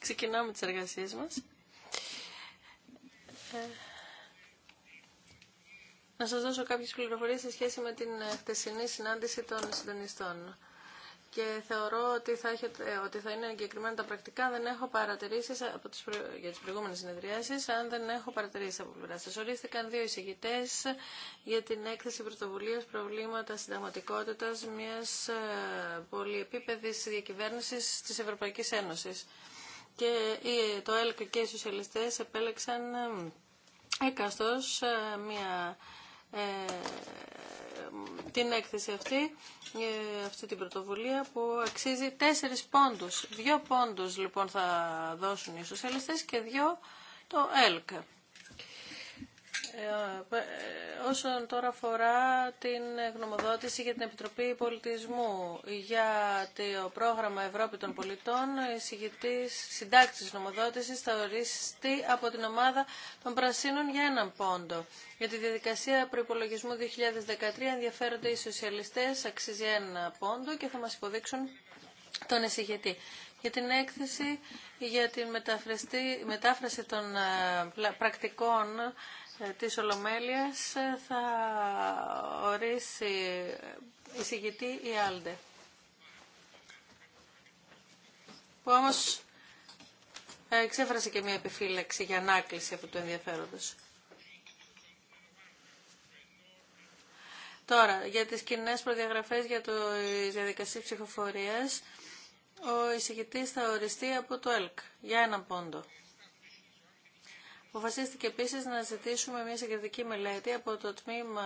Ξεκινάμε τις εργασίες μας. Ε, να σας δώσω κάποιες πληροφορίες σε σχέση με την χτεσινή συνάντηση των συντονιστών και θεωρώ ότι θα, έχετε, ε, ότι θα είναι εγκεκριμένα τα πρακτικά. Δεν έχω παρατηρήσει από τις προ... για τι προηγούμενε συνεδριάσει, αν δεν έχω παρατηρήσει από πλευρά σα. Ορίστηκαν δύο εισηγητέ για την έκθεση πρωτοβουλίας προβλήματα συνταγματικότητα μια ε, πολυεπίπεδη διακυβέρνηση τη Ευρωπαϊκή Ένωση. Και το ΕΛΚ και οι σοσιαλιστέ επέλεξαν έκαστο ε, μια την έκθεση αυτή, ε, αυτή την πρωτοβουλία που αξίζει τέσσερις πόντους. Δύο πόντους λοιπόν θα δώσουν οι σοσιαλιστές και δύο το ΕΛΚ. Ε, ε, όσον τώρα αφορά την γνωμοδότηση για την Επιτροπή Πολιτισμού για το πρόγραμμα Ευρώπη των Πολιτών, η συντάκτη συντάξη γνωμοδότησης θα οριστεί από την ομάδα των Πρασίνων για έναν πόντο. Για τη διαδικασία προπολογισμού 2013 ενδιαφέρονται οι σοσιαλιστές, αξίζει ένα πόντο και θα μας υποδείξουν τον εισηγητή για την έκθεση για την μετάφραση των ε, πρακτικών ε, της Ολομέλειας ε, θα ορίσει ε, εισηγητή η Άλντε. Που όμως εξέφρασε και μια επιφύλαξη για ανάκληση από το ενδιαφέροντος. Τώρα, για τις κοινέ προδιαγραφές για το διαδικασία ψηφοφορίας, ο εισηγητής θα οριστεί από το ΕΛΚ για έναν πόντο. Αποφασίστηκε επίσης να ζητήσουμε μια συγκριτική μελέτη από το τμήμα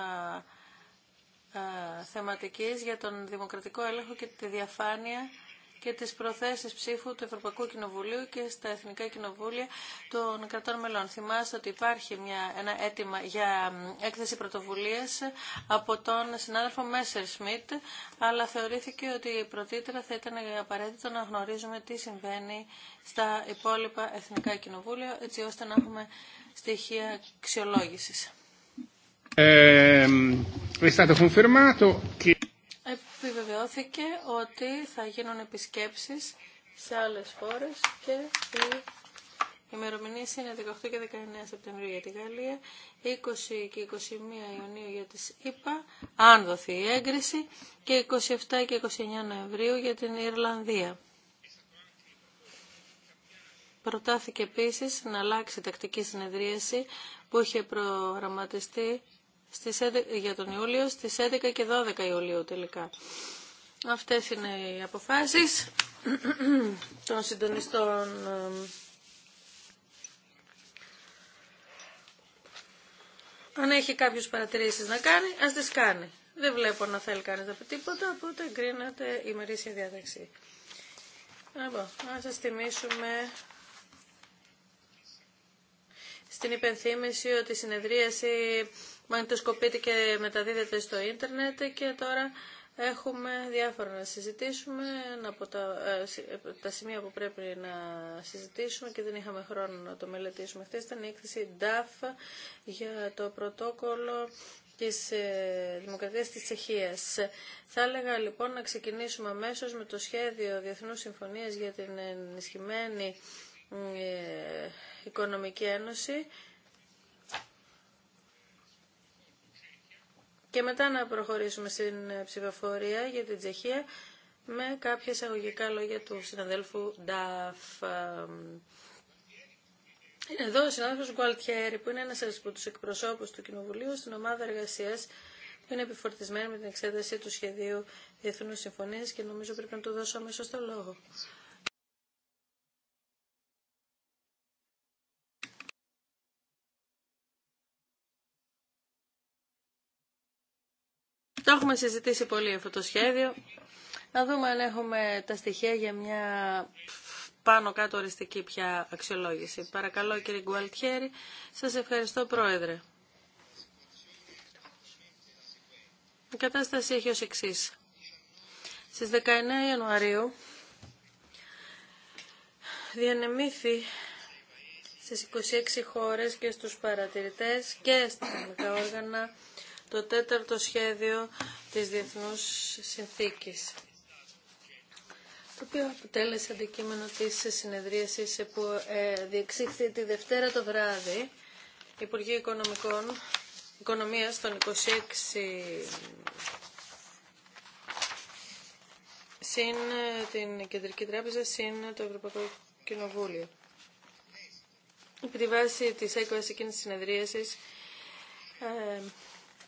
ε, θεματικής για τον δημοκρατικό έλεγχο και τη διαφάνεια και τις προθέσεις ψήφου του Ευρωπαϊκού Κοινοβουλίου και στα Εθνικά Κοινοβούλια των κρατών μελών. Θυμάστε ότι υπάρχει μια, ένα αίτημα για έκθεση πρωτοβουλίας από τον συνάδελφο Μέσερ Σμιτ, αλλά θεωρήθηκε ότι πρωτήτερα θα ήταν απαραίτητο να γνωρίζουμε τι συμβαίνει στα υπόλοιπα Εθνικά Κοινοβούλια, έτσι ώστε να έχουμε στοιχεία αξιολόγηση. Ε, επιβεβαιώθηκε ότι θα γίνουν επισκέψεις σε άλλες χώρες και η ημερομηνία είναι 18 και 19 Σεπτεμβρίου για τη Γαλλία, 20 και 21 Ιουνίου για τις ΗΠΑ, αν δοθεί η έγκριση, και 27 και 29 Νοεμβρίου για την Ιρλανδία. Προτάθηκε επίσης να αλλάξει η τακτική συνεδρίαση που είχε προγραμματιστεί 11, για τον Ιούλιο στις 11 και 12 Ιουλίου τελικά. Αυτές είναι οι αποφάσεις των συντονιστών Αν έχει κάποιους παρατηρήσεις να κάνει, ας τις κάνει. Δεν βλέπω να θέλει κανείς να πει τίποτα, οπότε εγκρίνεται η μερίσια διάταξη. Λοιπόν, να σας θυμίσουμε στην υπενθύμηση ότι η συνεδρίαση μαγνητοσκοπείται και μεταδίδεται στο ίντερνετ και τώρα έχουμε διάφορα να συζητήσουμε από ε, ε, τα, σημεία που πρέπει να συζητήσουμε και δεν είχαμε χρόνο να το μελετήσουμε. Χθες ήταν η έκθεση DAF για το πρωτόκολλο της ε, Δημοκρατίας της Τσεχίας. Θα έλεγα λοιπόν να ξεκινήσουμε αμέσω με το σχέδιο Διεθνούς Συμφωνίας για την ενισχυμένη Οικονομική Ένωση και μετά να προχωρήσουμε στην ε, ψηφοφορία για την Τσεχία με κάποια εισαγωγικά λόγια του συναδέλφου Νταφ. Είναι εδώ ο συνάδελφος Γκουαλτιέρη που είναι ένας από τους εκπροσώπους του Κοινοβουλίου στην ομάδα εργασίας που είναι επιφορτισμένη με την εξέταση του σχεδίου Διεθνούς Συμφωνία και νομίζω πρέπει να του δώσω αμέσως το λόγο. Το έχουμε συζητήσει πολύ αυτό το σχέδιο. Να δούμε αν έχουμε τα στοιχεία για μια πάνω κάτω οριστική πια αξιολόγηση. Παρακαλώ κύριε Γκουαλτιέρη, σας ευχαριστώ πρόεδρε. Η κατάσταση έχει ως εξή. Στις 19 Ιανουαρίου διανεμήθη στις 26 χώρες και στους παρατηρητές και στα όργανα το τέταρτο σχέδιο της Διεθνούς Συνθήκης το οποίο αποτέλεσε αντικείμενο της συνεδρίασης που ε, διεξήχθη τη Δευτέρα το βράδυ Υπουργοί Οικονομικών, Οικονομίας των 26 συν την Κεντρική Τράπεζα, συν το Ευρωπαϊκό Κοινοβούλιο. Επί τη βάση της έκβασης εκείνης της συνεδρίασης, ε,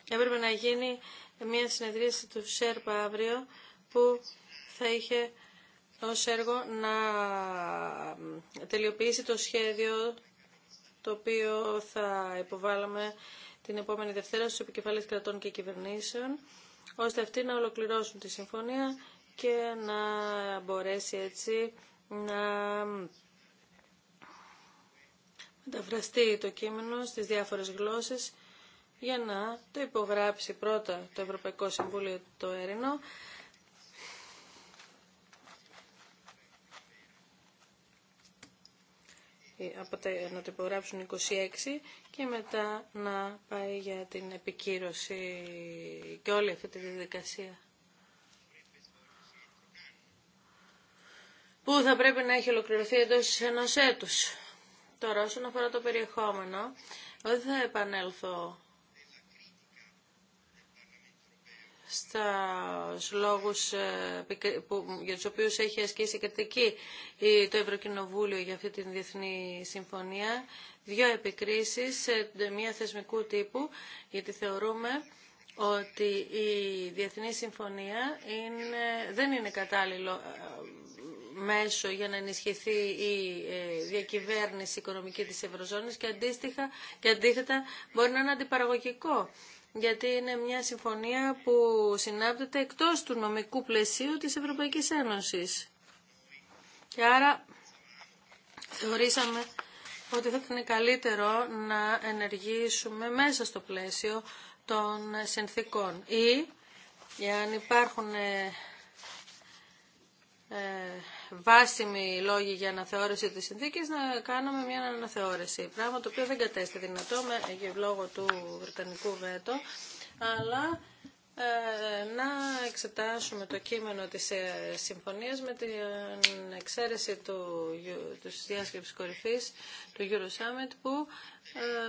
Έπρεπε να γίνει μια συνεδρίαση του ΣΕΡΠΑ αύριο που θα είχε ως έργο να τελειοποιήσει το σχέδιο το οποίο θα υποβάλαμε την επόμενη Δευτέρα στους επικεφαλής κρατών και κυβερνήσεων, ώστε αυτοί να ολοκληρώσουν τη συμφωνία και να μπορέσει έτσι να μεταφραστεί το κείμενο στις διάφορες γλώσσες για να το υπογράψει πρώτα το Ευρωπαϊκό Συμβούλιο το Έρινο ε, να το υπογράψουν 26 και μετά να πάει για την επικύρωση και όλη αυτή τη διαδικασία. Που θα πρέπει να έχει ολοκληρωθεί εντό ενό έτου. Τώρα, όσον αφορά το περιεχόμενο, δεν θα επανέλθω στους λόγους ε, για τους οποίους έχει ασκήσει κριτική το Ευρωκοινοβούλιο για αυτή τη διεθνή συμφωνία. Δύο επικρίσεις, ε, μία θεσμικού τύπου, γιατί θεωρούμε ότι η Διεθνή Συμφωνία είναι, δεν είναι κατάλληλο ε, μέσο για να ενισχυθεί η διακυβέρνηση οικονομική της Ευρωζώνης και, αντίστοιχα, και αντίθετα μπορεί να είναι αντιπαραγωγικό γιατί είναι μια συμφωνία που συνάπτεται εκτός του νομικού πλαισίου της Ευρωπαϊκής Ένωσης. Και άρα θεωρήσαμε ότι θα ήταν καλύτερο να ενεργήσουμε μέσα στο πλαίσιο των συνθήκων ή αν υπάρχουν ε, ε, βάσιμοι λόγοι για αναθεώρηση της συνθήκης να κάνουμε μια αναθεώρηση. Πράγμα το οποίο δεν κατέστη δυνατό με, ε, λόγω του Βρετανικού βέτο, αλλά ε, να εξετάσουμε το κείμενο της ε, συμφωνίας με την εξαίρεση του, της διάσκεψης κορυφής του Euro Summit που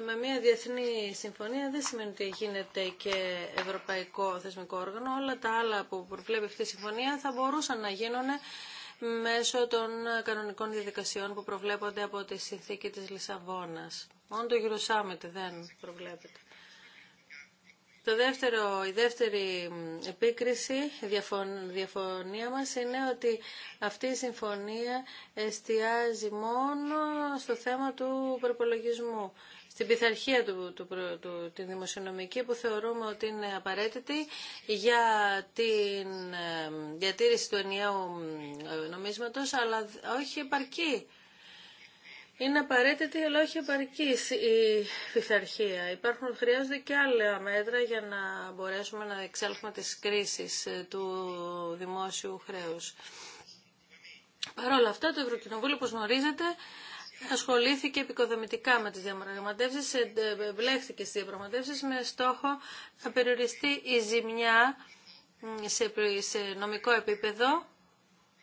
με μια διεθνή συμφωνία δεν σημαίνει ότι γίνεται και ευρωπαϊκό θεσμικό όργανο. Όλα τα άλλα που προβλέπει αυτή η συμφωνία θα μπορούσαν να γίνονται μέσω των κανονικών διαδικασιών που προβλέπονται από τη συνθήκη της Λισαβόνας. Μόνο το Eurosummit δεν προβλέπεται. Το δεύτερο, η δεύτερη επίκριση, η διαφωνία μας είναι ότι αυτή η συμφωνία εστιάζει μόνο στο θέμα του προπολογισμού στην πειθαρχία του, του, την δημοσιονομική που θεωρούμε ότι είναι απαραίτητη για την διατήρηση του ενιαίου νομίσματος, αλλά όχι επαρκή. Είναι απαραίτητη, αλλά όχι επαρκή η πειθαρχία. Υπάρχουν, χρειάζονται και άλλα μέτρα για να μπορέσουμε να εξέλθουμε τις κρίσεις ε, του δημόσιου χρέους. Παρ' όλα αυτά, το Ευρωκοινοβούλιο, όπως γνωρίζετε, ασχολήθηκε επικοδομητικά με τις διαπραγματεύσεις, βλέχθηκε ε, ε, στις διαπραγματεύσεις με στόχο να περιοριστεί η ζημιά σε νομικό επίπεδο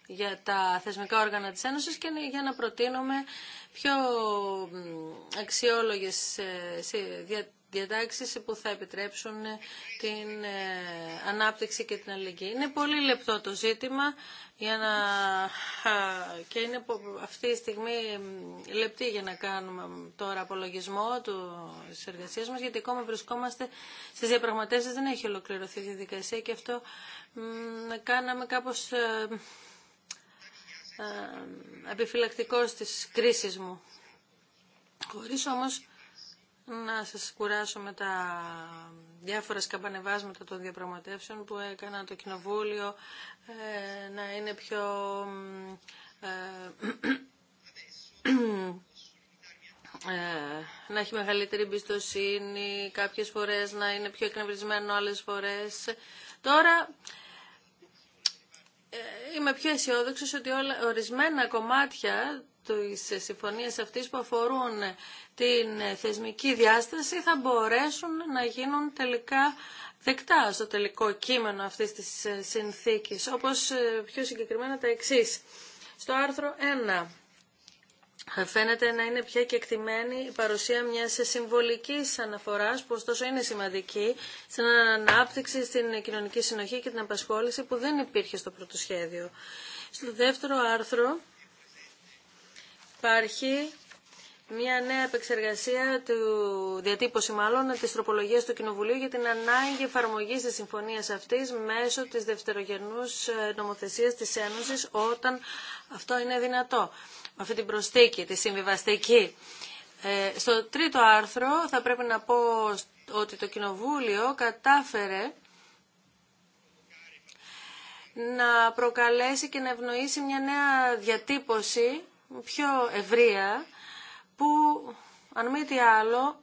για τα θεσμικά όργανα της Ένωσης και για να προτείνουμε πιο αξιόλογες ε, διατάξεις που θα επιτρέψουν ε, την ε, ανάπτυξη και την αλληλεγγύη. Είναι πολύ λεπτό το ζήτημα για να... και είναι αυτή η στιγμή λεπτή για να κάνουμε τώρα απολογισμό του εργασία μας γιατί ακόμα βρισκόμαστε στις διαπραγματεύσεις δεν έχει ολοκληρωθεί η διαδικασία και αυτό κάναμε κάπως ε, επιφυλακτικό στις κρίσεις μου. Χωρίς όμως να σας κουράσω με τα διάφορα σκαμπανεβάσματα των διαπραγματεύσεων που έκανα το Κοινοβούλιο ε, να είναι πιο ε, ε, να έχει μεγαλύτερη εμπιστοσύνη, κάποιες φορές να είναι πιο εκνευρισμένο άλλες φορές. Τώρα είμαι πιο αισιόδοξο ότι όλα, ορισμένα κομμάτια τις συμφωνίες αυτής που αφορούν την θεσμική διάσταση θα μπορέσουν να γίνουν τελικά δεκτά στο τελικό κείμενο αυτής της συνθήκης, όπως ε, πιο συγκεκριμένα τα εξή. Στο άρθρο 1 Φαίνεται να είναι πια και εκτιμένη η παρουσία μιας συμβολικής αναφοράς που ωστόσο είναι σημαντική στην ανάπτυξη, στην κοινωνική συνοχή και την απασχόληση που δεν υπήρχε στο πρώτο σχέδιο. Στο δεύτερο άρθρο υπάρχει μια νέα επεξεργασία του διατύπωση μάλλον της τροπολογίας του Κοινοβουλίου για την ανάγκη εφαρμογής της συμφωνίας αυτής μέσω της δευτερογενούς ε, νομοθεσίας της Ένωσης όταν αυτό είναι δυνατό. Με αυτή την προστίκη, τη συμβιβαστική. Ε, στο τρίτο άρθρο θα πρέπει να πω ότι το Κοινοβούλιο κατάφερε να προκαλέσει και να ευνοήσει μια νέα διατύπωση πιο ευρεία που αν μη τι άλλο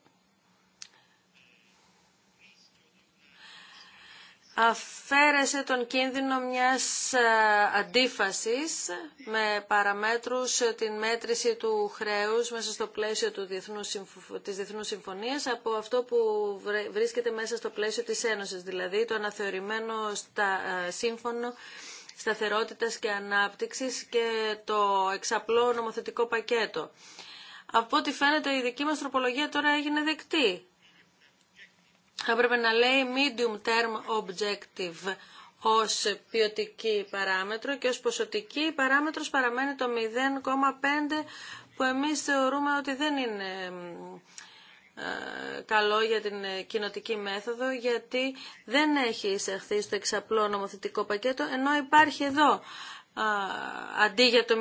αφαίρεσε τον κίνδυνο μιας ε, αντίφασης με παραμέτρους ε, την μέτρηση του χρέους μέσα στο πλαίσιο του Διεθνού της Διεθνούς Συμφωνίας από αυτό που βρίσκεται μέσα στο πλαίσιο της Ένωσης, δηλαδή το αναθεωρημένο στα, ε, σύμφωνο σταθερότητας και ανάπτυξης και το εξαπλό νομοθετικό πακέτο. Από ό,τι φαίνεται η δική μας τροπολογία τώρα έγινε δεκτή. Θα έπρεπε να λέει medium term objective ως ποιοτική παράμετρο και ως ποσοτική παράμετρος παραμένει το 0,5 που εμείς θεωρούμε ότι δεν είναι ε, καλό για την ε, κοινοτική μέθοδο γιατί δεν έχει εισαχθεί στο εξαπλό νομοθετικό πακέτο ενώ υπάρχει εδώ αντί για το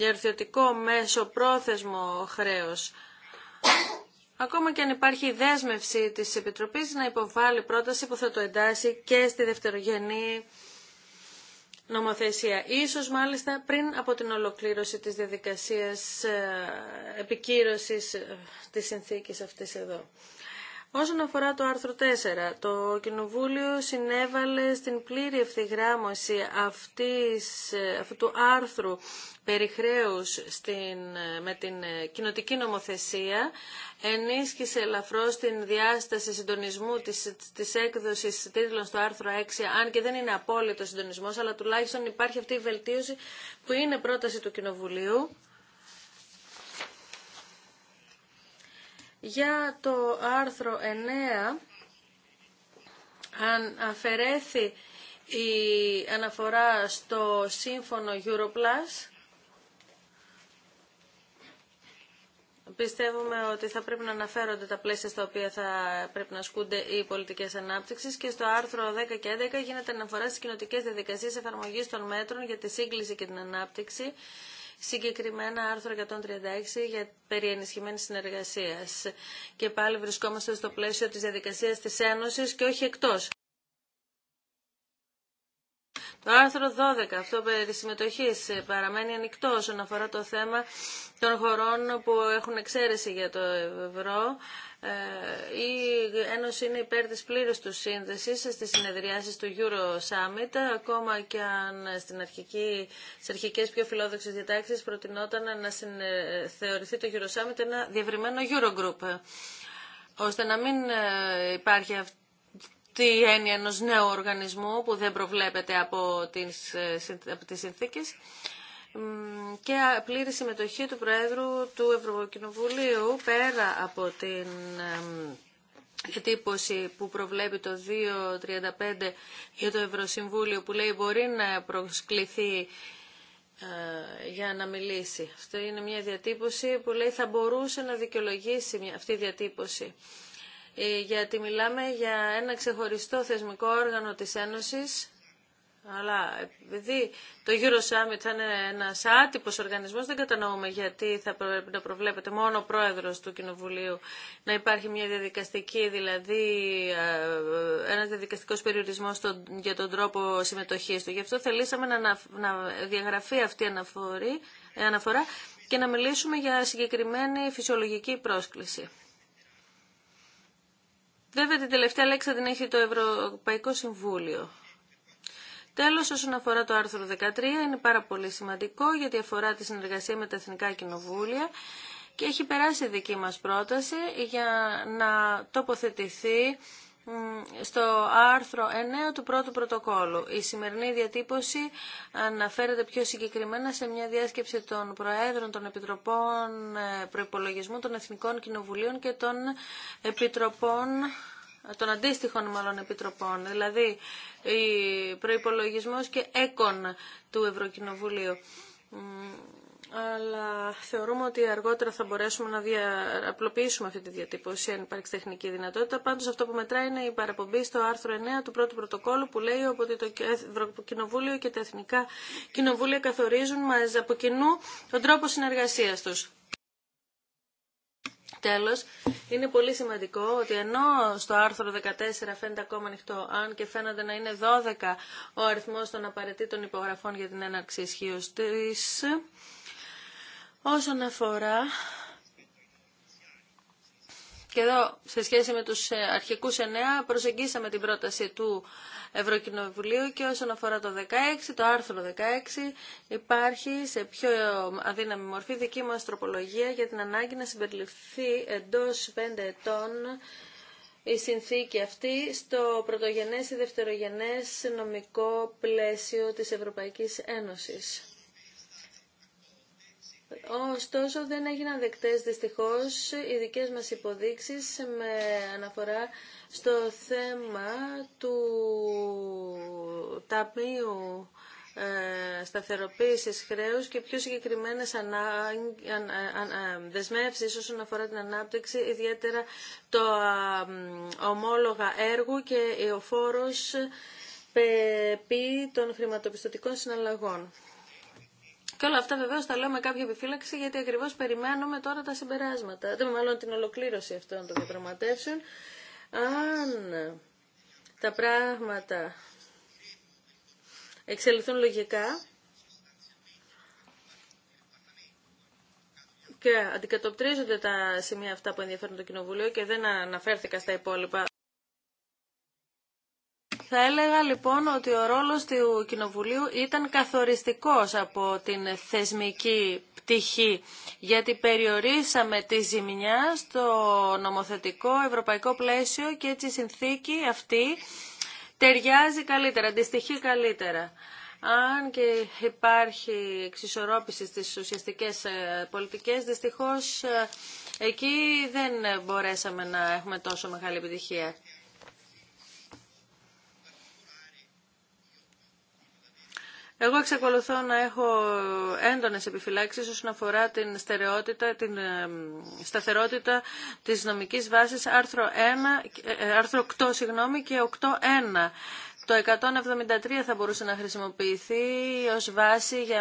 0,1 αρθιωτικό μέσο πρόθεσμο χρέος. Ακόμα και αν υπάρχει δέσμευση της Επιτροπής να υποβάλει πρόταση που θα το εντάσει και στη δευτερογενή νομοθεσία. Ίσως μάλιστα πριν από την ολοκλήρωση της διαδικασίας ε, επικύρωσης ε, της συνθήκης αυτής εδώ. Όσον αφορά το άρθρο 4, το Κοινοβούλιο συνέβαλε στην πλήρη ευθυγράμμωση αυτού του άρθρου περί στην, με την κοινοτική νομοθεσία, ενίσχυσε ελαφρώς την διάσταση συντονισμού της, της έκδοσης τίτλων στο άρθρο 6, αν και δεν είναι απόλυτο συντονισμός, αλλά τουλάχιστον υπάρχει αυτή η βελτίωση που είναι πρόταση του Κοινοβουλίου. Για το άρθρο 9, αν αφαιρέθη η αναφορά στο σύμφωνο Europlus, Πιστεύουμε ότι θα πρέπει να αναφέρονται τα πλαίσια στα οποία θα πρέπει να ασκούνται οι πολιτικέ ανάπτυξη και στο άρθρο 10 και 11 γίνεται αναφορά στι κοινοτικέ διαδικασίε εφαρμογή των μέτρων για τη σύγκληση και την ανάπτυξη συγκεκριμένα άρθρο 136 για περί ενισχυμένης συνεργασίας. Και πάλι βρισκόμαστε στο πλαίσιο της διαδικασίας της Ένωσης και όχι εκτός. Το άρθρο 12, αυτό περί συμμετοχής, ε, παραμένει ανοιχτό όσον αφορά το θέμα των χωρών που έχουν εξαίρεση για το ευρώ. Ε, η Ένωση είναι υπέρ της πλήρου του σύνδεσης στις συνεδριάσεις του Euro Summit, ακόμα και αν στην αρχική, αρχικές πιο φιλόδοξες διατάξεις προτινόταν να θεωρηθεί το Euro Summit ένα διευρυμένο Eurogroup ώστε να μην ε, υπάρχει αυτή τη έννοια ενός νέου οργανισμού που δεν προβλέπεται από τις, ε, από τις συνθήκες και πλήρη συμμετοχή του Προέδρου του Ευρωκοινοβουλίου πέρα από την διατύπωση που προβλέπει το 2.35 για το Ευρωσυμβούλιο που λέει μπορεί να προσκληθεί ε, για να μιλήσει. Αυτό είναι μια διατύπωση που λέει θα μπορούσε να δικαιολογήσει αυτή η διατύπωση. Ε, γιατί μιλάμε για ένα ξεχωριστό θεσμικό όργανο της Ένωσης, αλλά επειδή το Euro Summit θα είναι ένας άτυπος οργανισμός, δεν κατανοούμε γιατί θα πρέπει να προβλέπεται μόνο ο πρόεδρος του Κοινοβουλίου να υπάρχει μια διαδικαστική, δηλαδή ε, ένας διαδικαστικός περιορισμός για τον τρόπο συμμετοχής του. Γι' αυτό θελήσαμε να, να διαγραφεί αυτή η αναφορά και να μιλήσουμε για συγκεκριμένη φυσιολογική πρόσκληση. Βέβαια την τελευταία λέξη θα την έχει το Ευρωπαϊκό Συμβούλιο. Τέλος, όσον αφορά το άρθρο 13, είναι πάρα πολύ σημαντικό γιατί αφορά τη συνεργασία με τα Εθνικά Κοινοβούλια και έχει περάσει η δική μας πρόταση για να τοποθετηθεί στο άρθρο 9 του πρώτου πρωτοκόλου. Η σημερινή διατύπωση αναφέρεται πιο συγκεκριμένα σε μια διάσκεψη των Προέδρων των Επιτροπών ε, Προπολογισμού των Εθνικών Κοινοβουλίων και των Επιτροπών ε, των αντίστοιχων μάλλον επιτροπών, δηλαδή η προϋπολογισμός και έκον του Ευρωκοινοβουλίου αλλά θεωρούμε ότι αργότερα θα μπορέσουμε να απλοποιήσουμε αυτή τη διατύπωση, αν υπάρξει τεχνική δυνατότητα. Πάντως αυτό που μετράει είναι η παραπομπή στο άρθρο 9 του πρώτου πρωτοκόλου που λέει ότι το Ευρωκοινοβούλιο και τα Εθνικά Κοινοβούλια καθορίζουν μαζί από κοινού τον τρόπο συνεργασίας τους. Τέλος, είναι πολύ σημαντικό ότι ενώ στο άρθρο 14 φαίνεται ακόμα ανοιχτό, αν και φαίνεται να είναι 12 ο αριθμός των απαραίτητων υπογραφών για την έναρξη ισχύω της, Όσον αφορά και εδώ, σε σχέση με τους ε, αρχικούς εννέα, προσεγγίσαμε την πρόταση του Ευρωκοινοβουλίου και όσον αφορά το 16, το άρθρο 16, υπάρχει σε πιο αδύναμη μορφή δική μας τροπολογία για την ανάγκη να συμπεριληφθεί εντός 5 ετών η συνθήκη αυτή στο πρωτογενές ή δευτερογενές νομικό πλαίσιο της Ευρωπαϊκής Ένωσης. Ωστόσο δεν έγιναν δεκτές δυστυχώς οι δικές μας υποδείξεις με αναφορά στο θέμα του Ταμείου ε, σταθεροποίησης χρέους και πιο συγκεκριμένες ανα... δεσμεύσεις όσον αφορά την ανάπτυξη, ιδιαίτερα το ομόλογα έργου και ο φόρος πεπί των χρηματοπιστωτικών συναλλαγών. Και όλα αυτά βεβαίω τα λέω με κάποια επιφύλαξη γιατί ακριβώ περιμένουμε τώρα τα συμπεράσματα. Δεν με μάλλον την ολοκλήρωση αυτών των διαπραγματεύσεων. Αν τα πράγματα εξελιχθούν λογικά, και αντικατοπτρίζονται τα σημεία αυτά που ενδιαφέρουν το Κοινοβουλίο και δεν αναφέρθηκα στα υπόλοιπα. Θα έλεγα λοιπόν ότι ο ρόλος του Κοινοβουλίου ήταν καθοριστικός από την θεσμική πτυχή, γιατί περιορίσαμε τη ζημιά στο νομοθετικό ευρωπαϊκό πλαίσιο και έτσι η συνθήκη αυτή ταιριάζει καλύτερα, αντιστοιχεί καλύτερα. Αν και υπάρχει εξισορρόπηση στις ουσιαστικές ε, πολιτικές, δυστυχώς ε, εκεί δεν μπορέσαμε να έχουμε τόσο μεγάλη επιτυχία. Εγώ εξακολουθώ να έχω έντονες επιφυλάξεις όσον αφορά την, στερεότητα, την σταθερότητα της νομικής βάσης άρθρο, 1, ε, ε, άρθρο 8 συγγνώμη, και 8.1. Το 173 θα μπορούσε να χρησιμοποιηθεί ως βάση για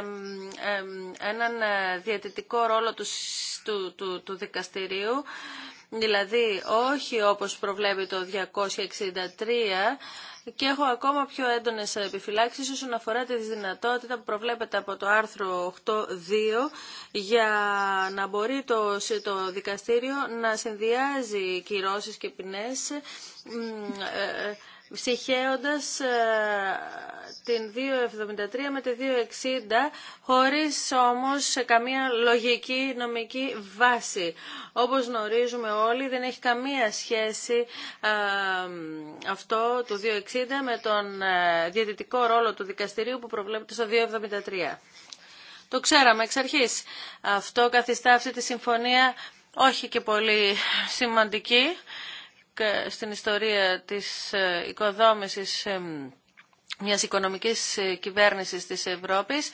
έναν ε, διατητικό ρόλο του, του, του, του δικαστηρίου δηλαδή όχι όπως προβλέπει το 263 και έχω ακόμα πιο έντονες επιφυλάξεις όσον αφορά τη δυνατότητα που προβλέπεται από το άρθρο 8.2 για να μπορεί το, το δικαστήριο να συνδυάζει κυρώσεις και ποινές ε, ε, ψυχαίοντας ε, την 2,73 με τη 2,60 χωρίς όμως καμία λογική νομική βάση. Όπως γνωρίζουμε όλοι δεν έχει καμία σχέση ε, αυτό του 2,60 με τον ε, διαιτητικό ρόλο του δικαστηρίου που προβλέπεται στο 2,73. Το ξέραμε εξ αρχής. Αυτό καθιστά αυτή τη συμφωνία όχι και πολύ σημαντική. Ε, στην ιστορία της ε, οικοδόμησης ε, μιας οικονομικής κυβέρνησης της Ευρώπης.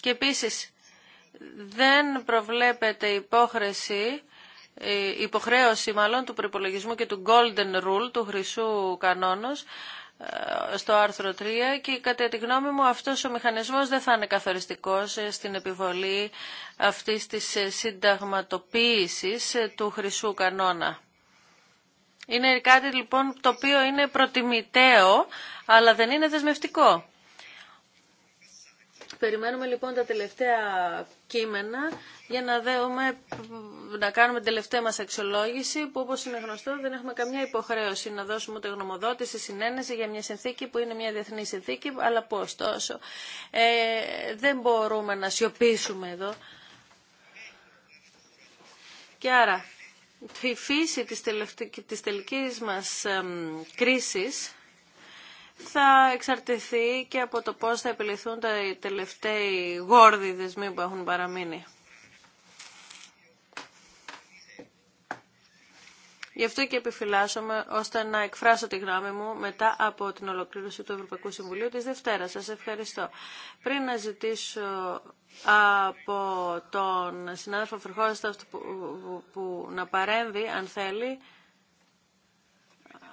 Και επίσης δεν προβλέπεται υποχρέωση, υποχρέωση μάλλον του προπολογισμού και του golden rule, του χρυσού κανόνος, στο άρθρο 3 και κατά τη γνώμη μου αυτός ο μηχανισμός δεν θα είναι καθοριστικός στην επιβολή αυτής της συνταγματοποίησης του χρυσού κανόνα. Είναι κάτι λοιπόν το οποίο είναι προτιμητέο αλλά δεν είναι δεσμευτικό. Περιμένουμε λοιπόν τα τελευταία κείμενα για να να κάνουμε την τελευταία μας αξιολόγηση που όπως είναι γνωστό δεν έχουμε καμιά υποχρέωση να δώσουμε ούτε γνωμοδότηση, συνένεση για μια συνθήκη που είναι μια διεθνή συνθήκη αλλά πώς τόσο. Ε, δεν μπορούμε να σιωπήσουμε εδώ. Και άρα η φύση της, της τελικής μας κρίσης θα εξαρτηθεί και από το πώς θα επιληθούν τα τελευταίοι γόρδιοι δεσμοί που έχουν παραμείνει. Γι' αυτό και επιφυλάσσομαι ώστε να εκφράσω τη γνώμη μου μετά από την ολοκλήρωση του Ευρωπαϊκού Συμβουλίου της Δευτέρας. Σας ευχαριστώ. Πριν να ζητήσω από τον συνάδελφο Φερχώστα που, που να παρέμβει, αν θέλει,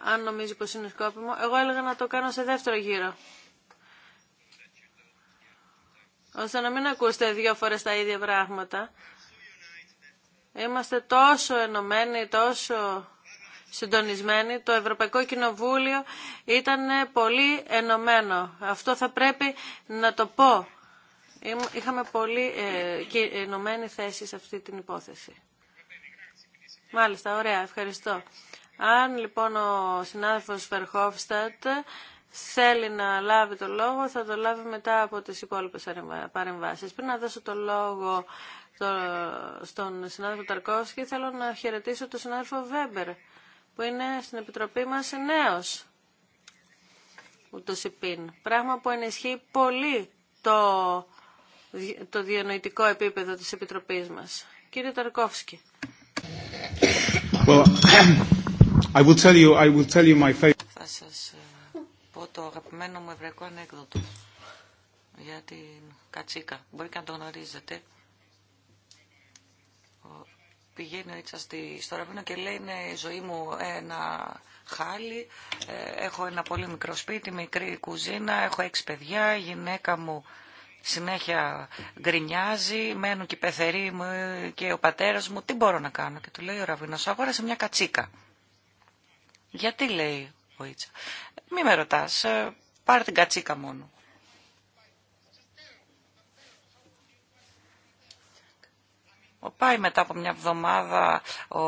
αν νομίζει πως είναι σκόπιμο. Εγώ έλεγα να το κάνω σε δεύτερο γύρο. Ώστε να μην ακούσετε δύο φορές τα ίδια πράγματα. Είμαστε τόσο ενωμένοι, τόσο συντονισμένοι. Το Ευρωπαϊκό Κοινοβούλιο ήταν πολύ ενωμένο. Αυτό θα πρέπει να το πω. Είχαμε πολύ ε, ενωμένη θέση σε αυτή την υπόθεση. Μάλιστα, ωραία, ευχαριστώ. Αν λοιπόν ο συνάδελφος Φερχόφστατ θέλει να λάβει το λόγο, θα το λάβει μετά από τις υπόλοιπες παρεμβάσεις. Πριν να δώσω το λόγο στον συνάδελφο Ταρκόφσκι, θέλω να χαιρετήσω τον συνάδελφο Βέμπερ, που είναι στην Επιτροπή μας νέος, ούτως υπήν. Πράγμα που ενισχύει πολύ το, το διανοητικό επίπεδο της Επιτροπής μας. Κύριε Ταρκόφσκι. Θα σας ε, πω το αγαπημένο μου εβραϊκό ανέκδοτο για την κατσίκα. Μπορεί και να το γνωρίζετε. Πηγαίνει ο Ίτσα στο Ραβίνο και λέει είναι η ζωή μου ένα χάλι, ε, έχω ένα πολύ μικρό σπίτι, μικρή κουζίνα, έχω έξι παιδιά, η γυναίκα μου συνέχεια γκρινιάζει, μένουν και οι πεθεροί μου και ο πατέρας μου, τι μπορώ να κάνω. Και του λέει ο Ραβίνος, αγόρασε μια κατσίκα. Γιατί λέει ο Ίτσα. Μη με ρωτάς, ε, πάρε την κατσίκα μόνο. Πάει μετά από μια βδομάδα ο,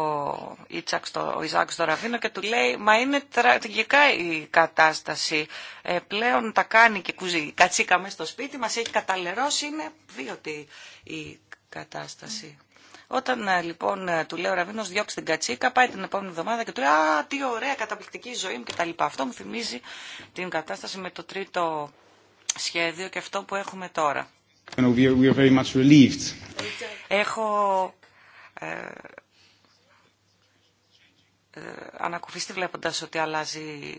Ιτσακ στο, ο Ραφίνο και του λέει «Μα είναι τραγικά η κατάσταση, ε, πλέον τα κάνει και κουζί, κατσίκα στο σπίτι, μας έχει καταλερώσει, είναι βίωτη η κατάσταση». Όταν ε, λοιπόν ε, του λέω ο Ραβίνο διώξει την κατσίκα, πάει την επόμενη εβδομάδα και του λέει Α, τι ωραία, καταπληκτική ζωή μου κτλ. Αυτό μου θυμίζει την κατάσταση με το τρίτο σχέδιο και αυτό που έχουμε τώρα. very much relieved. Έχω ε, ε, ανακουφιστεί βλέποντας ότι αλλάζει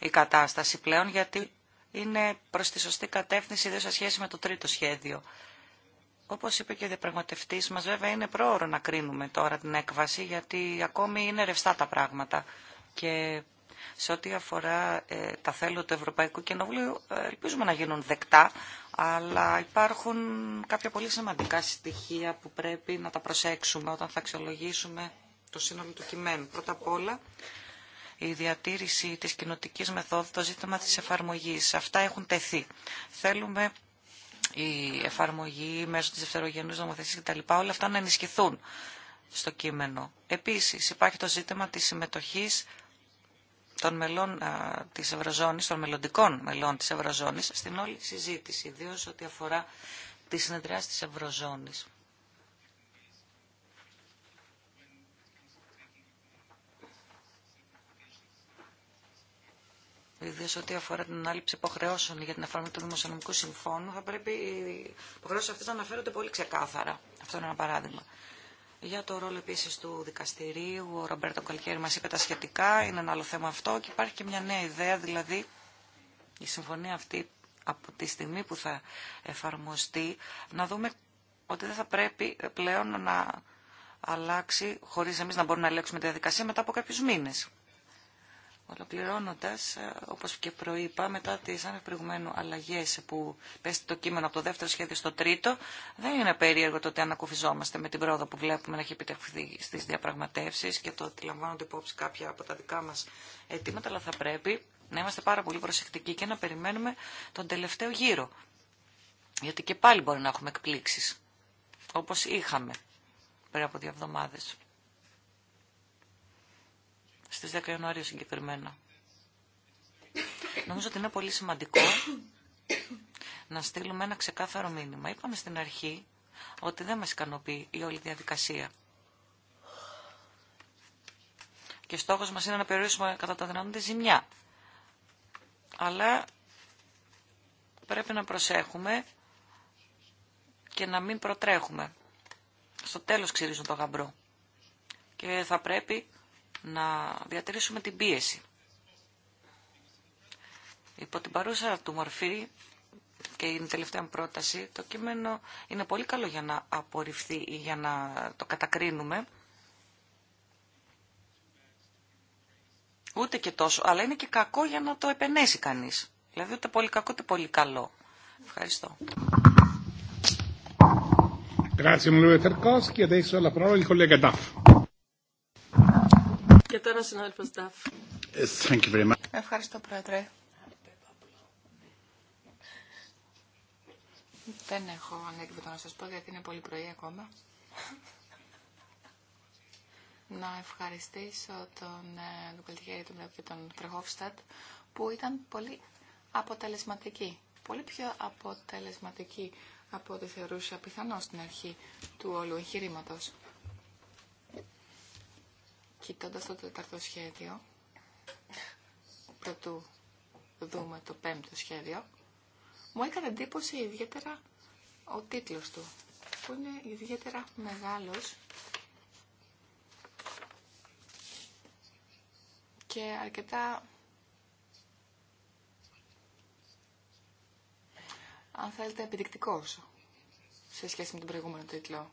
η κατάσταση πλέον γιατί είναι προς τη σωστή κατεύθυνση ιδίω σε σχέση με το τρίτο σχέδιο. Όπως είπε και ο διαπραγματεύτη, μας, βέβαια είναι πρόωρο να κρίνουμε τώρα την έκβαση, γιατί ακόμη είναι ρευστά τα πράγματα. Και σε ό,τι αφορά ε, τα θέλω του Ευρωπαϊκού Κοινοβουλίου, ε, ελπίζουμε να γίνουν δεκτά, αλλά υπάρχουν κάποια πολύ σημαντικά στοιχεία που πρέπει να τα προσέξουμε όταν θα αξιολογήσουμε το σύνολο του κειμένου. Πρώτα απ' όλα, η διατήρηση της κοινοτική μεθόδου, το ζήτημα της εφαρμογής. Αυτά έχουν τεθεί. Θέλουμε η εφαρμογή μέσω της δευτερογενούς νομοθεσίας κτλ. Όλα αυτά να ενισχυθούν στο κείμενο. Επίσης υπάρχει το ζήτημα της συμμετοχής των μελών της Ευρωζώνης, των μελλοντικών μελών της Ευρωζώνης στην όλη συζήτηση, ιδίω ό,τι αφορά τη συνεδριά της Ευρωζώνης. σε ό,τι αφορά την ανάληψη υποχρεώσεων για την εφαρμογή του Δημοσιονομικού Συμφώνου, θα πρέπει οι υποχρεώσει αυτέ να αναφέρονται πολύ ξεκάθαρα. Αυτό είναι ένα παράδειγμα. Για το ρόλο επίσης του δικαστηρίου, ο Ρομπέρτο Καλκέρι μα είπε τα σχετικά, είναι ένα άλλο θέμα αυτό και υπάρχει και μια νέα ιδέα, δηλαδή η συμφωνία αυτή από τη στιγμή που θα εφαρμοστεί, να δούμε ότι δεν θα πρέπει πλέον να αλλάξει χωρίς εμείς να μπορούμε να ελέγξουμε τη διαδικασία μετά από κάποιους μήνες. Ολοκληρώνοντας, ε, όπως και προείπα, μετά τις ανεπριγουμένου αλλαγές που πέστη το κείμενο από το δεύτερο σχέδιο στο τρίτο, δεν είναι περίεργο το ότι ανακουφιζόμαστε με την πρόοδο που βλέπουμε να έχει επιτευχθεί στις διαπραγματεύσεις και το ότι λαμβάνονται υπόψη κάποια από τα δικά μας αιτήματα, αλλά θα πρέπει να είμαστε πάρα πολύ προσεκτικοί και να περιμένουμε τον τελευταίο γύρο. Γιατί και πάλι μπορεί να έχουμε εκπλήξεις, όπως είχαμε πριν από δύο εβδομάδες στις 10 Ιανουαρίου συγκεκριμένα. Νομίζω ότι είναι πολύ σημαντικό να στείλουμε ένα ξεκάθαρο μήνυμα. Είπαμε στην αρχή ότι δεν μας ικανοποιεί η όλη διαδικασία. Και στόχος μας είναι να περιορίσουμε κατά τα δυνατόν τη ζημιά. Αλλά πρέπει να προσέχουμε και να μην προτρέχουμε. Στο τέλος ξυρίζουν το γαμπρό. Και θα πρέπει να διατηρήσουμε την πίεση. Υπό την παρούσα του μορφή και είναι η τελευταία μου πρόταση, το κείμενο είναι πολύ καλό για να απορριφθεί ή για να το κατακρίνουμε. Ούτε και τόσο, αλλά είναι και κακό για να το επενέσει κανείς. Δηλαδή ούτε πολύ κακό, ούτε πολύ καλό. Ευχαριστώ. Grazie και τώρα Ευχαριστώ, Πρόεδρε. Δεν έχω ανέκδοτο να σας πω γιατί είναι πολύ πρωί ακόμα. να ευχαριστήσω τον Λουκαλτιχέρη, ε, του Μπλοκ και τον Φρεχόφστατ, που ήταν πολύ αποτελεσματική, Πολύ πιο αποτελεσματική από ό,τι θεωρούσα πιθανό στην αρχή του όλου εγχειρήματος. Κοιτώντας το τέταρτο σχέδιο, πρωτού δούμε το πέμπτο σχέδιο, μου έκανε εντύπωση ιδιαίτερα ο τίτλος του, που είναι ιδιαίτερα μεγάλος και αρκετά αν θέλετε, επιδεικτικός σε σχέση με τον προηγούμενο τίτλο.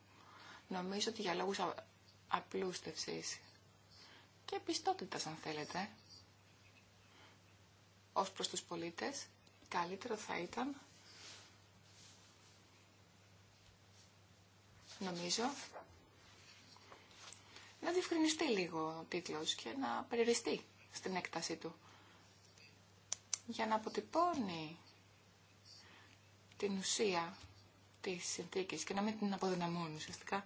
Νομίζω ότι για λόγους απλούστευσης και πιστότητα αν θέλετε ως προς τους πολίτες καλύτερο θα ήταν νομίζω να διευκρινιστεί λίγο ο τίτλος και να περιοριστεί στην έκτασή του για να αποτυπώνει την ουσία της συνθήκης και να μην την αποδυναμώνει ουσιαστικά.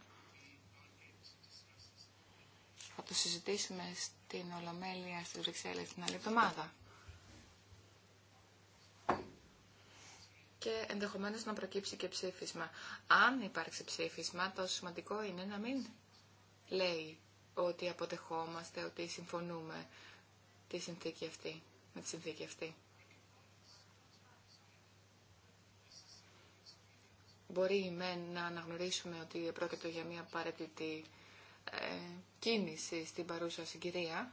Θα το συζητήσουμε στην Ολομέλεια στις Βρυξέλλες την άλλη εβδομάδα. Και ενδεχομένως να προκύψει και ψήφισμα. Αν υπάρξει ψήφισμα, το σημαντικό είναι να μην λέει ότι αποτεχόμαστε, ότι συμφωνούμε τη συνθήκη αυτή, με τη συνθήκη αυτή. Μπορεί με να αναγνωρίσουμε ότι πρόκειται για μια απαραίτητη ε, κίνηση στην παρούσα συγκυρία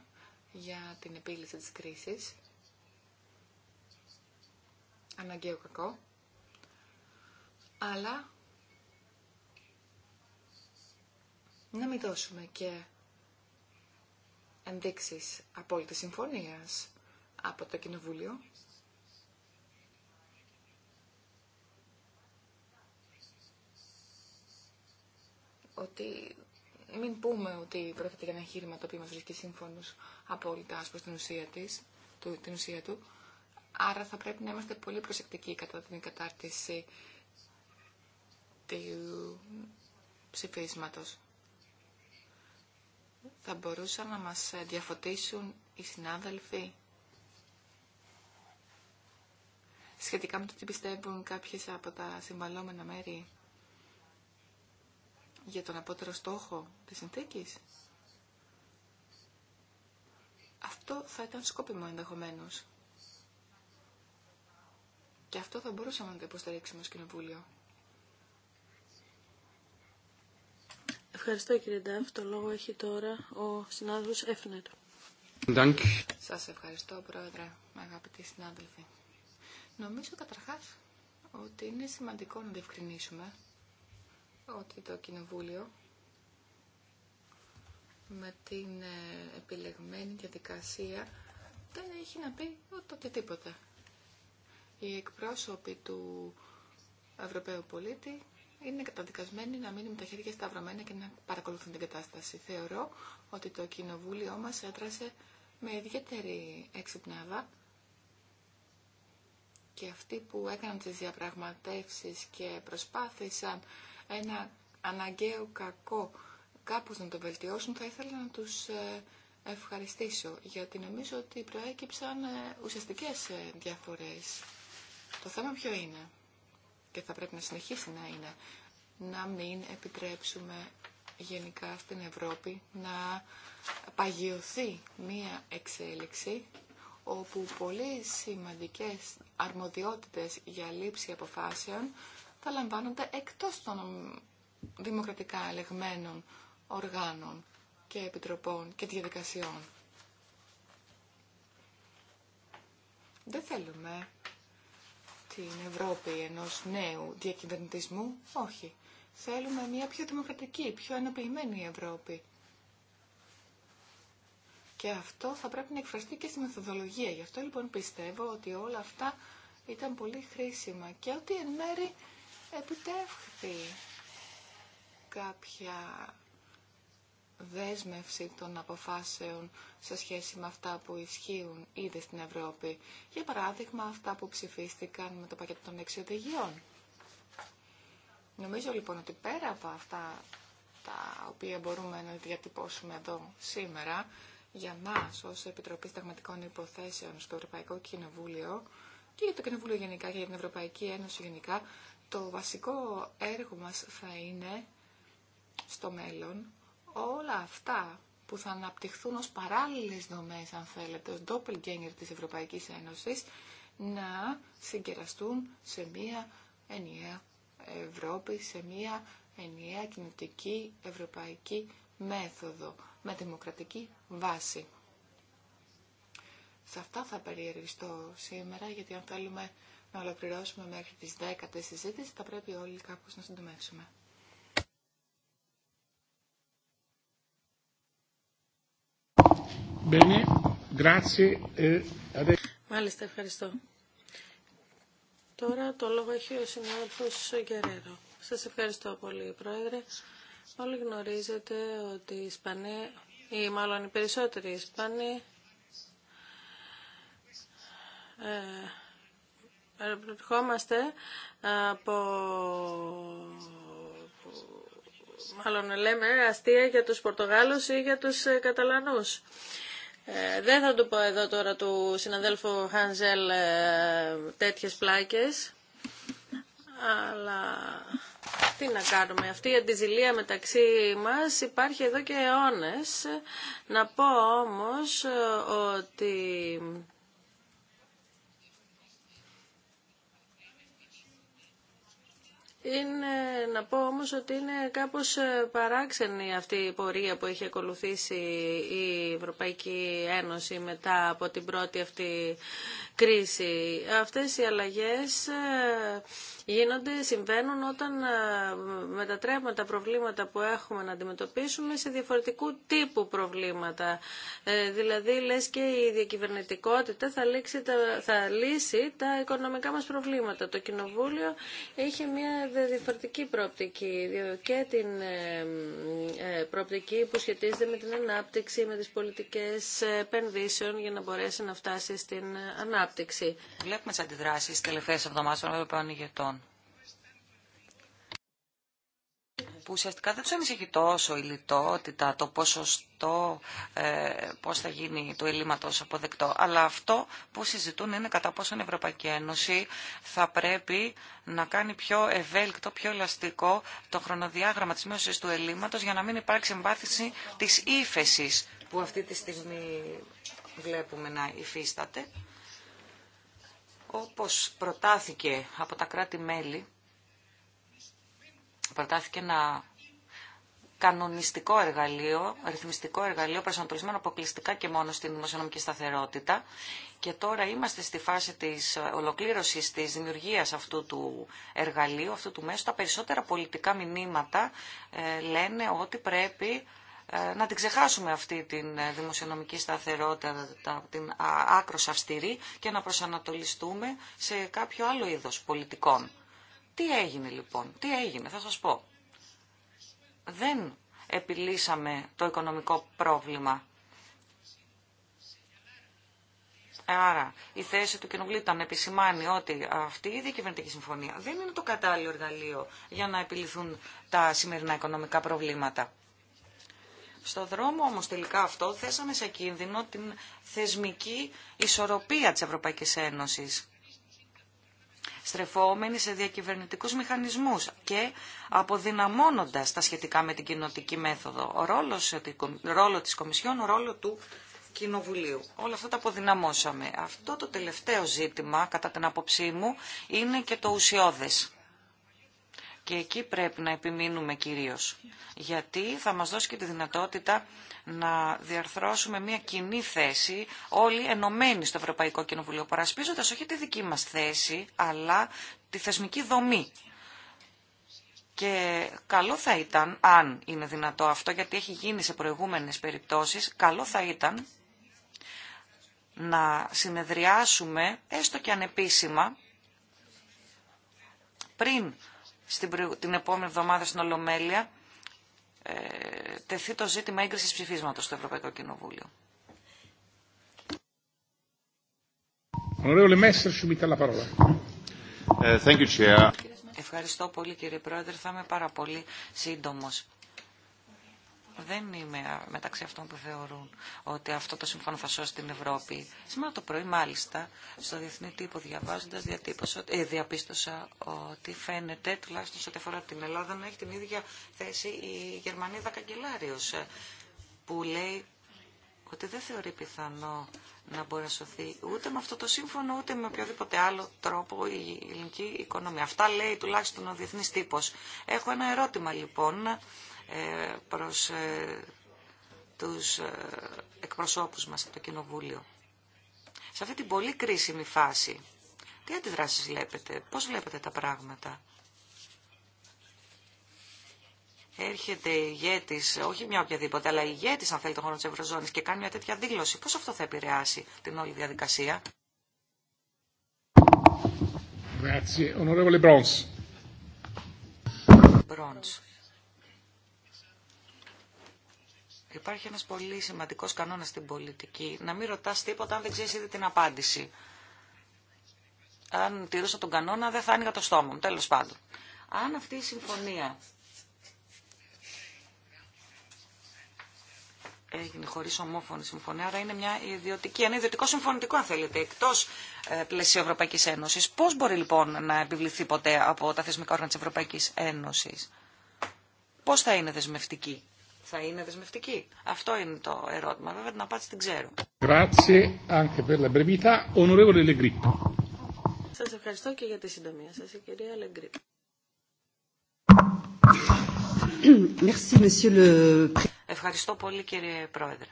για την επίλυση της κρίσης. Αναγκαίο κακό. Αλλά να μην δώσουμε και ενδείξεις απόλυτης συμφωνίας από το Κοινοβούλιο. Ότι μην πούμε ότι πρόκειται για ένα εγχείρημα το οποίο μα βρίσκει σύμφωνο απόλυτα προ την ουσία, του, την ουσία του. Άρα θα πρέπει να είμαστε πολύ προσεκτικοί κατά την κατάρτιση του ψηφίσματο. Θα μπορούσαν να μας διαφωτίσουν οι συνάδελφοι σχετικά με το τι πιστεύουν κάποιες από τα συμβαλόμενα μέρη για τον απότερο στόχο της συνθήκης. Αυτό θα ήταν σκόπιμο ενδεχομένω. Και αυτό θα μπορούσαμε να το υποστηρίξουμε ως Κοινοβούλιο. Ευχαριστώ κύριε Ντάφ. Το λόγο έχει τώρα ο συνάδελφος Έφνερ. Σας ευχαριστώ πρόεδρε, αγαπητοί συνάδελφοι. Νομίζω καταρχάς ότι είναι σημαντικό να διευκρινίσουμε ότι το Κοινοβούλιο με την ε, επιλεγμένη διαδικασία δεν έχει να πει ούτε τίποτα. Οι εκπρόσωποι του Ευρωπαίου πολίτη είναι καταδικασμένοι να μείνουν με τα χέρια σταυρωμένα και να παρακολουθούν την κατάσταση. Θεωρώ ότι το Κοινοβούλιο μας έτρασε με ιδιαίτερη εξυπνάδα και αυτοί που έκαναν τις διαπραγματεύσεις και προσπάθησαν ένα αναγκαίο κακό κάπως να το βελτιώσουν, θα ήθελα να τους ε, ευχαριστήσω, γιατί νομίζω ότι προέκυψαν ε, ουσιαστικές ε, διαφορές. Το θέμα ποιο είναι, και θα πρέπει να συνεχίσει να είναι, να μην επιτρέψουμε γενικά στην Ευρώπη να παγιωθεί μία εξέλιξη όπου πολύ σημαντικές αρμοδιότητες για λήψη αποφάσεων θα λαμβάνονται εκτός των δημοκρατικά ελεγμένων οργάνων και επιτροπών και διαδικασιών. Δεν θέλουμε την Ευρώπη ενός νέου διακυβερνητισμού, όχι. Θέλουμε μια πιο δημοκρατική, πιο ενοποιημένη Ευρώπη. Και αυτό θα πρέπει να εκφραστεί και στη μεθοδολογία. Γι' αυτό λοιπόν πιστεύω ότι όλα αυτά ήταν πολύ χρήσιμα και ότι εν μέρη επιτεύχθη κάποια δέσμευση των αποφάσεων σε σχέση με αυτά που ισχύουν ήδη στην Ευρώπη. Για παράδειγμα, αυτά που ψηφίστηκαν με το πακέτο των εξοδηγιών. Νομίζω λοιπόν ότι πέρα από αυτά τα οποία μπορούμε να διατυπώσουμε εδώ σήμερα, για μας ως Επιτροπή Σταγματικών Υποθέσεων στο Ευρωπαϊκό Κοινοβούλιο και για το Κοινοβούλιο γενικά και για την Ευρωπαϊκή Ένωση γενικά, το βασικό έργο μας θα είναι στο μέλλον όλα αυτά που θα αναπτυχθούν ως παράλληλες δομές, αν θέλετε, ως doppelganger της Ευρωπαϊκής Ένωσης, να συγκεραστούν σε μία ενιαία Ευρώπη, σε μία ενιαία κοινωτική ευρωπαϊκή μέθοδο, με δημοκρατική βάση. Σε αυτά θα περιεριστώ σήμερα, γιατί αν θέλουμε να ολοκληρώσουμε μέχρι τις 10 τη συζήτηση, θα πρέπει όλοι κάπως να συντομεύσουμε. Eh, Μάλιστα, ευχαριστώ. Τώρα το λόγο έχει ο συνάδελφος Γκερέρο. Σας ευχαριστώ πολύ, Πρόεδρε. Όλοι γνωρίζετε ότι οι Ισπανοί, ή μάλλον οι περισσότεροι Ισπανοί, ε, Ερχόμαστε από μάλλον λέμε αστεία για τους Πορτογάλους ή για τους ε, Καταλανούς. Ε, δεν θα του πω εδώ τώρα του συναδέλφου Χάνζελ ε, τέτοιες πλάκες, αλλά τι να κάνουμε. Αυτή η αντιζηλία μεταξύ μας υπάρχει εδώ και αιώνες. Να πω όμως ε, ότι Είναι, να πω όμως ότι είναι κάπως ε, παράξενη αυτή η πορεία που έχει ακολουθήσει η Ευρωπαϊκή Ένωση μετά από την πρώτη αυτή κρίση. Αυτές οι αλλαγές ε, γίνονται, συμβαίνουν όταν μετατρέπουμε τα προβλήματα που έχουμε να αντιμετωπίσουμε σε διαφορετικού τύπου προβλήματα. Ε, δηλαδή, λες και η διακυβερνητικότητα θα λύσει, τα, θα λύσει τα οικονομικά μας προβλήματα. Το Κοινοβούλιο είχε μια διαφορετική προοπτική και την ε, προοπτική που σχετίζεται με την ανάπτυξη, με τις πολιτικές επενδύσεων για να μπορέσει να φτάσει στην ανάπτυξη ανάπτυξη. Βλέπουμε τι αντιδράσει τι τελευταίε εβδομάδε των Ευρωπαίων ηγετών. Που ουσιαστικά δεν του ανησυχεί τόσο η λιτότητα, το ποσοστό, ε, πώ θα γίνει το ελλείμματο αποδεκτό. Αλλά αυτό που συζητούν είναι κατά πόσο η Ευρωπαϊκή Ένωση θα πρέπει να κάνει πιο ευέλικτο, πιο ελαστικό το χρονοδιάγραμμα τη μείωση του ελλείμματο για να μην υπάρξει εμπάθηση τη ύφεση που αυτή τη στιγμή βλέπουμε να υφίσταται όπως προτάθηκε από τα κράτη-μέλη, προτάθηκε ένα κανονιστικό εργαλείο, ρυθμιστικό εργαλείο, προσανατολισμένο αποκλειστικά και μόνο στην δημοσιονομική σταθερότητα. Και τώρα είμαστε στη φάση της ολοκλήρωσης της δημιουργίας αυτού του εργαλείου, αυτού του μέσου. Τα περισσότερα πολιτικά μηνύματα ε, λένε ότι πρέπει ε, να την ξεχάσουμε αυτή την ε, δημοσιονομική σταθερότητα, την άκρο αυστηρή και να προσανατολιστούμε σε κάποιο άλλο είδος πολιτικών. Τι έγινε λοιπόν, τι έγινε, θα σας πω. Δεν επιλύσαμε το οικονομικό πρόβλημα. Άρα, η θέση του Κοινοβουλίου ήταν επισημάνει ότι αυτή η διακυβερνητική συμφωνία δεν είναι το κατάλληλο εργαλείο για να επιληθούν τα σημερινά οικονομικά προβλήματα στο δρόμο, όμως τελικά αυτό θέσαμε σε κίνδυνο την θεσμική ισορροπία της Ευρωπαϊκή Ένωσης στρεφόμενοι σε διακυβερνητικούς μηχανισμούς και αποδυναμώνοντα τα σχετικά με την κοινοτική μέθοδο, ο ρόλος, ρόλο της Κομισιόν, ο ρόλο του Κοινοβουλίου. Όλα αυτά τα αποδυναμώσαμε. Αυτό το τελευταίο ζήτημα, κατά την άποψή μου, είναι και το ουσιώδες. Και εκεί πρέπει να επιμείνουμε κυρίως, γιατί θα μας δώσει και τη δυνατότητα να διαρθρώσουμε μια κοινή θέση, όλοι ενωμένοι στο Ευρωπαϊκό Κοινοβουλίο, παρασπίζοντας όχι τη δική μας θέση, αλλά τη θεσμική δομή. Και καλό θα ήταν, αν είναι δυνατό αυτό, γιατί έχει γίνει σε προηγούμενες περιπτώσεις, καλό θα ήταν να συνεδριάσουμε, έστω και ανεπίσημα, πριν στην, την επόμενη εβδομάδα στην Ολομέλεια ε, τεθεί το ζήτημα έγκρισης ψηφίσματος στο Ευρωπαϊκό Κοινοβούλιο. Ε, Ευχαριστώ πολύ κύριε Πρόεδρε. Θα είμαι πάρα πολύ σύντομος δεν είμαι μεταξύ αυτών που θεωρούν ότι αυτό το σύμφωνο θα σώσει την Ευρώπη. Σήμερα το πρωί, μάλιστα, στο Διεθνή Τύπο διαβάζοντα ε, διαπίστωσα ότι φαίνεται, τουλάχιστον σε ό,τι αφορά την Ελλάδα, να έχει την ίδια θέση η Γερμανίδα Καγκελάριο, ε, που λέει ότι δεν θεωρεί πιθανό να μπορεί να σωθεί ούτε με αυτό το σύμφωνο, ούτε με οποιοδήποτε άλλο τρόπο η ελληνική οικονομία. Αυτά λέει τουλάχιστον ο διεθνής τύπος. Έχω ένα ερώτημα λοιπόν ε, προς ε, τους ε, εκπροσώπους μας από το Κοινοβούλιο. Σε αυτή την πολύ κρίσιμη φάση, τι αντιδράσεις βλέπετε, πώς βλέπετε τα πράγματα. Έρχεται ηγέτη, όχι μια οποιαδήποτε, αλλά ηγέτη, αν θέλει, τον χώρο τη Ευρωζώνη και κάνει μια τέτοια δήλωση. Πώ αυτό θα επηρεάσει την όλη διαδικασία, Grazie. Onorevole Υπάρχει ένας πολύ σημαντικός κανόνας στην πολιτική. Να μην ρωτάς τίποτα αν δεν ξέρεις ήδη την απάντηση. Αν τηρούσα τον κανόνα δεν θα άνοιγα το στόμα μου, τέλος πάντων. Αν αυτή η συμφωνία έγινε χωρί ομόφωνη συμφωνία, άρα είναι μια ιδιωτική, ένα ιδιωτικό συμφωνητικό, αν θέλετε, εκτό ε, πλαισίου Ευρωπαϊκή Ένωση. Πώ μπορεί λοιπόν να επιβληθεί ποτέ από τα θεσμικά όργανα τη Ευρωπαϊκή Ένωση, Πώ θα είναι δεσμευτική θα είναι δεσμευτική. Αυτό είναι το ερώτημα. Βέβαια την απάντηση την ξέρω. ευχαριστώ και για τη συντομία κυρία Ευχαριστώ πολύ κύριε Πρόεδρε.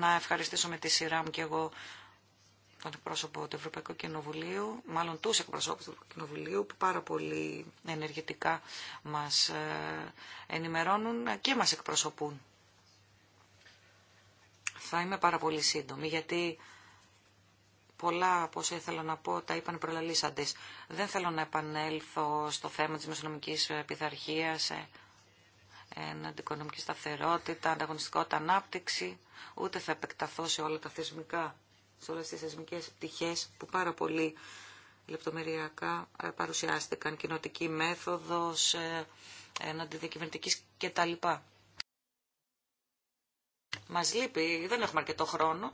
Να ευχαριστήσω με τη σειρά μου και εγώ τον εκπρόσωπο του Ευρωπαϊκού Κοινοβουλίου, μάλλον τους εκπροσώπους του Ευρωπαϊκού Κοινοβουλίου, που πάρα πολύ ενεργητικά μας ε, ενημερώνουν και μας εκπροσωπούν. Θα είμαι πάρα πολύ σύντομη, γιατί πολλά από όσα ήθελα να πω τα είπαν προλαλήσαντες. Δεν θέλω να επανέλθω στο θέμα της μεσονομικής ε, πειθαρχία, ε, αντικονομική σταθερότητα, ανταγωνιστικότητα, ανάπτυξη, ούτε θα επεκταθώ σε όλα τα θεσμικά σε όλες τις θεσμικές πτυχές που πάρα πολύ λεπτομεριακά ε, παρουσιάστηκαν, κοινοτική μέθοδος, ε, έναντι κτλ. Μας λείπει, δεν έχουμε αρκετό χρόνο.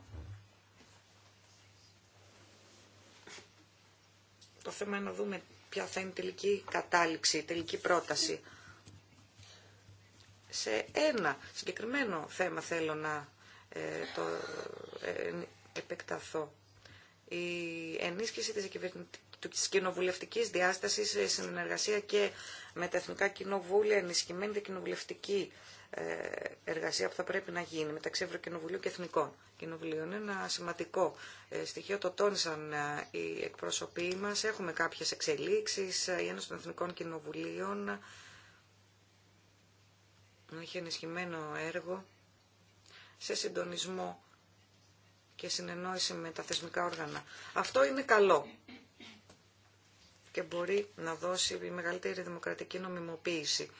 Το θέμα είναι να δούμε ποια θα είναι η τελική κατάληξη, η τελική πρόταση. Σε ένα συγκεκριμένο θέμα θέλω να ε, το, επεκταθώ. Η ενίσχυση της, της κοινοβουλευτικής διάστασης σε συνεργασία και με τα Εθνικά Κοινοβούλια, ενισχυμένη κοινοβουλευτική ε, εργασία που θα πρέπει να γίνει μεταξύ Ευρωκοινοβουλίου και Εθνικών Κοινοβουλίων. Είναι ένα σημαντικό ε, στοιχείο, το τόνισαν ε, οι εκπρόσωποι μας. Έχουμε κάποιες εξελίξεις, η Ένωση των Εθνικών Κοινοβουλίων έχει ενισχυμένο έργο σε συντονισμό και συνεννόηση με τα θεσμικά όργανα. Αυτό είναι καλό και μπορεί να δώσει η μεγαλύτερη δημοκρατική νομιμοποίηση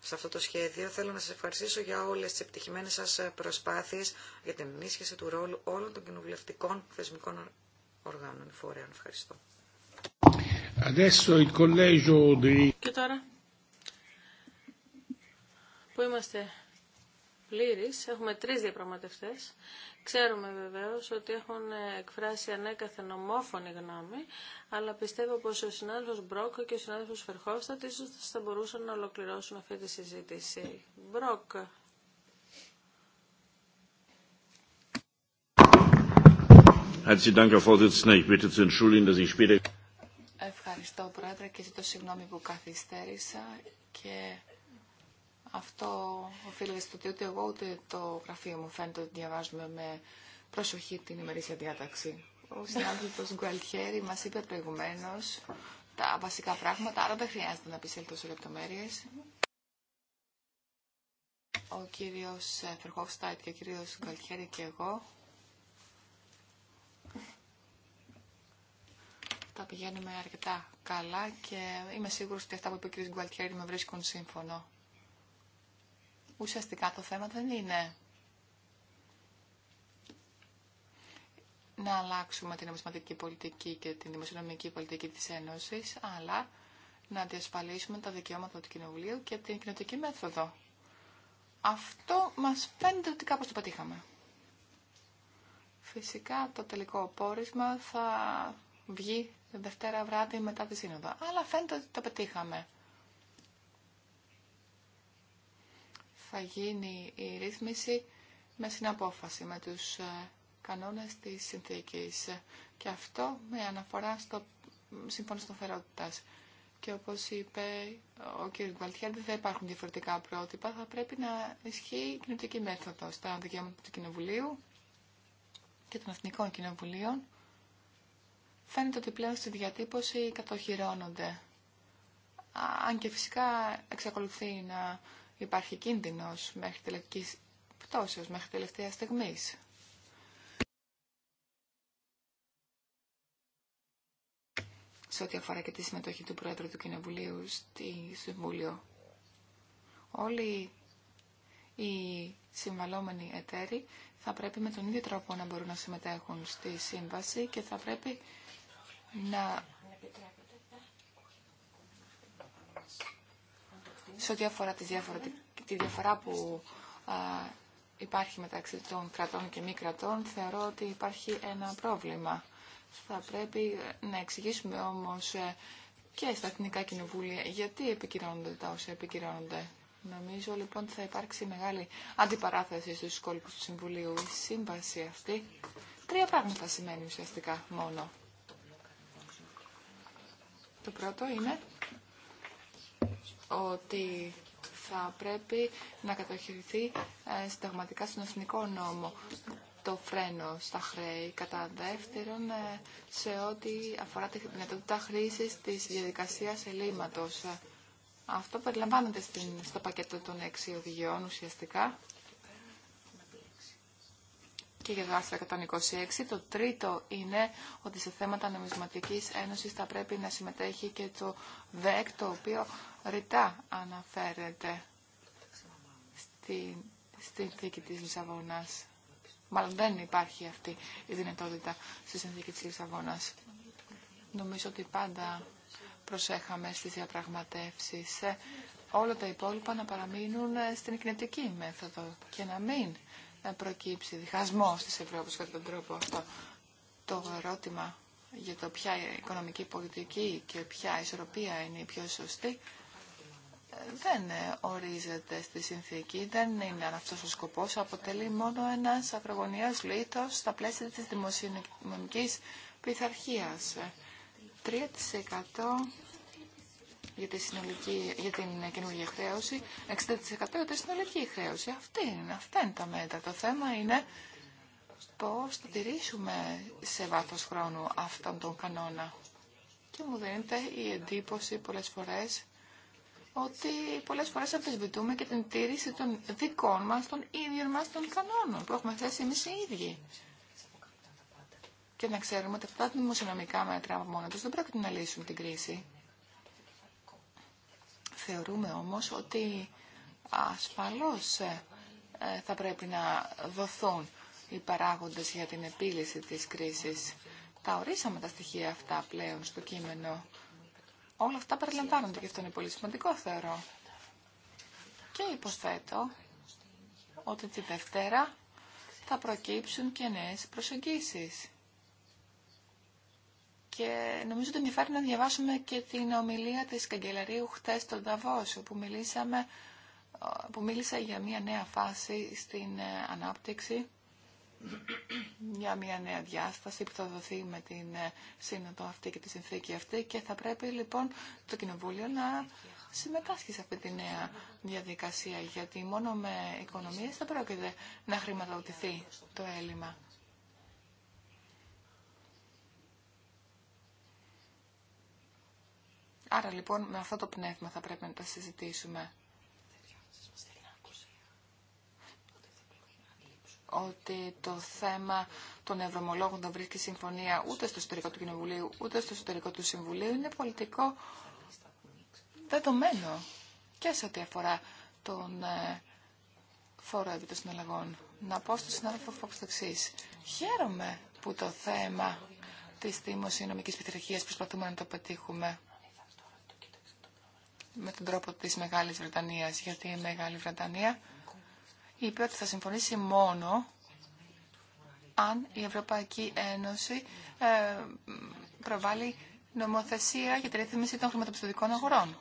σε αυτό το σχέδιο. Θέλω να σας ευχαριστήσω για όλες τις επιτυχημένες σας προσπάθειες για την ενίσχυση του ρόλου όλων των κοινοβουλευτικών θεσμικών οργάνων φορέων. Ευχαριστώ. Και τώρα που είμαστε Έχουμε τρει διαπραγματευτέ. Ξέρουμε βεβαίω ότι έχουν εκφράσει ανέκαθεν ομόφωνη γνώμη, αλλά πιστεύω πω ο συνάδελφος Μπρόκ και ο συνάδελφος Φερχόφστατ ίσω θα μπορούσαν να ολοκληρώσουν αυτή τη συζήτηση. Μπρόκ. Ευχαριστώ, Πρόεδρε, και ζητώ συγγνώμη που καθυστέρησα και αυτό οφείλεται στο ότι ούτε εγώ ούτε το γραφείο μου φαίνεται ότι διαβάζουμε με προσοχή την ημερήσια διάταξη. Ο συνάδελφο Γκουαλτιέρη μα είπε προηγουμένω τα βασικά πράγματα, άρα δεν χρειάζεται να πει σε λεπτομέρειε. Ο κύριο Φερχόφσταϊτ και ο κύριο Γκουαλτιέρη και εγώ τα πηγαίνουμε αρκετά καλά και είμαι σίγουρος ότι αυτά που είπε ο κ. Γκουαλτιέρη με βρίσκουν σύμφωνο. Ουσιαστικά το θέμα δεν είναι να αλλάξουμε την νομισματική πολιτική και την δημοσιονομική πολιτική της Ένωσης, αλλά να διασφαλίσουμε τα δικαιώματα του Κοινοβουλίου και την κοινωτική μέθοδο. Αυτό μας φαίνεται ότι κάπως το πατήχαμε. Φυσικά το τελικό πόρισμα θα βγει Δευτέρα βράδυ μετά τη Σύνοδο. Αλλά φαίνεται ότι το πετύχαμε. θα γίνει η ρύθμιση με συναπόφαση με τους ε, κανόνες της συνθήκης. Και αυτό με αναφορά στο Σύμφωνο Σταθερότητας. Και όπως είπε ο κ. Βαλτιέρ, δεν θα υπάρχουν διαφορετικά πρότυπα, θα πρέπει να ισχύει η κοινωτική μέθοδο Τα δικαιώματα του Κοινοβουλίου και των Εθνικών Κοινοβουλίων φαίνεται ότι πλέον στη διατύπωση κατοχυρώνονται. Αν και φυσικά εξακολουθεί να υπάρχει κίνδυνος μέχρι τελευταίας πτώσεως, μέχρι τελευταία στιγμής. σε ό,τι αφορά και τη συμμετοχή του Πρόεδρου του Κοινοβουλίου στη Συμβούλιο. Όλοι οι συμβαλόμενοι εταίροι θα πρέπει με τον ίδιο τρόπο να μπορούν να συμμετέχουν στη σύμβαση και θα πρέπει να σε ό,τι αφορά τη, τη διαφορά που α, υπάρχει μεταξύ των κρατών και μη κρατών, θεωρώ ότι υπάρχει ένα πρόβλημα. Θα πρέπει ε, να εξηγήσουμε όμως ε, και στα εθνικά κοινοβούλια γιατί επικυρώνονται τα όσα επικυρώνονται. Νομίζω λοιπόν ότι θα υπάρξει μεγάλη αντιπαράθεση στους κόλπους του Συμβουλίου. Η σύμβαση αυτή τρία πράγματα σημαίνει ουσιαστικά μόνο. Το πρώτο είναι ότι θα πρέπει να κατοχυρηθεί ε, συνταγματικά στον εθνικό νόμο το φρένο στα χρέη. Κατά δεύτερον, ε, σε ό,τι αφορά τη δυνατότητα χρήση τη διαδικασία ελλείμματο. Αυτό περιλαμβάνεται στο πακέτο των έξι οδηγιών ουσιαστικά και για το άρθρο 126. Το τρίτο είναι ότι σε θέματα νομισματικής ένωσης θα πρέπει να συμμετέχει και το ΔΕΚ, το οποίο ρητά αναφέρεται στην, στην θήκη της Λισαβόνας. Μάλλον δεν υπάρχει αυτή η δυνατότητα στη συνθήκη της Λισαβόνας. Νομίζω ότι πάντα προσέχαμε στις διαπραγματεύσεις ε, όλα τα υπόλοιπα να παραμείνουν στην κινητική μέθοδο και να μην ε, προκύψει διχασμός της Ευρώπης κατά τον τρόπο αυτό. Το ερώτημα για το ποια οικονομική πολιτική και ποια ισορροπία είναι η πιο σωστή ε, δεν ορίζεται στη συνθήκη, δεν είναι αυτός ο σκοπός, αποτελεί μόνο ένας ακρογωνιαίο λίθος στα πλαίσια της δημοσιονομικής πειθαρχίας. 3% για, τη συνολική, για την καινούργια χρέωση, 60% για τη συνολική χρέωση. Αυτή είναι, αυτά είναι τα μέτρα. Το θέμα είναι πώς θα τηρήσουμε σε βάθος χρόνου αυτόν τον κανόνα. Και μου δίνεται η εντύπωση πολλές φορές ότι πολλές φορές αμφισβητούμε και την τήρηση των δικών μας, των ίδιων μας των κανόνων που έχουμε θέσει εμείς οι ίδιοι. Και να ξέρουμε ότι αυτά τα δημοσιονομικά μέτρα από μόνο τους δεν πρόκειται να λύσουν την κρίση. Θεωρούμε όμως ότι ασφαλώς ε, ε, θα πρέπει να δοθούν οι παράγοντες για την επίλυση της κρίσης. Τα ορίσαμε τα στοιχεία αυτά πλέον στο κείμενο. Όλα αυτά περιλαμβάνονται και αυτό είναι πολύ σημαντικό θεωρώ. Και υποθέτω ότι τη Δευτέρα θα προκύψουν και νέες προσεγγίσεις. Και νομίζω ότι ενδιαφέρει να διαβάσουμε και την ομιλία της καγκελαρίου χτες στον Ταβός, όπου μιλήσαμε που μίλησα για μια νέα φάση στην ε, ανάπτυξη, για μια νέα διάσταση που θα δοθεί με την ε, σύνοδο αυτή και τη συνθήκη αυτή και θα πρέπει λοιπόν το Κοινοβούλιο να συμμετάσχει σε αυτή τη νέα διαδικασία γιατί μόνο με οικονομίες θα πρόκειται να χρηματοδοτηθεί το έλλειμμα. Άρα λοιπόν με αυτό το πνεύμα θα πρέπει να τα συζητήσουμε. ότι το θέμα των ευρωμολόγων δεν βρίσκει συμφωνία ούτε στο εσωτερικό του Κοινοβουλίου, ούτε στο εσωτερικό του Συμβουλίου. Είναι πολιτικό δεδομένο και σε ό,τι αφορά τον ε, φόρο επί των συναλλαγών. Να πω στον συνάδελφο Φόξ το εξή. Χαίρομαι που το θέμα της δημοσιονομικής πειθαρχίας προσπαθούμε να το πετύχουμε με τον τρόπο της Μεγάλης Βρετανίας, γιατί η Μεγάλη Βρετανία είπε ότι θα συμφωνήσει μόνο αν η Ευρωπαϊκή Ένωση ε, προβάλλει νομοθεσία για τη ρύθμιση των χρηματοπιστωτικών αγορών.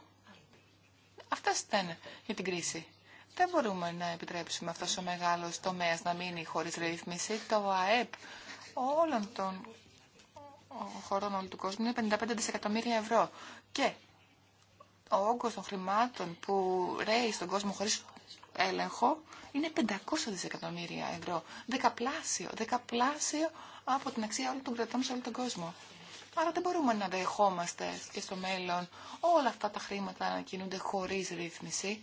Αυτά ήταν για την κρίση. Δεν μπορούμε να επιτρέψουμε αυτός ο μεγάλος τομέας να μείνει χωρίς ρύθμιση. Το ΑΕΠ όλων των χωρών όλου του κόσμου είναι 55 δισεκατομμύρια ευρώ. Και ο όγκος των χρημάτων που ρέει στον κόσμο χωρίς έλεγχο είναι 500 δισεκατομμύρια ευρώ. Δεκαπλάσιο, δεκαπλάσιο από την αξία όλων των κρατών σε όλο τον κόσμο. Άρα δεν μπορούμε να δεχόμαστε και στο μέλλον όλα αυτά τα χρήματα να κινούνται χωρίς ρύθμιση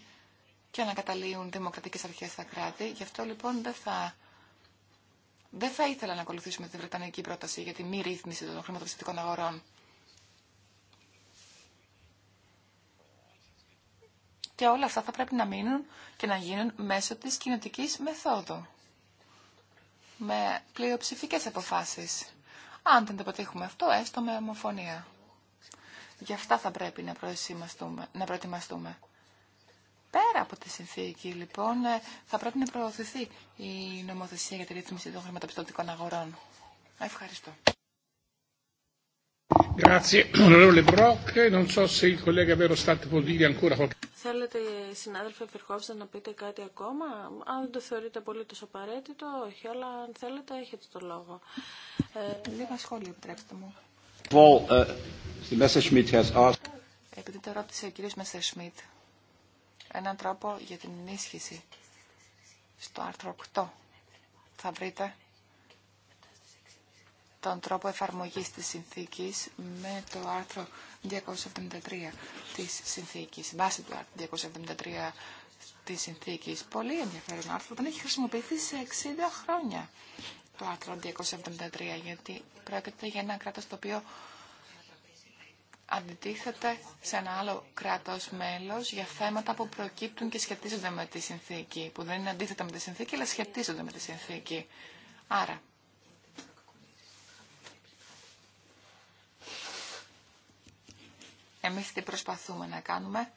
και να καταλύουν δημοκρατικές αρχές στα κράτη. Γι' αυτό λοιπόν δεν θα... Δεν θα ήθελα να ακολουθήσουμε τη Βρετανική πρόταση για τη μη ρύθμιση των χρηματοπιστωτικών αγορών. Και όλα αυτά θα πρέπει να μείνουν και να γίνουν μέσω της κοινωτική μεθόδου. Με πλειοψηφικές αποφάσεις. Αν δεν το πετύχουμε αυτό, έστω με ομοφωνία. Γι' αυτά θα πρέπει να, να προετοιμαστούμε. Πέρα από τη συνθήκη, λοιπόν, ε, θα πρέπει να προωθηθεί η νομοθεσία για τη ρύθμιση των χρηματοπιστωτικών αγορών. Ευχαριστώ. Θέλετε, συνάδελφε Φερχόφστα, να πείτε κάτι ακόμα. Αν δεν το θεωρείτε πολύ τόσο απαραίτητο, όχι, αλλά αν θέλετε, έχετε το λόγο. Ε, Λίγα σχόλια, επιτρέψτε μου. Uh, Επειδή το ρώτησε ο κύριος Μέσσερ Σμιτ, έναν τρόπο για την ενίσχυση στο άρθρο 8, θα βρείτε τον τρόπο εφαρμογής της συνθήκης με το άρθρο 273 της συνθήκης, βάση του άρθρου 273 της συνθήκης. Πολύ ενδιαφέρον άρθρο, δεν έχει χρησιμοποιηθεί σε 60 χρόνια το άρθρο 273, γιατί πρόκειται για ένα κράτος το οποίο αντιτίθεται σε ένα άλλο κράτος μέλος για θέματα που προκύπτουν και σχετίζονται με τη συνθήκη, που δεν είναι αντίθετα με τη συνθήκη, αλλά σχετίζονται με τη συνθήκη. Άρα, Εμείς τι προσπαθούμε να κάνουμε.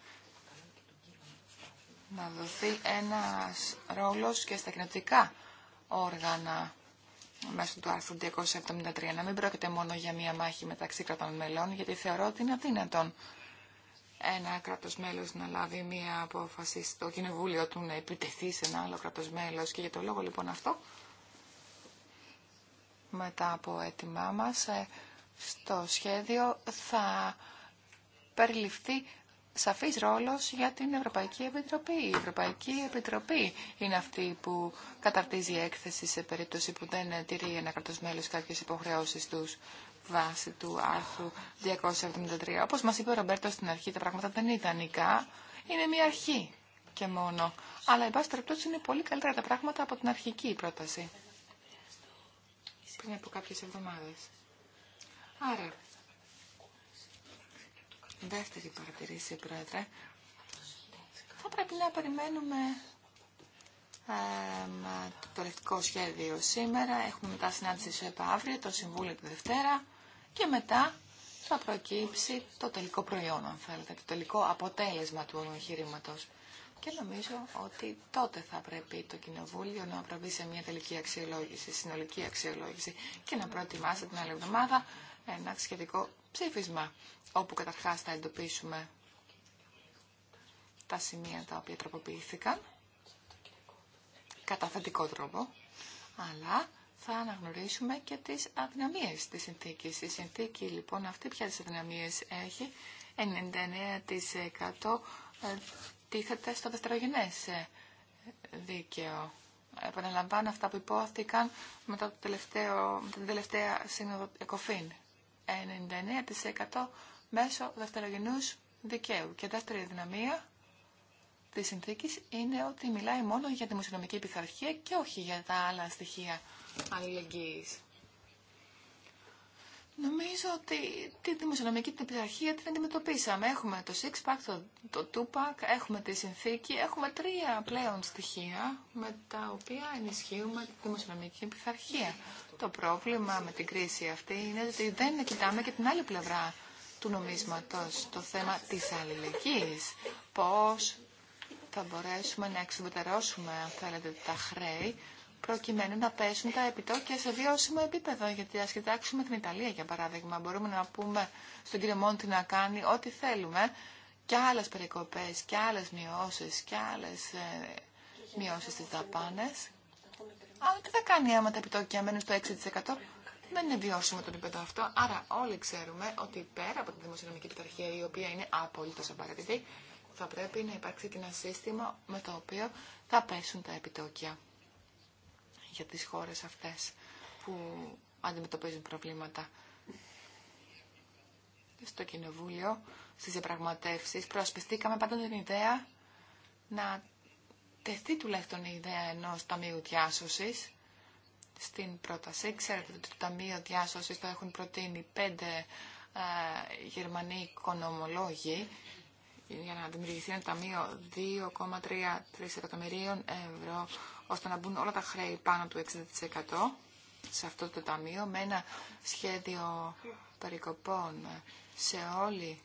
Να δοθεί ένας ρόλος και στα κοινωτικά όργανα μέσω του άρθρου 273. Να μην πρόκειται μόνο για μία μάχη μεταξύ κρατών μελών, γιατί θεωρώ ότι είναι αδύνατον ένα κράτος μέλος να λάβει μία απόφαση στο κοινοβούλιο του να επιτεθεί σε ένα άλλο κράτος μέλος. Και για το λόγο λοιπόν αυτό, μετά από έτοιμά μας, ε, στο σχέδιο θα περιληφθεί σαφής ρόλος για την Ευρωπαϊκή Επιτροπή. Η Ευρωπαϊκή Επιτροπή είναι αυτή που καταρτίζει έκθεση σε περίπτωση που δεν τηρεί ένα κρατός μέλος κάποιες υποχρεώσεις τους βάσει του άρθρου 273. Όπως μας είπε ο Ρομπέρτο στην αρχή, τα πράγματα δεν ήταν ιδανικά, είναι μια αρχή και μόνο. Αλλά, εν πάση είναι πολύ καλύτερα τα πράγματα από την αρχική πρόταση. Πριν από κάποιες εβδομάδες. Άρα, Δεύτερη παρατηρήση, Πρόεδρε. Θα πρέπει να περιμένουμε το πολιτικό σχέδιο σήμερα. Έχουμε μετά συνάντηση σε ΕΠΑ αύριο, το Συμβούλιο τη Δευτέρα και μετά θα προκύψει το τελικό προϊόν, αν θέλετε, το τελικό αποτέλεσμα του εγχειρήματο. Και νομίζω ότι τότε θα πρέπει το Κοινοβούλιο να προβεί σε μια τελική αξιολόγηση, συνολική αξιολόγηση και να προετοιμάσει την άλλη εβδομάδα ένα σχετικό ψήφισμα, όπου καταρχάς θα εντοπίσουμε τα σημεία τα οποία τροποποιήθηκαν, κατά θετικό τρόπο, αλλά θα αναγνωρίσουμε και τις αδυναμίες της συνθήκης. Η συνθήκη λοιπόν αυτή πια τις αδυναμίες έχει, 99% ε, τίθεται στο δευτερογενές ε, δίκαιο. Επαναλαμβάνω αυτά που υπόθηκαν μετά, το τελευταίο, την τελευταία σύνοδο ΕΚΟΦΗΝ. 99% μέσω δευτερογενούς δικαίου. Και δεύτερη δυναμία της συνθήκης είναι ότι μιλάει μόνο για τη δημοσιονομική πειθαρχία και όχι για τα άλλα στοιχεία αλληλεγγύης. Νομίζω ότι τη δημοσιονομική την την αντιμετωπίσαμε. Έχουμε το six pack, το, το έχουμε τη συνθήκη, έχουμε τρία πλέον στοιχεία με τα οποία ενισχύουμε τη δημοσιονομική πειθαρχία. Το πρόβλημα με την κρίση αυτή είναι ότι δεν κοιτάμε και την άλλη πλευρά του νομίσματος, το θέμα της αλληλεγγύης. Πώς θα μπορέσουμε να εξουδετερώσουμε, αν θέλετε, τα χρέη προκειμένου να πέσουν τα επιτόκια σε βιώσιμο επίπεδο. Γιατί α κοιτάξουμε την Ιταλία, για παράδειγμα. Μπορούμε να πούμε στον κύριο Μόντι να κάνει ό,τι θέλουμε και άλλε περικοπέ και άλλε μειώσει και άλλε ε, μειώσεις δαπάνε. δαπάνε. Αλλά τι θα κάνει άμα τα επιτόκια μένουν στο 6%. Δεν είναι βιώσιμο το επίπεδο αυτό. Άρα όλοι ξέρουμε ότι πέρα από τη δημοσιονομική πειθαρχία η οποία είναι απολύτω απαραίτητη θα πρέπει να υπάρξει και ένα σύστημα με το οποίο θα πέσουν τα επιτόκια για τις χώρες αυτές που αντιμετωπίζουν προβλήματα. Στο Κοινοβούλιο, στις διαπραγματεύσεις, προασπιστήκαμε πάντα την ιδέα να τεθεί τουλάχιστον η ιδέα ενός Ταμείου Διάσωσης στην πρόταση. Ξέρετε ότι το Ταμείο Διάσωσης το έχουν προτείνει πέντε ε, γερμανοί οικονομολόγοι για να δημιουργηθεί ένα ταμείο 2,3 εκατομμυρίων ευρώ ώστε να μπουν όλα τα χρέη πάνω του 60% σε αυτό το ταμείο με ένα σχέδιο περικοπών σε όλη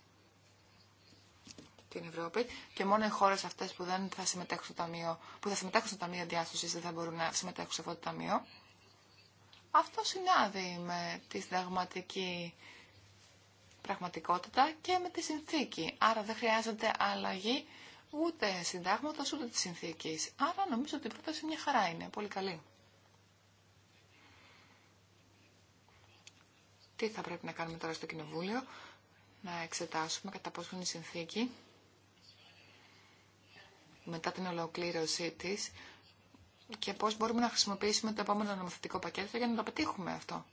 την Ευρώπη και μόνο οι χώρες αυτές που δεν θα συμμετέχουν στο ταμείο, που θα συμμετέχουν στο ταμείο διάσωσης δεν θα μπορούν να συμμετέχουν σε αυτό το ταμείο. Αυτό συνάδει με τη συνταγματική πραγματικότητα και με τη συνθήκη. Άρα δεν χρειάζεται αλλαγή ούτε συντάγματο ούτε τη συνθήκη. Άρα νομίζω ότι η πρόταση μια χαρά είναι, πολύ καλή. Τι θα πρέπει να κάνουμε τώρα στο Κοινοβούλιο, να εξετάσουμε κατά πόσο είναι η συνθήκη μετά την ολοκλήρωσή της και πώς μπορούμε να χρησιμοποιήσουμε το επόμενο νομοθετικό πακέτο για να το πετύχουμε αυτό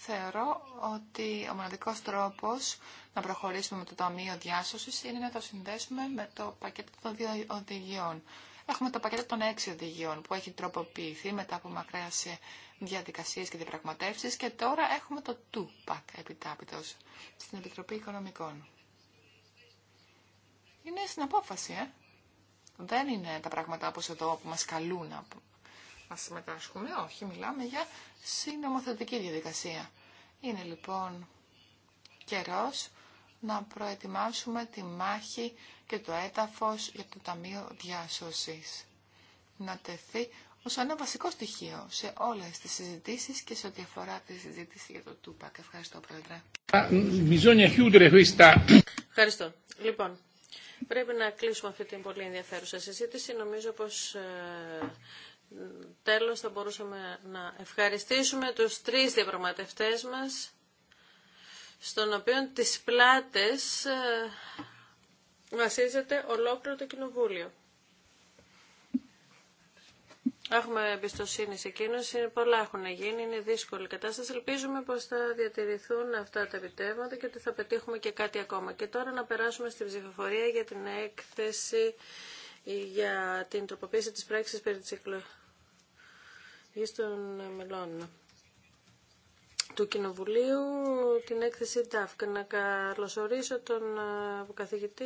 θεωρώ ότι ο μοναδικός τρόπος να προχωρήσουμε με το Ταμείο Διάσωσης είναι να το συνδέσουμε με το πακέτο των δύο οδηγιών. Έχουμε το πακέτο των έξι οδηγιών που έχει τροποποιηθεί μετά από μακρές διαδικασίες και διαπραγματεύσεις και τώρα έχουμε το 2-PAC επιτάπητος στην Επιτροπή Οικονομικών. Είναι στην απόφαση, ε? Δεν είναι τα πράγματα όπως εδώ που μας καλούν να συμμετάσχουμε. Όχι, μιλάμε για συνομοθετική διαδικασία. Είναι λοιπόν καιρός να προετοιμάσουμε τη μάχη και το έταφος για το Ταμείο Διάσωσης. Να τεθεί ως ένα βασικό στοιχείο σε όλες τις συζητήσεις και σε ό,τι αφορά τη συζήτηση για το ΤΟΥΠΑΚ. Ευχαριστώ, Πρόεδρε. Ευχαριστώ. Λοιπόν, πρέπει να κλείσουμε αυτή την πολύ ενδιαφέρουσα συζήτηση. Νομίζω πως ε, τέλος θα μπορούσαμε να ευχαριστήσουμε τους τρεις διαπραγματευτές μας, στον οποίο τις πλάτες ε, βασίζεται ολόκληρο το Κοινοβούλιο. Έχουμε εμπιστοσύνη σε εκείνους, πολλά έχουν γίνει, είναι δύσκολη η κατάσταση. Ελπίζουμε πως θα διατηρηθούν αυτά τα επιτεύγματα και ότι θα πετύχουμε και κάτι ακόμα. Και τώρα να περάσουμε στη ψηφοφορία για την έκθεση για την τροποποίηση της πράξης περί της ή των μελών του Κοινοβουλίου την έκθεση ΤΑΦ και να καλωσορίσω τον ε, καθηγητή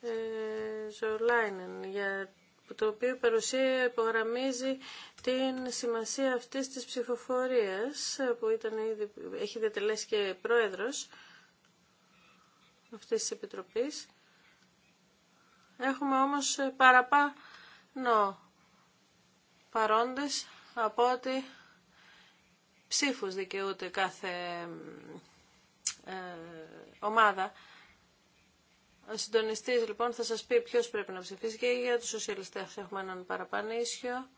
ε, Ζολάινεν για το οποίο η παρουσία υπογραμμίζει την σημασία αυτής της ψηφοφορίας που ήταν ήδη, έχει διατελέσει και πρόεδρος αυτής της Επιτροπής. Έχουμε όμως παραπάνω παρόντες από ότι ψήφους δικαιούται κάθε ε, ομάδα. Ο συντονιστή λοιπόν θα σας πει ποιος πρέπει να ψηφίσει και για τους σοσιαλιστές έχουμε έναν παραπανίσιο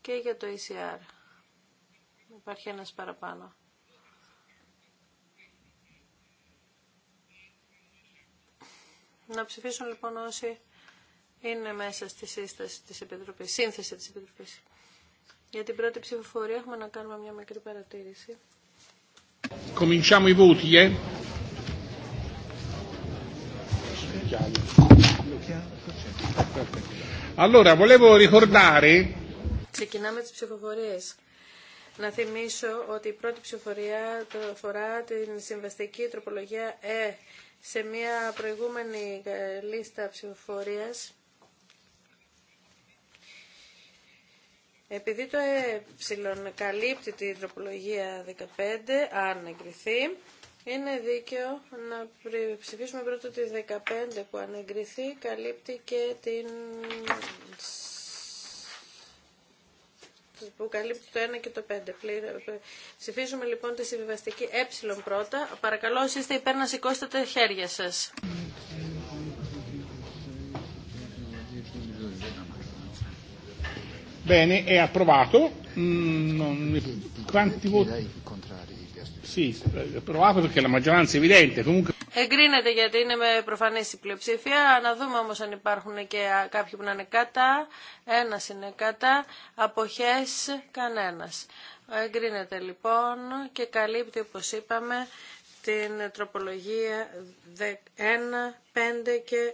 και για το ECR. Υπάρχει ένας παραπάνω. Να ψηφίσουν λοιπόν όσοι είναι μέσα στη σύσταση της Επιτροπής, σύνθεση της Επιτροπής. Για την πρώτη ψηφοφορία έχουμε να κάνουμε μια μικρή παρατήρηση. Eh? Allora, volevo ricordare... Ξεκινάμε τις ψηφοφορίες. Να θυμίσω ότι η πρώτη ψηφοφορία αφορά την συμβαστική τροπολογία Ε σε μια προηγούμενη ε, λίστα ψηφοφορίας. Επειδή το ε καλύπτει την τροπολογία 15, αν εγκριθεί, είναι δίκαιο να ψηφίσουμε πρώτο τη 15 που αν εγκριθεί καλύπτει και την που καλύπτει το 1 και το 5. Ψηφίζουμε λοιπόν τη συμβιβαστική ε πρώτα. Παρακαλώ, όσοι είστε υπέρ να σηκώσετε τα χέρια σας. Bene, Εγκρίνεται γιατί είναι με προφανή συμπλειοψηφία. Να δούμε όμως αν υπάρχουν και κάποιοι που να είναι κατά. ένα είναι κατά. Αποχέ κανένας. Εγκρίνεται λοιπόν και καλύπτει όπω είπαμε την τροπολογία 1, 5 και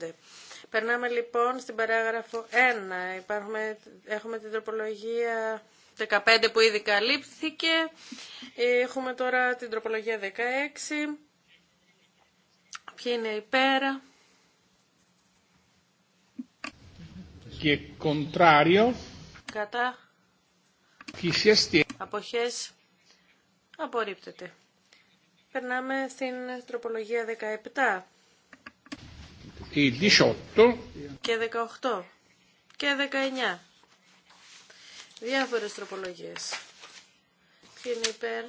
15. Περνάμε λοιπόν στην παράγραφο 1. Υπάρχουμε, έχουμε την τροπολογία 15 που ήδη καλύπθηκε. Έχουμε τώρα την τροπολογία 16. Ποιοι είναι η πέρα. Και κοντράριο. Κατά. Αποχές. Απορρίπτεται. Περνάμε στην τροπολογία 17. 18 και 18 και 19 διάφορες τροπολογίες ποιοι είναι υπέρ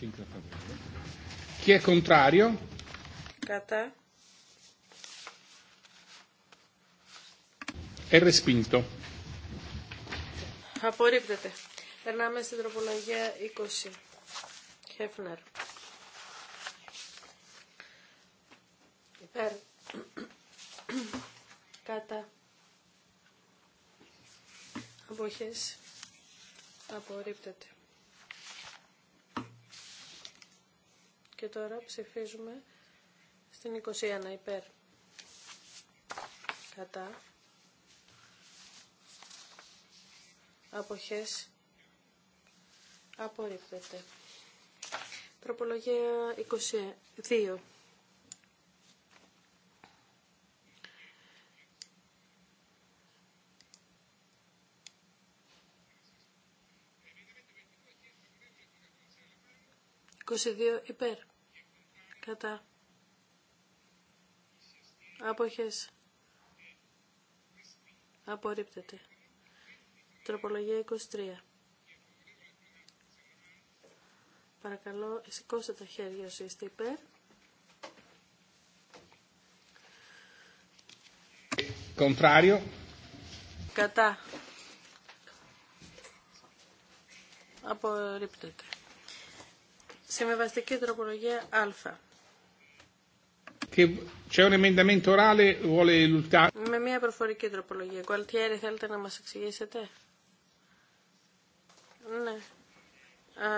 5 και κοντράριο. κατά è ε, respinto απορρίπτεται περνάμε στην τροπολογία 20 Χέφνερ κατά αποχές απορρίπτεται. Και τώρα ψηφίζουμε στην 21 υπέρ κατά αποχές απορρίπτεται. Τροπολογία 22 22 υπέρ. Κατά. Άποχες. Απορρίπτεται. Τροπολογία 23. Παρακαλώ, σηκώστε τα χέρια σου, είστε υπέρ. Κατά. Απορρίπτεται. Συμβεβαστική τροπολογία Α. Με μια προφορική τροπολογία. Κουαλτιέρη, θέλετε να μας εξηγήσετε. Ναι.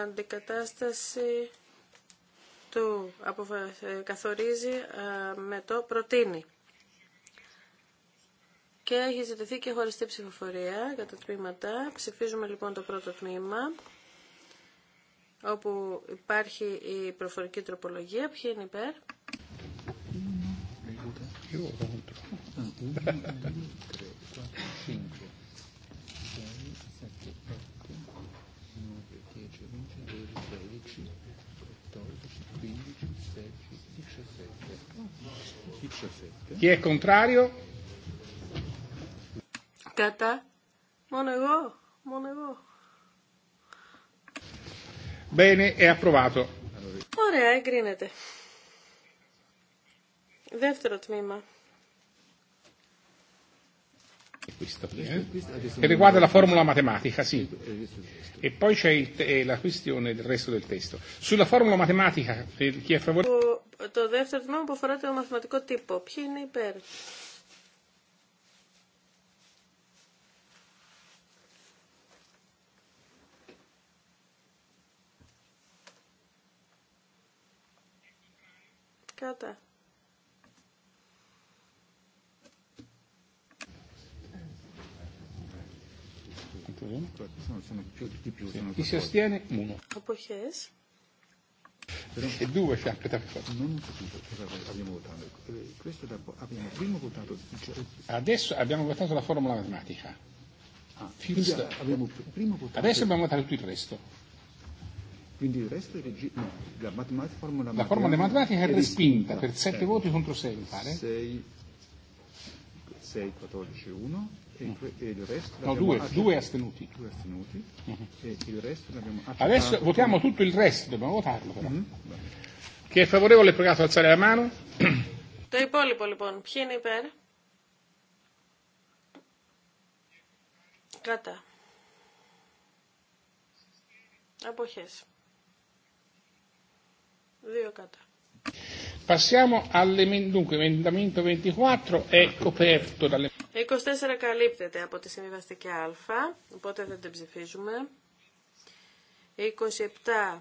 Αντικατάσταση του καθορίζει με το προτείνει. Και έχει ζητηθεί και χωριστή ψηφοφορία για τα τμήματα. Ψηφίζουμε λοιπόν το πρώτο τμήμα όπου υπάρχει η προφορική τροπολογία. Ποιοι είναι υπέρ. Και contrario. Κατά. Μόνο εγώ. Μόνο εγώ. Bene, è approvato. Ωραία, εγκρίνεται. Δεύτερο τμήμα. Che riguarda la formula matematica, sì. E poi c'è la questione del resto del testo. Sulla formula matematica, chi è favorevole. Το δεύτερο τμήμα που αφορά το μαθηματικό τύπο. Ποιοι είναι υπέρ. Κατά. Chi si astiene? Uno. Αποχές. E due fianco da fuori. Non capito cosa abbiamo votato. Questo abbiamo prima votato. Adesso abbiamo votato la formula matematica. Ah, abbiamo prima votato. Adesso abbiamo votato tutto il resto. Quindi il resto è no, la matematica formula La formula matematica è respinta per 7 voti contro 6, mi pare. 6 6 14 1 e, il resto No, due, due astenuti. Due astenuti e il resto l'abbiamo Adesso votiamo tutto il resto, dobbiamo votarlo però. Chi è favorevole è pregato ad alzare la mano. Το υπόλοιπο λοιπόν, ποιοι είναι υπέρ. Κατά. Αποχές. Passiamo all'emendamento 24, è coperto dalle... 24 καλύπτεται από τη συμβιβαστική α, οπότε δεν την ψηφίζουμε. 27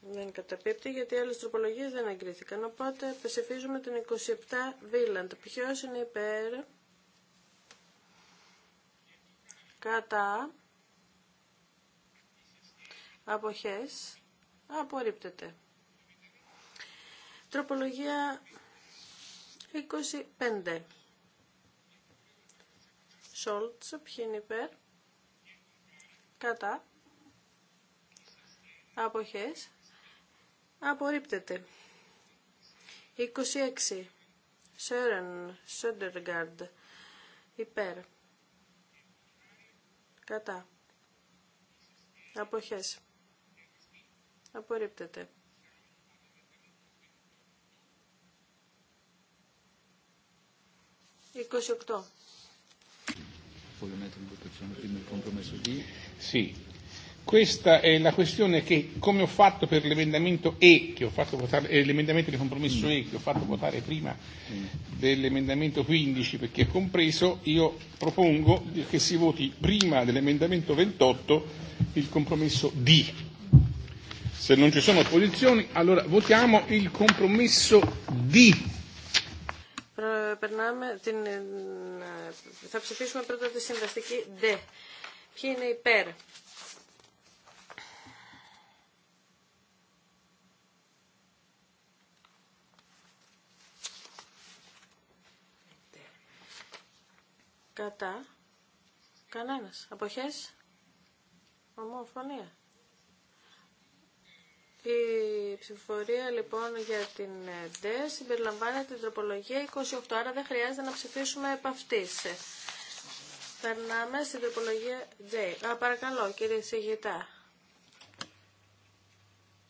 δεν καταπίπτει γιατί άλλες τροπολογίες δεν εγκρίθηκαν, οπότε ψηφίζουμε την 27 Βίλαντ. Ποιος είναι υπέρ, κατά, αποχές απορρίπτεται. Τροπολογία 25. Σόλτς, ποιοι υπέρ, κατά, αποχές, απορρίπτεται. 26. Σέρεν, Σόντεργαρντ, υπέρ, κατά, αποχές, Απορρίπτεται. Sì. Questa è la questione che, come ho fatto per l'emendamento E, che ho fatto votare, l'emendamento di compromesso E che ho fatto votare prima dell'emendamento 15 perché è compreso, io propongo che si voti prima dell'emendamento 28 il compromesso D. Περνάμε την... Ε, θα ψηφίσουμε πρώτα τη συμβαστική D. Ποιοι είναι περ. Κατά. Κανένας. Αποχές. Ομοφωνία. Η ψηφοφορία λοιπόν για την ε, ΔΕ συμπεριλαμβάνεται την τροπολογία 28, άρα δεν χρειάζεται να ψηφίσουμε επ' αυτής. Περνάμε στην τροπολογία J. Α, παρακαλώ κύριε Σιγητά.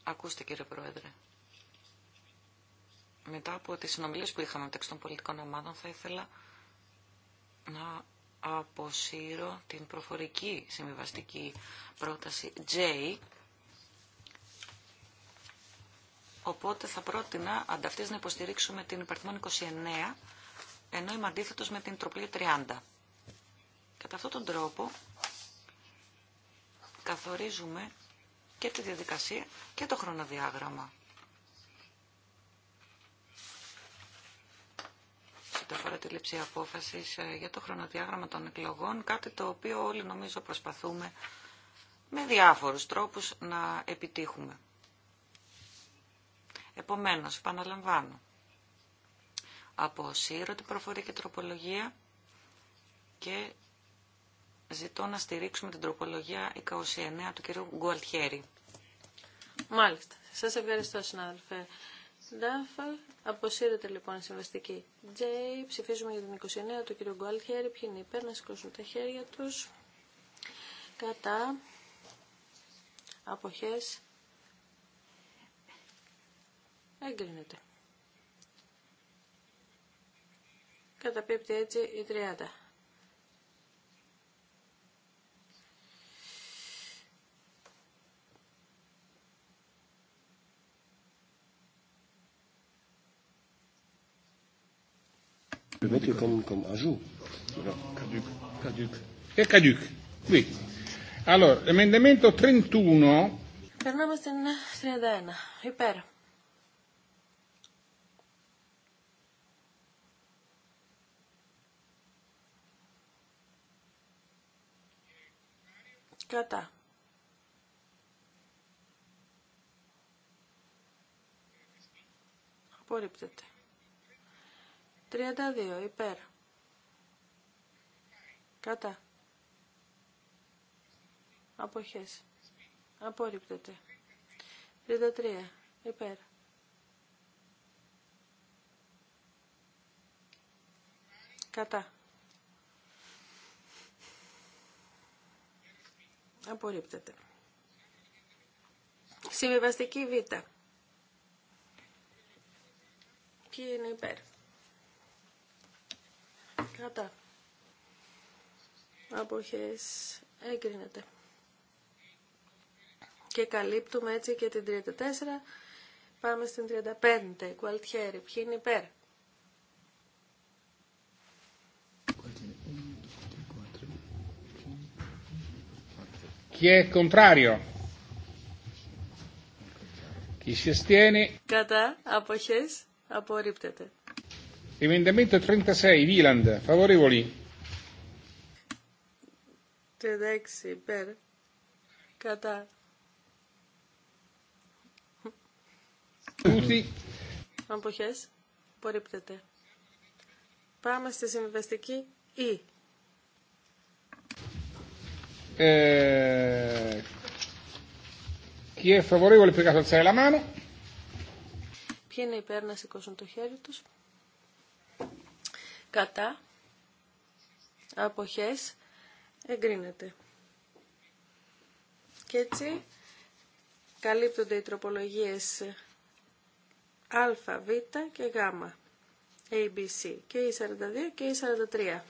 Ακούστε κύριε Πρόεδρε. Μετά από τις συνομιλίες που είχαμε μεταξύ των πολιτικών ομάδων θα ήθελα να αποσύρω την προφορική συμβιβαστική πρόταση J Οπότε θα πρότεινα ανταυτή να υποστηρίξουμε την υπαριθμόν 29, ενώ είμαι αντίθετος με την τροπλή 30. Κατά αυτόν τον τρόπο καθορίζουμε και τη διαδικασία και το χρονοδιάγραμμα. Σε τη λήψη απόφαση ε, για το χρονοδιάγραμμα των εκλογών, κάτι το οποίο όλοι νομίζω προσπαθούμε με διάφορους τρόπους να επιτύχουμε. Επομένως, επαναλαμβάνω, αποσύρω την και τροπολογία και ζητώ να στηρίξουμε την τροπολογία 29 του κ. Γκουαλτιέρη. Μάλιστα. Σας ευχαριστώ, συνάδελφε. Ντάφα, αποσύρεται λοιπόν η συμβαστική. J. ψηφίζουμε για την 29 του κ. Γκουαλτιέρη. Ποιοι είναι υπέρ, να σηκώσουν τα χέρια τους. Κατά. Αποχές. Εγκρίνεται. Καταπίπτει έτσι η 30. le mettre comme, comme ajout. Caduc. Caduc. È caduc. Oui. Allora, emendamento 31. Περνάμε στην 31. Υπέρ. Κατά. Απορρίπτεται. 32. Υπέρ. Κατά. Αποχές. Απορρίπτεται. 33. Υπέρ. Κατά. Απορρίπτεται. Συμβιβαστική Β. Ποιοι είναι υπέρ. Κατά. Αποχές έγκρινεται. Και καλύπτουμε έτσι και την 34. Πάμε στην 35. Κουαλτιέρη. Ποιοι είναι υπέρ. Κατά, αποχές, απορρίπτεται. 36, Wieland, favorevoli. 36, υπέρ. Κατά. Τούτη. Αποχές, απορρίπτεται. Πάμε στη συμβιβαστική Ή. E. Ε, Ποιοι είναι υπέρ να σηκώσουν το χέρι του Κατά. Αποχέ. Εγκρίνεται. Και έτσι καλύπτονται οι τροπολογίες α, β και γ. ABC και η 42 και η 43.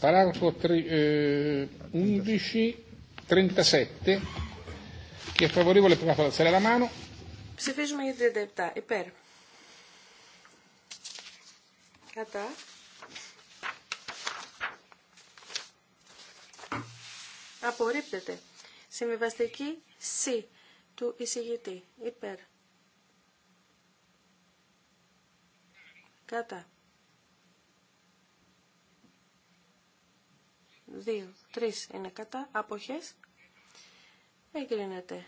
Paragrafo 11, 37. Chi è favorevole prima fa alzare la mano. Ψηφίζουμε για 37. Υπέρ. Κατά. Απορρίπτεται. Συμβιβαστική ΣΥ του εισηγητή. Υπέρ. Κατά. δύο, τρεις είναι κατά, αποχές, εγκρίνεται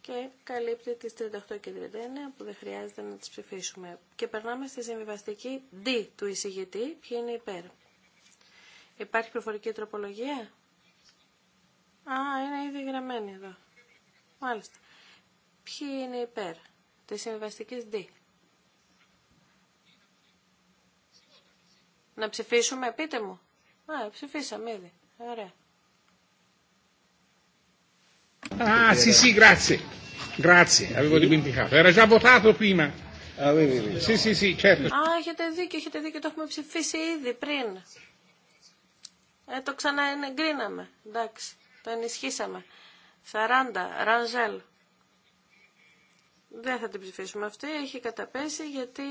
και καλύπτει τις 38 και 39 που δεν χρειάζεται να τις ψηφίσουμε. Και περνάμε στη συμβιβαστική D του εισηγητή, ποιοι είναι υπέρ. Υπάρχει προφορική τροπολογία. Α, είναι ήδη γραμμένη εδώ. Μάλιστα. Ποιοι είναι υπέρ της συμβιβαστικής D. Να ψηφίσουμε, πείτε μου. Α, ψηφίσαμε ήδη. Ωραία. Α, σι-σί, grazie. Grazie, avevo dimenticato. Era già έχετε δίκιο, έχετε δίκιο, το έχουμε ψηφίσει ήδη πριν. Ε, το ξαναεγκρίναμε. Εντάξει, το ενισχύσαμε. 40, Ρανζέλ. Δεν θα την ψηφίσουμε αυτή, έχει καταπέσει γιατί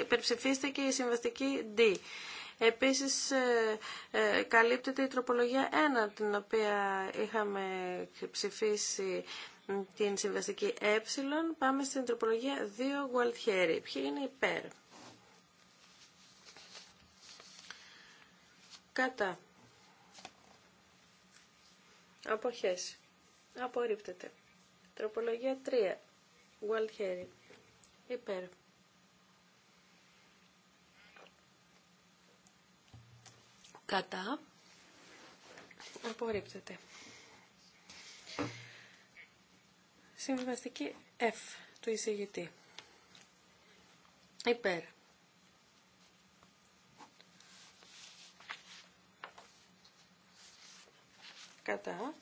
υπερψηφίστηκε η συμβαστική D. Επίσης ε, ε, καλύπτεται η τροπολογία 1 την οποία είχαμε ψηφίσει την συμβαστική ε. Πάμε στην τροπολογία 2 Γουαλτιέρη. Ποιοι είναι υπέρ. Κατά. Αποχές. Απορρίπτεται. Τροπολογία 3. Γουαλτιέρη. Υπέρ. Κατά. Απορρίπτεται. Συμβιβαστική F του εισηγητή. Υπέρ. Κατά.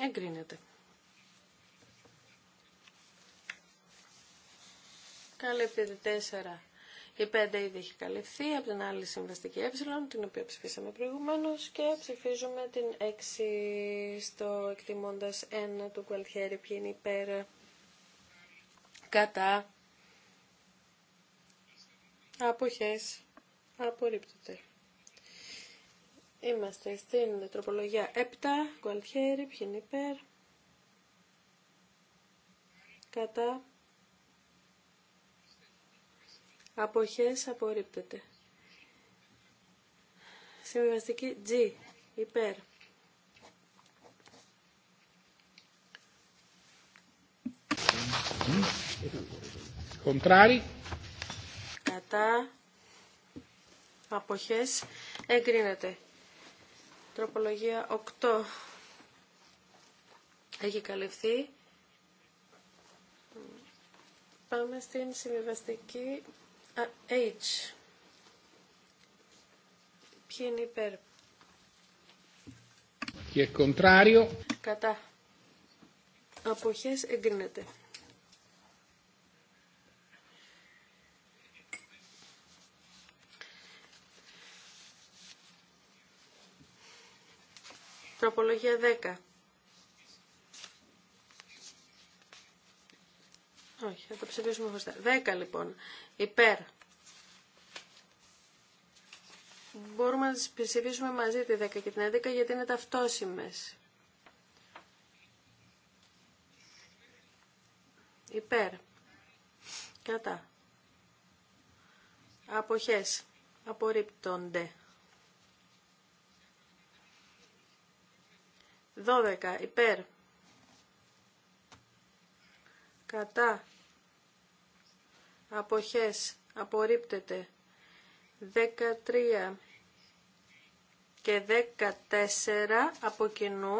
Εγκρίνεται. Καλύπτεται 4. Η 5 ήδη έχει καλυφθεί από την άλλη συμβαστική ε, την οποία ψηφίσαμε προηγουμένω και ψηφίζουμε την 6 στο εκτιμώντα 1 του Κουαλτιέρη. Ποιοι είναι υπέρ, κατά, αποχέ, απορρίπτεται. Είμαστε στην τροπολογία 7, Κουαλτιέρη. Ποιοι είναι υπέρ, κατά, αποχές απορρίπτεται. Συμβιβαστική G, υπέρ. Κοντράρι. Κατά αποχές εγκρίνεται. Τροπολογία 8 έχει καλυφθεί. Πάμε στην συμβιβαστική H. Ποιοι είναι υπέρ. Και κοντράριο. Κατά. Αποχές εγκρίνεται. Τροπολογία 10. Όχι, θα το ψηφίσουμε χωριστά. 10 λοιπόν υπέρ. Μπορούμε να τις ψηφίσουμε μαζί τη 10 και την 11 γιατί είναι ταυτόσιμες. Υπέρ. Κατά. Αποχές. Απορρίπτονται. 12. Υπέρ. Κατά αποχές απορρίπτεται 13 και 14 από κοινού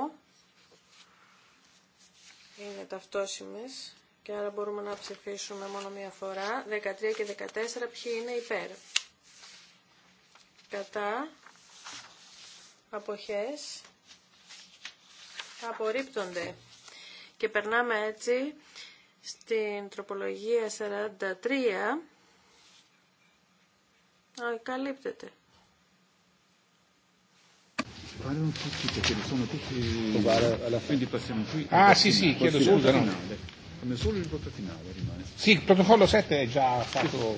είναι ταυτόσιμες και άρα μπορούμε να ψηφίσουμε μόνο μία φορά 13 και 14 ποιοι είναι υπέρ κατά αποχές απορρίπτονται και περνάμε έτσι στην τροπολογία 43 ανακαλύπτεται. Ah sì sì, chiedo scusa. No. Sì, il protocollo 7 è già stato.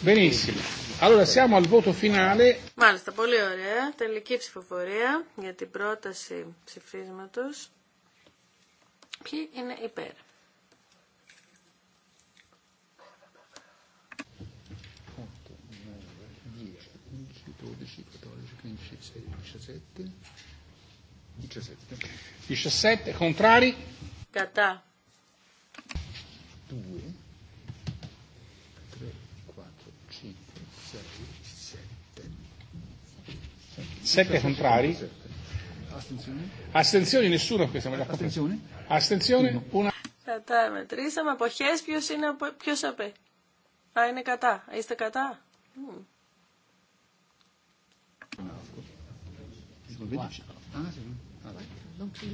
Benissimo. Allora siamo al voto finale. Μάλιστα, πολύ ωραία. Τελική ψηφοφορία για την πρόταση ψηφίσματος. Ποιοι είναι υπέρ. 15, 16, 17. 17. 17 contrari. Cata. 2, 3, 4, 5, 6, 7. 7 contrari. Astenzione. Astenzione, nessuno perché siamo Astenzione. Astenzione. Una. Κατά μετρήσαμε. Αποχές ποιος είναι, ποιος απέ. Α, είναι κατά. Είστε κατά. Mm.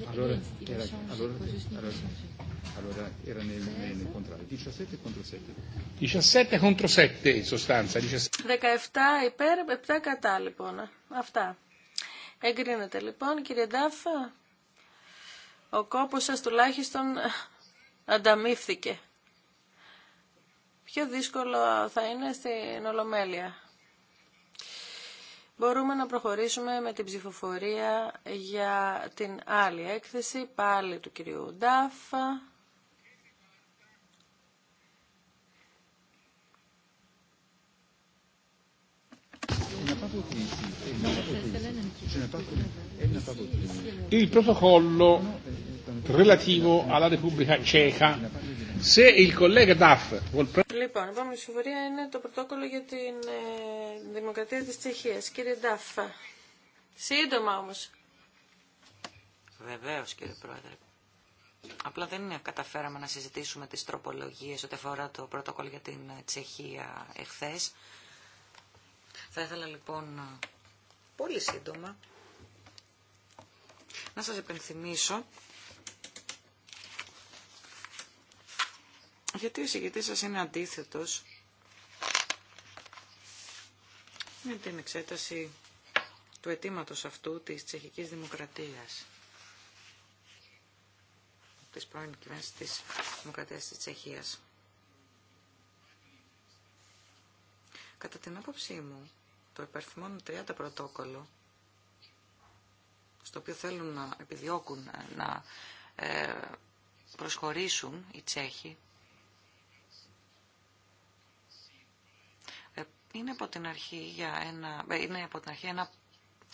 Allora, era, allora, allora era nel, nel contrario 17 contro 7 17 contro 7 in sostanza 17 υπέρ 7 κατά λοιπόν αυτά εγκρίνεται λοιπόν κύριε Ντάφ ο κόπος σας τουλάχιστον ανταμείφθηκε πιο δύσκολο θα είναι στην Ολομέλεια μπορούμε να προχωρήσουμε με την ψηφοφορία για την άλλη έκθεση, πάλι του κυρίου Ντάφ. Il protocollo relativo alla Repubblica Ceca Λοιπόν, η επόμενη είναι το πρωτόκολλο για την ε, Δημοκρατία της Τσεχίας. Κύριε Ντάφ, σύντομα όμως. Βεβαίως κύριε Πρόεδρε. Απλά δεν καταφέραμε να συζητήσουμε τις τροπολογίες ό,τι αφορά το πρωτόκολλο για την ε, Τσεχία εχθές. Θα ήθελα λοιπόν ε, πολύ σύντομα να σας επενθυμίσω Γιατί ο συγκεκριτής σας είναι αντίθετος με την εξέταση του αιτήματο αυτού της τσεχικής δημοκρατίας της πρώην κυβέρνησης της Δημοκρατίας της Τσεχίας. Κατά την άποψή μου, το υπαριθμόν 30 πρωτόκολλο, στο οποίο θέλουν να επιδιώκουν να ε, προσχωρήσουν οι Τσέχοι, είναι από την αρχή, για ένα, ε, είναι από την αρχή ένα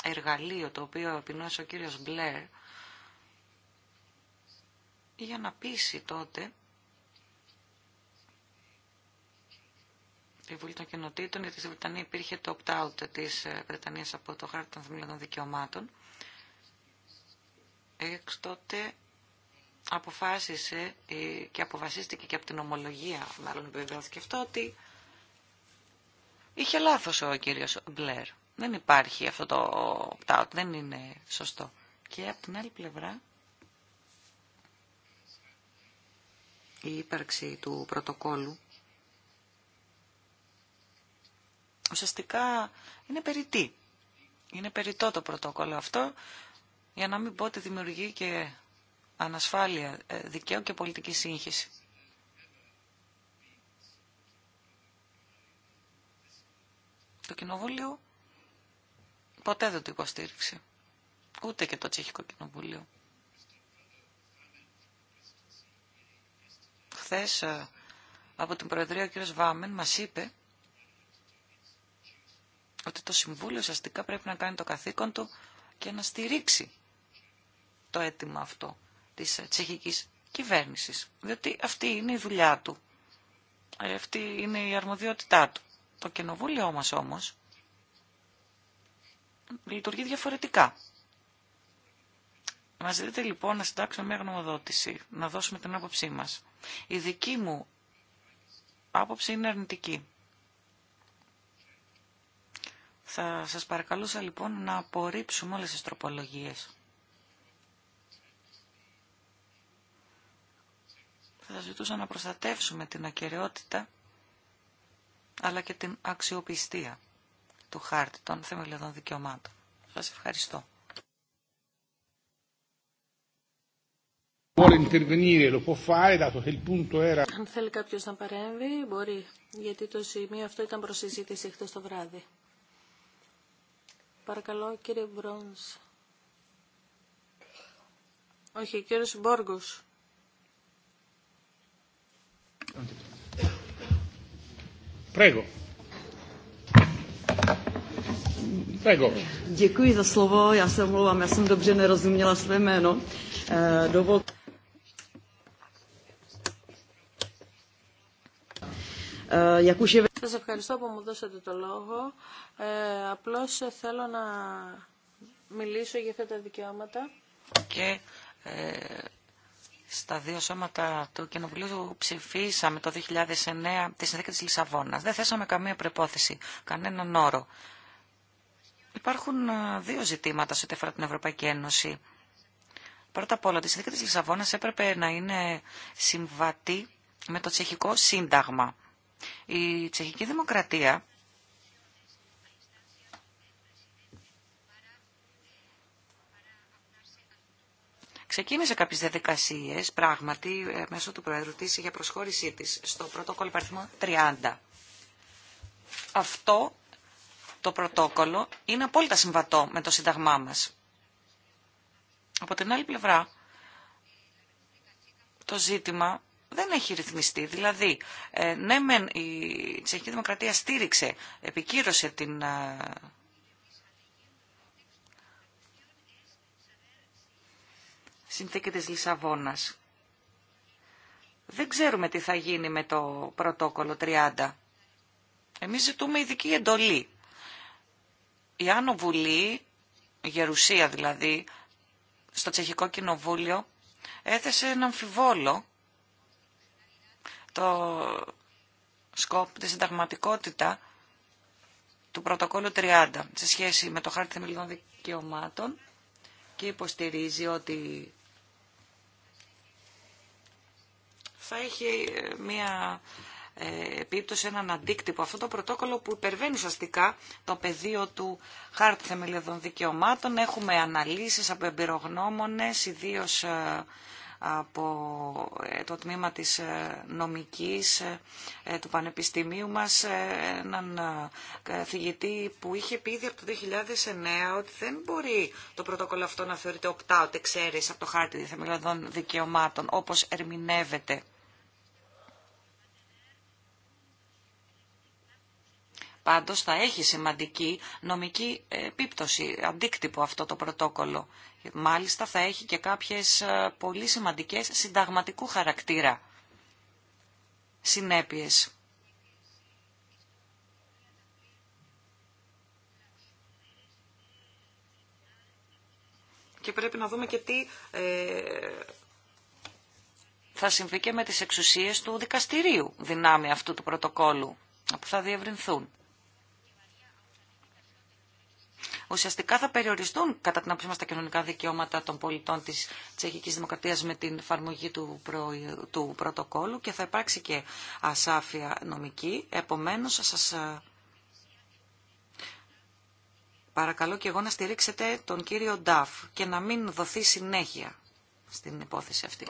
εργαλείο το οποίο επινόησε ο κύριος Μπλερ για να πείσει τότε τη Βουλή των Κοινοτήτων, γιατί στη Βρετανία υπήρχε το opt-out της ε, Βρετανίας από το χάρτη των θεμελιωδών δικαιωμάτων. Εξ τότε αποφάσισε και αποφασίστηκε και από την ομολογία, μάλλον επιβεβαιώθηκε αυτό, ότι Είχε λάθος ο κύριος Μπλερ. Δεν υπάρχει αυτό το opt δεν είναι σωστό. Και από την άλλη πλευρά, η ύπαρξη του πρωτοκόλου ουσιαστικά είναι περιττή. Είναι περιττό το πρωτόκολλο αυτό, για να μην πω ότι δημιουργεί και ανασφάλεια ε, δικαίου και πολιτική σύγχυση. Το Κοινοβούλιο ποτέ δεν το υποστήριξε. Ούτε και το Τσεχικό Κοινοβούλιο. Χθε ε, από την Προεδρία ο κ. Βάμεν μας είπε ότι το Συμβούλιο ουσιαστικά πρέπει να κάνει το καθήκον του και να στηρίξει το αίτημα αυτό της ε, τσεχικής κυβέρνησης. Διότι αυτή είναι η δουλειά του. Ε, αυτή είναι η αρμοδιότητά του. Το κοινοβούλιο μας όμως λειτουργεί διαφορετικά. Μας δείτε λοιπόν να συντάξουμε μια γνωμοδότηση, να δώσουμε την άποψή μας. Η δική μου άποψη είναι αρνητική. Θα σας παρακαλούσα λοιπόν να απορρίψουμε όλες τις τροπολογίες. Θα ζητούσα να προστατεύσουμε την ακαιρεότητα αλλά και την αξιοπιστία του χάρτη των θεμελιωδών δικαιωμάτων. Σας ευχαριστώ. Αν θέλει κάποιο να παρέμβει, μπορεί, γιατί το σημείο αυτό ήταν προ συζήτηση χτε το βράδυ. Παρακαλώ, κύριε Μπρόνς. Όχι, κύριο Μπόργο. Prego. Prego. za já se já dobře nerozuměla eh, eh, Σας ευχαριστώ που μου δώσατε το λόγο. Ε, απλώς θέλω να μιλήσω για αυτά τα δικαιώματα. Ε, στα δύο σώματα του Κοινοβουλίου ψηφίσαμε το 2009 τη συνθήκη της Λισαβόνας. Δεν θέσαμε καμία προπόθεση, κανέναν όρο. Υπάρχουν ε, δύο ζητήματα σε ό,τι αφορά την Ευρωπαϊκή Ένωση. Πρώτα απ' όλα, τη συνθήκη της Λισαβόνας έπρεπε να είναι συμβατή με το τσεχικό σύνταγμα. Η τσεχική δημοκρατία Ξεκίνησε κάποιε διαδικασίε πράγματι, ε, μέσω του Προέδρου για προσχώρησή τη στο πρωτόκολλο υπαριθμό 30. Αυτό το πρωτόκολλο είναι απόλυτα συμβατό με το Σύνταγμά μας. Από την άλλη πλευρά, το ζήτημα δεν έχει ρυθμιστεί. Δηλαδή, ε, ναι, η Τσεχική Δημοκρατία στήριξε, επικύρωσε την ε, συνθήκη της Λισαβόνας. Δεν ξέρουμε τι θα γίνει με το πρωτόκολλο 30. Εμείς ζητούμε ειδική εντολή. Η Άνω Βουλή, η Γερουσία δηλαδή, στο Τσεχικό Κοινοβούλιο, έθεσε ένα αμφιβόλο το σκόπ, τη συνταγματικότητα του πρωτοκόλλου 30 σε σχέση με το χάρτη θεμελιών δικαιωμάτων και υποστηρίζει ότι θα έχει ε, μια ε, επίπτωση, έναν αντίκτυπο. Αυτό το πρωτόκολλο που υπερβαίνει ουσιαστικά το πεδίο του χάρτη θεμελιωδών δικαιωμάτων. Έχουμε αναλύσεις από εμπειρογνώμονες, ιδίως ε, από το τμήμα της νομικής του Πανεπιστημίου μας έναν καθηγητή που είχε πει ήδη από το 2009 ότι δεν μπορεί το πρωτόκολλο αυτό να θεωρειται οπτά, ότι ξέρεις από το χάρτη θεμελιωδών δικαιωμάτων όπως ερμηνεύεται Πάντως θα έχει σημαντική νομική επίπτωση, αντίκτυπο αυτό το πρωτόκολλο. Μάλιστα θα έχει και κάποιες ε, πολύ σημαντικές συνταγματικού χαρακτήρα συνέπειες. Και πρέπει να δούμε και τι ε, θα συμβεί και με τις εξουσίες του δικαστηρίου δυνάμει αυτού του πρωτοκόλου που θα διευρυνθούν. ουσιαστικά θα περιοριστούν κατά την άποψή μας τα κοινωνικά δικαιώματα των πολιτών της Τσεχικής Δημοκρατίας με την εφαρμογή του, του πρωτοκόλου και θα υπάρξει και ασάφεια νομική. Επομένως, σας ε, παρακαλώ και εγώ να στηρίξετε τον κύριο Νταφ και να μην δοθεί συνέχεια στην υπόθεση αυτή.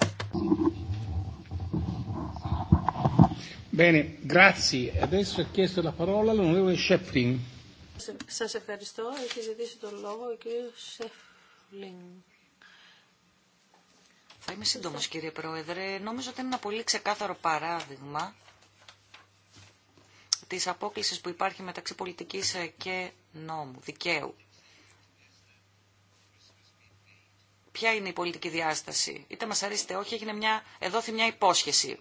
Bene, grazie. Adesso ha chiesto la parola l'onorevole σας ευχαριστώ. Έχει ζητήσει τον λόγο ο κύριος Σεφλίν. Θα είμαι σύντομο, κύριε Πρόεδρε. Νομίζω ότι είναι ένα πολύ ξεκάθαρο παράδειγμα της απόκλησης που υπάρχει μεταξύ πολιτικής και νόμου, δικαίου. Ποια είναι η πολιτική διάσταση. Είτε μας αρέσει είτε όχι, έγινε μια, εδόθη μια υπόσχεση.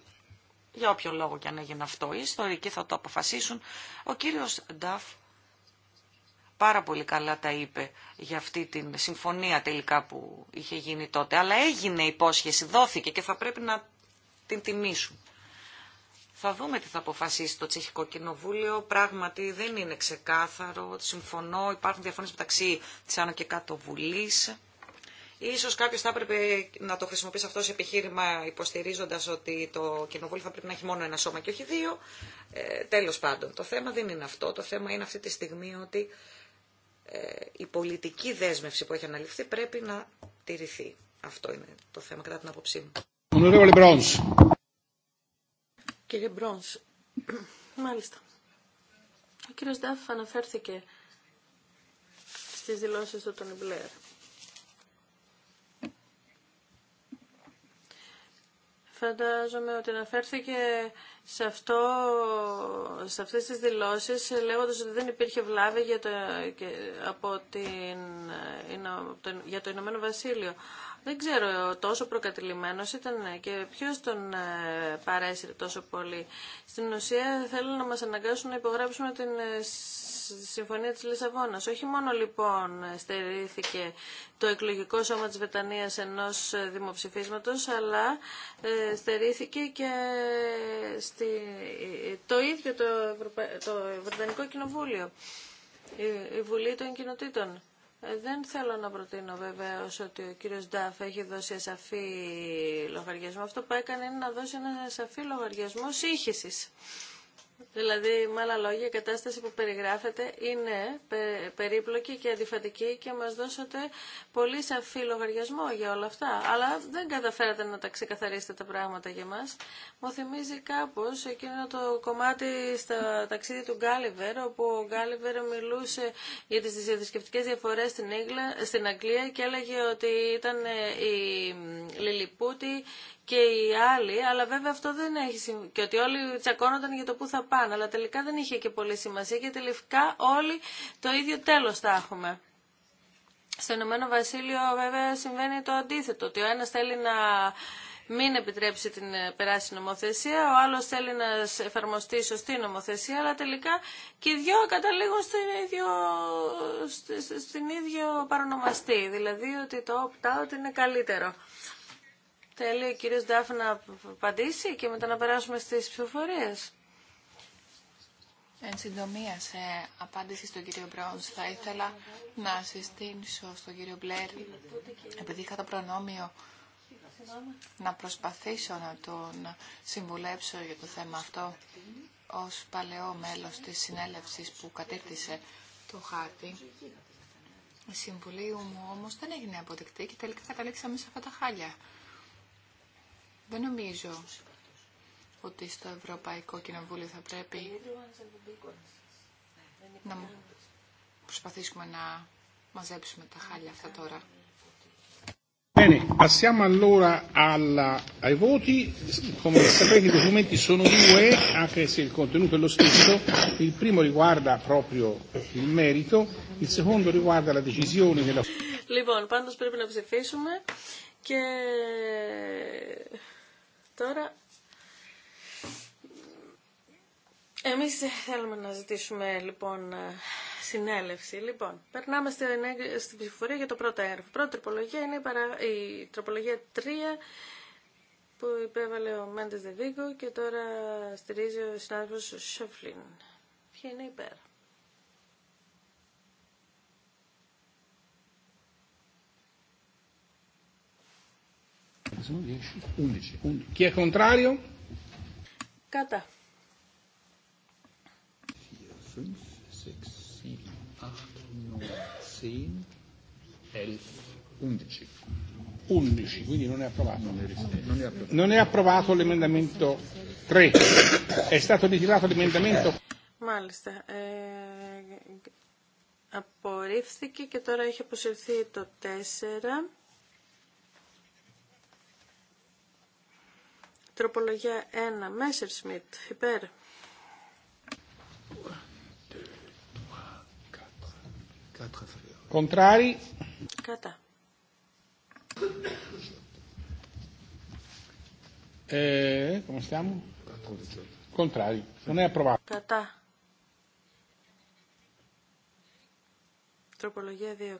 Για όποιο λόγο και αν έγινε αυτό, οι ιστορικοί θα το αποφασίσουν. Ο κύριος Νταφ πάρα πολύ καλά τα είπε για αυτή την συμφωνία τελικά που είχε γίνει τότε. Αλλά έγινε υπόσχεση, δόθηκε και θα πρέπει να την τιμήσουν. Θα δούμε τι θα αποφασίσει το Τσεχικό Κοινοβούλιο. Πράγματι δεν είναι ξεκάθαρο. Συμφωνώ, υπάρχουν διαφωνίες μεταξύ της Άνω και Κάτω Βουλής. Ίσως κάποιο θα έπρεπε να το χρησιμοποιήσει αυτό σε επιχείρημα υποστηρίζοντας ότι το κοινοβούλιο θα πρέπει να έχει μόνο ένα σώμα και όχι δύο. Ε, τέλος πάντων, το θέμα δεν είναι αυτό. Το θέμα είναι αυτή τη στιγμή ότι ε, η πολιτική δέσμευση που έχει αναλυφθεί πρέπει να τηρηθεί. Αυτό είναι το θέμα κατά την άποψή μου. Κύριε Μπρόνς, μάλιστα. Ο κύριος Ντάφ αναφέρθηκε στις δηλώσεις του Τόνι Μπλερ. Φαντάζομαι ότι αναφέρθηκε σε, αυτό, σε αυτές τις δηλώσεις λέγοντας ότι δεν υπήρχε βλάβη για το, από την, ε, για το Ηνωμένο Βασίλειο. Δεν ξέρω, τόσο προκατηλημένος ήταν και ποιος τον ε, παρέσυρε τόσο πολύ. Στην ουσία θέλουν να μας αναγκάσουν να υπογράψουμε την ε, στη Συμφωνία της Λισαβόνας. Όχι μόνο λοιπόν στερήθηκε το εκλογικό σώμα της Βρετανία ενός ε, δημοψηφίσματος, αλλά ε, στερήθηκε και στη... Ε, το ίδιο το, το Βρετανικό Κοινοβούλιο, η Βουλή των Κοινοτήτων. Δεν θέλω να προτείνω βεβαίω ότι ο κύριος Νταφ έχει δώσει σαφή λογαριασμό. Αυτό που έκανε είναι να δώσει ένα σαφή λογαριασμό σύγχυσης. Δηλαδή, με άλλα λόγια, η κατάσταση που περιγράφεται είναι περίπλοκη και αντιφατική και μας δώσατε πολύ σαφή λογαριασμό για όλα αυτά. Αλλά δεν καταφέρατε να τα ξεκαθαρίσετε τα πράγματα για μας. Μου θυμίζει κάπως εκείνο το κομμάτι στα ταξίδια του Γκάλιβερ, όπου ο Γκάλιβερ μιλούσε για τις θρησκευτικέ διαφορές στην, στην Αγγλία και έλεγε ότι ήταν οι ε, λίλιπούτη και οι άλλοι, αλλά βέβαια αυτό δεν έχει και ότι όλοι τσακώνονταν για το πού θα πάνε, αλλά τελικά δεν είχε και πολύ σημασία και τελικά όλοι το ίδιο τέλος θα έχουμε. Στο Ηνωμένο Βασίλειο βέβαια συμβαίνει το αντίθετο, ότι ο ένας θέλει να μην επιτρέψει την ε, περάση νομοθεσία, ο άλλος θέλει να εφαρμοστεί σωστή νομοθεσία, αλλά τελικά και οι δυο καταλήγουν στην, ίδιο, στην ίδιο παρονομαστή, δηλαδή ότι το opt-out είναι καλύτερο. Θέλει ο κύριος Ντάφ να απαντήσει και μετά να περάσουμε στις ψηφοφορίες. Εν συντομία, σε απάντηση στον κύριο Μπρόνς, θα ήθελα να συστήνσω στον κύριο Μπλερ, επειδή είχα το προνόμιο να προσπαθήσω να τον συμβουλέψω για το θέμα αυτό ως παλαιό μέλος της συνέλευσης που κατήρτισε το χάρτη. Η συμβουλή μου όμως δεν έγινε αποδεκτή και τελικά καταλήξαμε σε αυτά τα χάλια. Δεν νομίζω ότι στο Ευρωπαϊκό Κοινοβούλιο θα πρέπει να προσπαθήσουμε να μαζέψουμε τα χάλια αυτά τώρα. Bene, passiamo allora alla, ai voti. Come sapete i documenti sono due, anche se il contenuto è lo stesso. Il primo riguarda proprio il merito, il secondo riguarda la decisione della... Λοιπόν, πάντως πρέπει να ψηφίσουμε και Τώρα, εμείς θέλουμε να ζητήσουμε λοιπόν ε, συνέλευση. Λοιπόν, περνάμε στην, ψηφοφορία για το πρώτο Η Πρώτη τροπολογία είναι η, παρα... η τροπολογία 3 που υπέβαλε ο Μέντες Δεβίγκο και τώρα στηρίζει ο συνάδελφος Σόφλίν. Ποιοι είναι υπέρ. Chi è contrario? Cata. 5, 6, 11. 11, quindi non è approvato. Non è approvato l'emendamento 3. È stato ritirato l'emendamento. Μάλιστα. Ε, απορρίφθηκε και τώρα έχει αποσυρθεί το 4. Τροπολογία 1. Μέσερ Σμιτ. Υπέρ. Κοντράρι. Κατά. Ε, come stiamo? Contrari. Non è Κατά. Τροπολογία 2.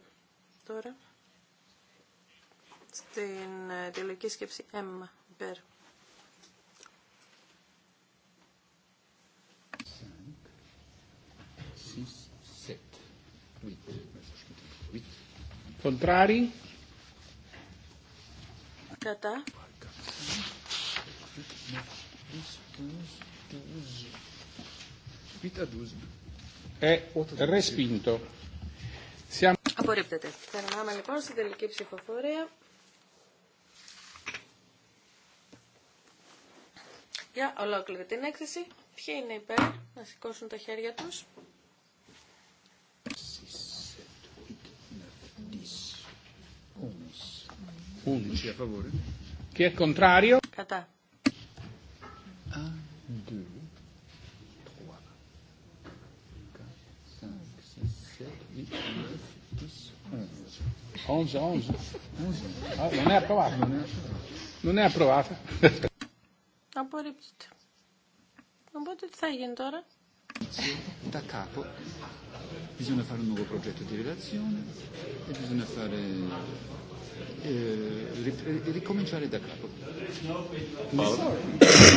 Τώρα. Στην ε, τελική σκέψη M. Υπέρ. Contrari. Κατά. Ε, respinto. Απορρίπτεται. Περνάμε λοιπόν στην τελική ψηφοφορία. Για ολόκληρη την έκθεση. Ποιοι είναι υπέρ, να σηκώσουν τα χέρια τους. 11 a favore. Chi è contrario? Κατά. 1, 2, 3, 4, 5, 6, 7, 8, 9, 10, 11. 11, 11. non è approvata. Non è, non è approvata. Απορρίπτεται. Οπότε τι θα γίνει τώρα relazione da capo, bisogna fare un nuovo progetto di relazione e bisogna fare ricominciare da capo.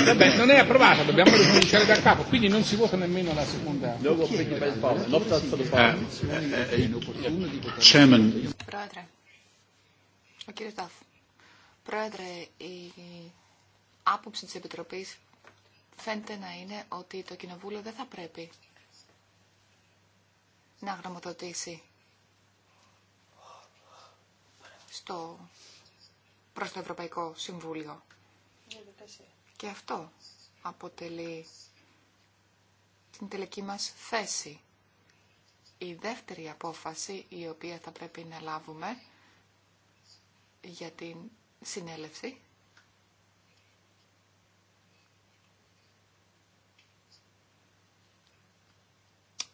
Vabbè, non è approvata, dobbiamo ricominciare da capo, quindi non si vota nemmeno la seconda. Πρόεδρε, ο κύριος Τάφ, πρόεδρε, η άποψη της Επιτροπής φαίνεται να είναι ότι το Κοινοβούλιο δεν θα πρέπει να γνωμοδοτήσει στο... προς το Ευρωπαϊκό Συμβούλιο. Και αυτό αποτελεί την τελική μας θέση. Η δεύτερη απόφαση η οποία θα πρέπει να λάβουμε για την συνέλευση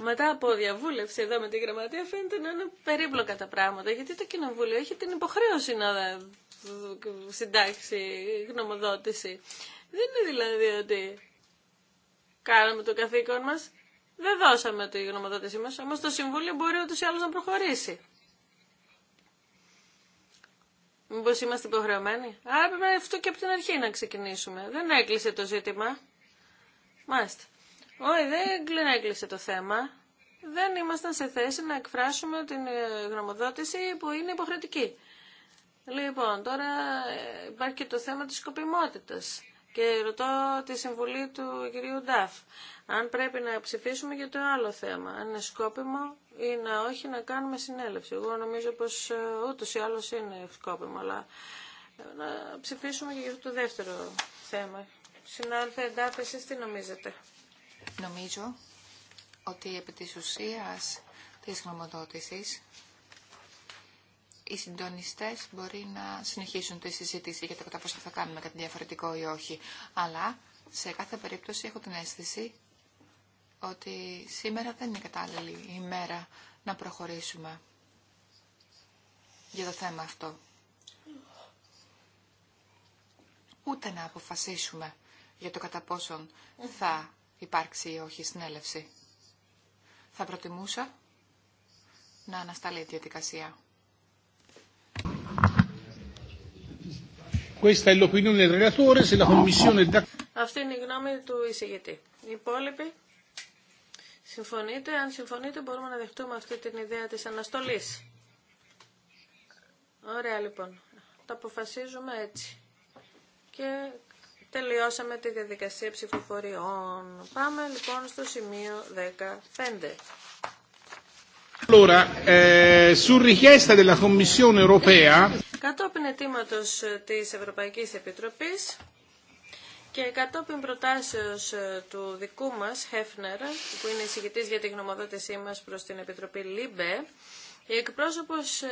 Μετά από διαβούλευση εδώ με τη γραμματεία φαίνεται να είναι περίπλοκα τα πράγματα, γιατί το κοινοβούλιο έχει την υποχρέωση να συντάξει γνωμοδότηση. Δεν είναι δηλαδή ότι κάνουμε το καθήκον μα δεν δώσαμε τη γνωμοδότησή μα, όμω το Συμβούλιο μπορεί ούτως ή άλλως να προχωρήσει. Μήπως είμαστε υποχρεωμένοι. Άρα πρέπει αυτό και από την αρχή να ξεκινήσουμε. Δεν έκλεισε το ζήτημα. Μάλιστα. Όχι, δεν έκλεισε το θέμα. Δεν ήμασταν σε θέση να εκφράσουμε την ε, γνωμοδότηση που είναι υποχρεωτική. Λοιπόν, τώρα ε, υπάρχει και το θέμα της σκοπιμότητας. Και ρωτώ τη συμβουλή του κυρίου Νταφ αν πρέπει να ψηφίσουμε για το άλλο θέμα, αν είναι σκόπιμο ή να όχι να κάνουμε συνέλευση. Εγώ νομίζω πως ε, ούτως ή άλλως είναι σκόπιμο, αλλά ε, να ψηφίσουμε και για το δεύτερο θέμα. Συνάδελφε Εντάφε, τι νομίζετε. Νομίζω ότι επί της ουσίας της γνωμοδότησης οι συντονιστέ μπορεί να συνεχίσουν τη συζήτηση για το κατά πόσο θα κάνουμε κάτι διαφορετικό ή όχι. Αλλά σε κάθε περίπτωση έχω την αίσθηση ότι σήμερα δεν είναι κατάλληλη η ημέρα να προχωρήσουμε για το θέμα αυτό. Ούτε να αποφασίσουμε για το κατά πόσον θα υπάρξει ή όχι συνέλευση. Θα προτιμούσα να ανασταλεί η διαδικασία. Αυτή είναι η γνώμη του εισηγητή. Οι υπόλοιποι Συμφωνείτε. Αν συμφωνείτε μπορούμε να δεχτούμε αυτή την ιδέα της αναστολής. Ωραία λοιπόν. Το αποφασίζουμε έτσι. Και τελειώσαμε τη διαδικασία ψηφοφοριών. Πάμε λοιπόν στο σημείο 15. Allora, eh, su richiesta della Commissione europea, κατόπιν ετήματος της Ευρωπαϊκής Επιτροπής, και κατόπιν προτάσεως ε, του δικού μας, Χέφνερ, που είναι εισηγητής για τη γνωμοδότησή μας προς την Επιτροπή ΛΥΜΠΕ, η εκπρόσωπος ε,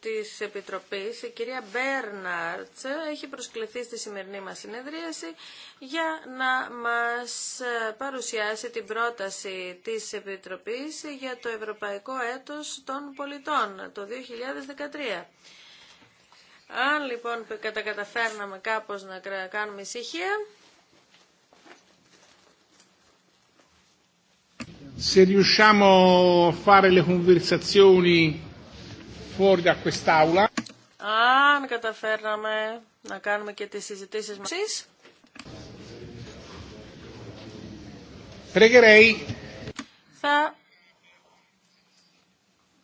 της Επιτροπής, η κυρία Μπέρναρτς, έχει προσκληθεί στη σημερινή μας συνεδρίαση για να μας ε, παρουσιάσει την πρόταση της Επιτροπής για το Ευρωπαϊκό Έτος των Πολιτών το 2013. Αν λοιπόν τα καταφέρναμε κάπως να κάνουμε ησυχία... Se riusciamo a fare le conversazioni fuori Αν καταφέρναμε να κάνουμε και τις συζητήσεις μας. Θα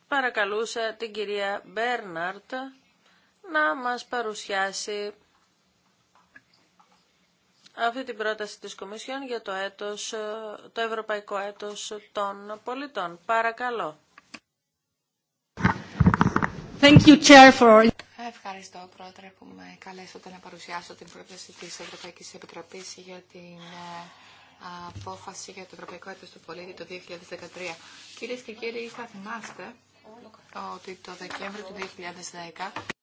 παρακαλούσα την κυρία Μπέρναρτ να μας παρουσιάσει αυτή την πρόταση της Κομισιόν για το, έτος, το Ευρωπαϊκό Έτος των Πολιτών. Παρακαλώ. Thank you, Chair, for... Ευχαριστώ, Πρόεδρε, που με καλέσατε να παρουσιάσω την πρόταση της Ευρωπαϊκής Επιτροπής για την ε, απόφαση για το Ευρωπαϊκό Έτος του Πολίτη το 2013. Κυρίες και κύριοι, θα θυμάστε ότι το Δεκέμβριο του 2010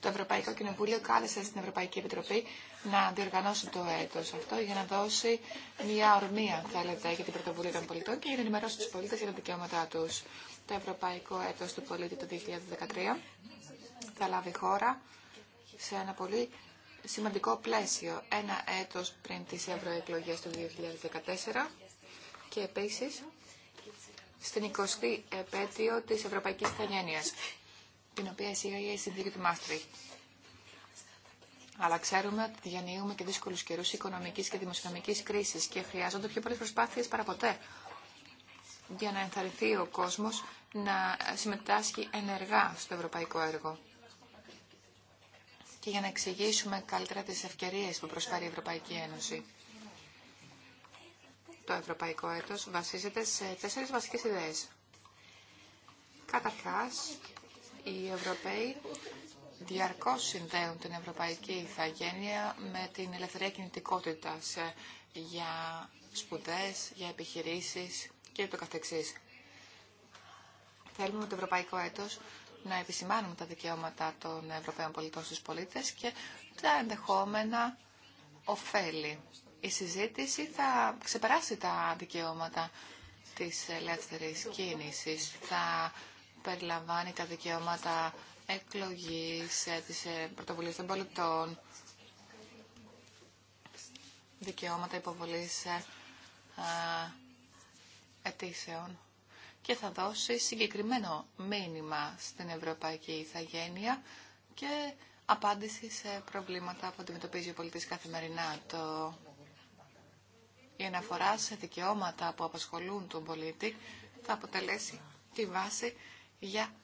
Το Ευρωπαϊκό Κοινοβούλιο κάλεσε στην Ευρωπαϊκή Επιτροπή να διοργανώσει το έτος αυτό για να δώσει μια ορμή, αν θέλετε, για την πρωτοβουλία των πολιτών και για να ενημερώσει τους πολίτες για τα δικαιώματά τους. Το Ευρωπαϊκό Έτος του Πολίτη το 2013 θα λάβει χώρα σε ένα πολύ σημαντικό πλαίσιο, ένα έτος πριν τις ευρωεκλογές του 2014 και επίσης στην 20η επέτειο της Ευρωπαϊκής Κοινωνίας την οποία εισήγαγε η συνθήκη του Μάστριχτ. Αλλά ξέρουμε ότι διανύουμε και δύσκολου καιρού οικονομική και δημοσιονομική κρίση και χρειάζονται πιο πολλέ προσπάθειε παραποτέ για να ενθαρρυνθεί ο κόσμο να συμμετάσχει ενεργά στο ευρωπαϊκό έργο και για να εξηγήσουμε καλύτερα τις ευκαιρίες που προσφέρει η Ευρωπαϊκή Ένωση. Το ευρωπαϊκό έτος βασίζεται σε τέσσερις βασικές ιδέε. Οι Ευρωπαίοι διαρκώς συνδέουν την ευρωπαϊκή ηθαγένεια με την ελευθερία κινητικότητα για σπουδές, για επιχειρήσεις και το καθεξής. Θέλουμε το ευρωπαϊκό έτος να επισημάνουμε τα δικαιώματα των Ευρωπαίων πολιτών στους πολίτες και τα ενδεχόμενα ωφέλη. Η συζήτηση θα ξεπεράσει τα δικαιώματα της ελεύθερης κίνησης. Θα περιλαμβάνει τα δικαιώματα εκλογής, ε, της ε, πρωτοβουλίες των πολιτών, δικαιώματα υποβολής ε, αιτήσεων και θα δώσει συγκεκριμένο μήνυμα στην Ευρωπαϊκή Ιθαγένεια και απάντηση σε προβλήματα που αντιμετωπίζει ο πολιτής καθημερινά. Το... Η αναφορά σε δικαιώματα που απασχολούν τον πολίτη θα αποτελέσει τη βάση για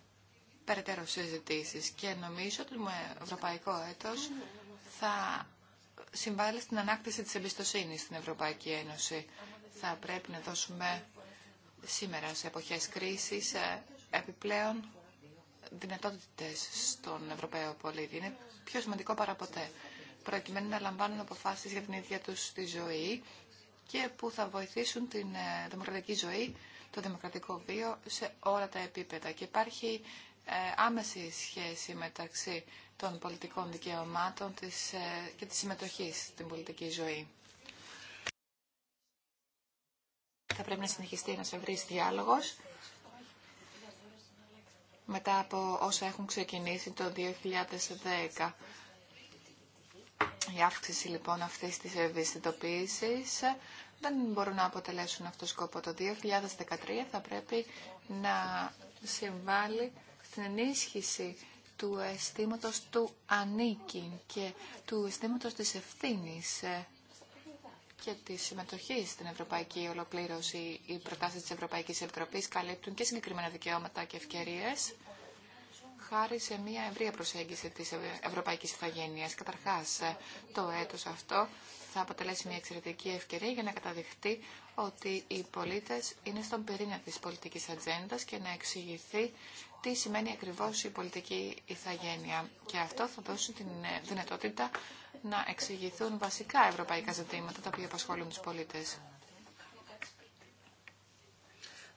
περαιτέρω συζητήσει. Και νομίζω ότι το ευρωπαϊκό έτο θα συμβάλλει στην ανάκτηση τη εμπιστοσύνη στην Ευρωπαϊκή Ένωση. Θα πρέπει να δώσουμε σήμερα σε εποχές κρίσης ε, επιπλέον δυνατότητες στον Ευρωπαίο πολίτη. Είναι πιο σημαντικό παρά ποτέ, προκειμένου να λαμβάνουν αποφάσεις για την ίδια τους τη ζωή και που θα βοηθήσουν την ε, δημοκρατική ζωή το δημοκρατικό βίο σε όλα τα επίπεδα και υπάρχει ε, άμεση σχέση μεταξύ των πολιτικών δικαιωμάτων της, ε, και της συμμετοχής στην πολιτική ζωή. Θα πρέπει να συνεχιστεί ένας ευρύς διάλογος μετά από όσα έχουν ξεκινήσει το 2010. Η αύξηση λοιπόν αυτής της ευαισθητοποίησης δεν μπορούν να αποτελέσουν αυτό σκόπο. Το 2013 θα πρέπει να συμβάλλει στην ενίσχυση του αισθήματο του ανήκει και του αισθήματο της ευθύνης ε, και τη συμμετοχή στην Ευρωπαϊκή Ολοκλήρωση. Οι προτάσει τη Ευρωπαϊκή Επιτροπή καλύπτουν και συγκεκριμένα δικαιώματα και ευκαιρίε χάρη σε μια ευρεία προσέγγιση της ευρωπαϊκής ιθαγένειας Καταρχάς, ε, το έτος αυτό θα αποτελέσει μια εξαιρετική ευκαιρία για να καταδειχτεί ότι οι πολίτες είναι στον πυρήνα της πολιτικής ατζέντα και να εξηγηθεί τι σημαίνει ακριβώς η πολιτική ηθαγένεια. Και αυτό θα δώσει την ε, δυνατότητα να εξηγηθούν βασικά ευρωπαϊκά ζητήματα τα οποία απασχολούν τους πολίτες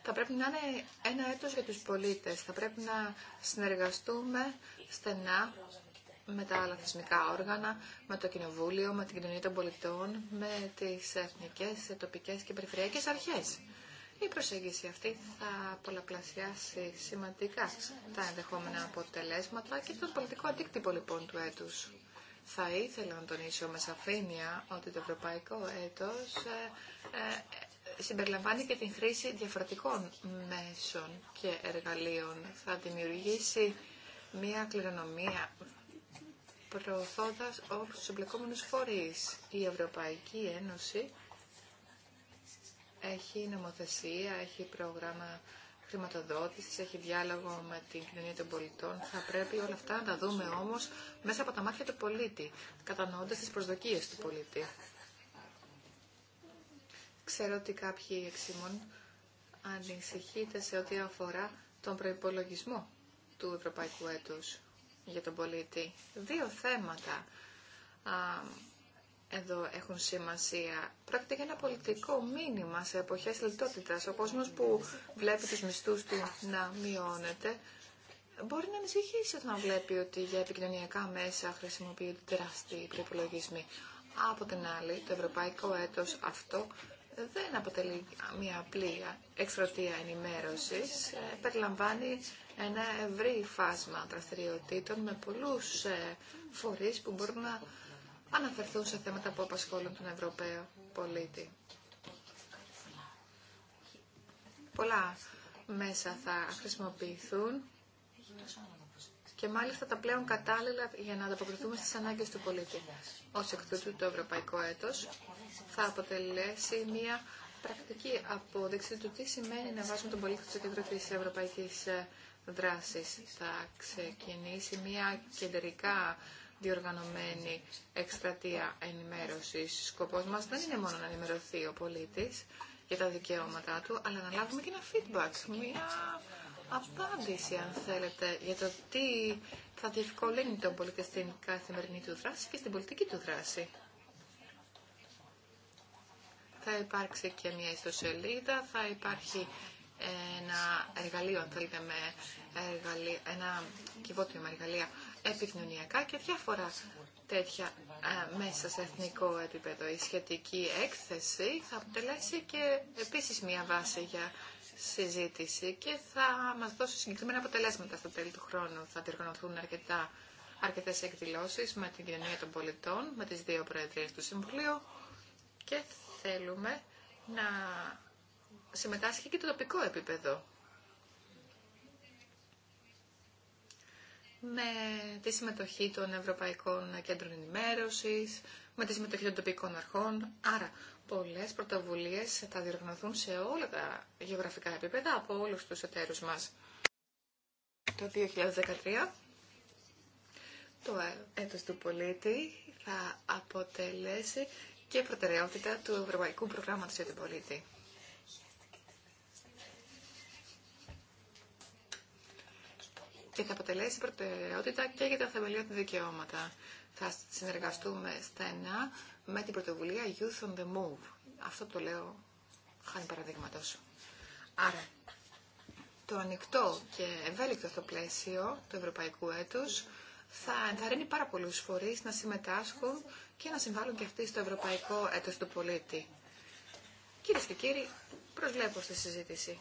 θα πρέπει να είναι ένα έτος για τους πολίτες. Θα πρέπει να συνεργαστούμε στενά με τα άλλα θεσμικά όργανα, με το Κοινοβούλιο, με την Κοινωνία των Πολιτών, με τις εθνικές, τοπικές και περιφερειακές αρχές. Η προσέγγιση αυτή θα πολλαπλασιάσει σημαντικά τα ενδεχόμενα αποτελέσματα και τον πολιτικό αντίκτυπο λοιπόν του έτους. Θα ήθελα να τονίσω με σαφήνεια ότι το ευρωπαϊκό έτος ε, ε, συμπεριλαμβάνει και την χρήση διαφορετικών μέσων και εργαλείων. Θα δημιουργήσει μία κληρονομία προωθώντας όλους τους εμπλεκόμενους φορείς. Η Ευρωπαϊκή Ένωση έχει νομοθεσία, έχει πρόγραμμα χρηματοδότησης, έχει διάλογο με την κοινωνία των πολιτών. Θα πρέπει όλα αυτά να τα δούμε όμως μέσα από τα μάτια του πολίτη, κατανοώντας τις προσδοκίες του πολίτη. Ξέρω ότι κάποιοι εξήμων ανησυχείτε σε ό,τι αφορά τον προϋπολογισμό του Ευρωπαϊκού Έτους για τον πολίτη. Δύο θέματα εδώ έχουν σημασία. Πρόκειται για ένα πολιτικό μήνυμα σε εποχές λιτότητας. Ο κόσμος που βλέπει τους μισθούς του να μειώνεται μπορεί να ανησυχήσει όταν βλέπει ότι για επικοινωνιακά μέσα χρησιμοποιούνται τεράστιοι προϋπολογισμοί. Από την άλλη, το ευρωπαϊκό έτος αυτό δεν αποτελεί μια απλή εκστρατεία ενημέρωσης. Ε, περιλαμβάνει ένα ευρύ φάσμα δραστηριοτήτων με πολλούς ε, φορείς που μπορούν να αναφερθούν σε θέματα που απασχόλουν τον Ευρωπαίο πολίτη. Πολλά μέσα θα χρησιμοποιηθούν και μάλιστα τα πλέον κατάλληλα για να ανταποκριθούμε στις ανάγκες του πολίτη. Ως εκ τούτου το Ευρωπαϊκό Έτος θα αποτελέσει μια πρακτική απόδειξη του τι σημαίνει να βάζουμε τον πολίτη στο κέντρο της ευρωπαϊκής ε, δράσης. Θα ξεκινήσει μια κεντρικά διοργανωμένη εκστρατεία ενημέρωσης. Σκοπός μας δεν είναι μόνο να ενημερωθεί ο πολίτης για τα δικαιώματά του, αλλά να λάβουμε και ένα feedback, μια απάντηση αν θέλετε για το τι θα διευκολύνει τον πολίτη στην καθημερινή του δράση και στην πολιτική του δράση θα υπάρξει και μια ιστοσελίδα, θα υπάρχει ένα εργαλείο, αν θέλετε, ένα κυβότιο με εργαλεία επικοινωνιακά και διάφορα τέτοια ε, μέσα σε εθνικό επίπεδο. Η σχετική έκθεση θα αποτελέσει και επίσης μια βάση για συζήτηση και θα μας δώσει συγκεκριμένα αποτελέσματα στο τέλη του χρόνου. Θα διοργανωθούν αρκετά, αρκετές εκδηλώσεις με την κοινωνία των πολιτών, με τις δύο προεδρίες του Συμβουλίου και θέλουμε να συμμετάσχει και το τοπικό επίπεδο. με τη συμμετοχή των Ευρωπαϊκών Κέντρων Ενημέρωσης, με τη συμμετοχή των τοπικών αρχών. Άρα, πολλές πρωτοβουλίες θα διοργανωθούν σε όλα τα γεωγραφικά επίπεδα από όλους τους εταίρους μας. Το 2013, το έτος του πολίτη, θα αποτελέσει και προτεραιότητα του Ευρωπαϊκού Προγράμματος για την Πολίτη. Και θα αποτελέσει προτεραιότητα και για τα θεμελιώδη δικαιώματα. Θα συνεργαστούμε στενά με την πρωτοβουλία Youth on the Move. Αυτό το λέω χάνει παραδείγματο. Άρα, το ανοιχτό και ευέλικτο αυτό πλαίσιο του ευρωπαϊκού έτους θα ενθαρρύνει πάρα πολλούς φορείς να συμμετάσχουν και να συμβάλλουν και αυτοί στο Ευρωπαϊκό Έτος του Πολίτη. Κυρίε και κύριοι, προσβλέπω στη συζήτηση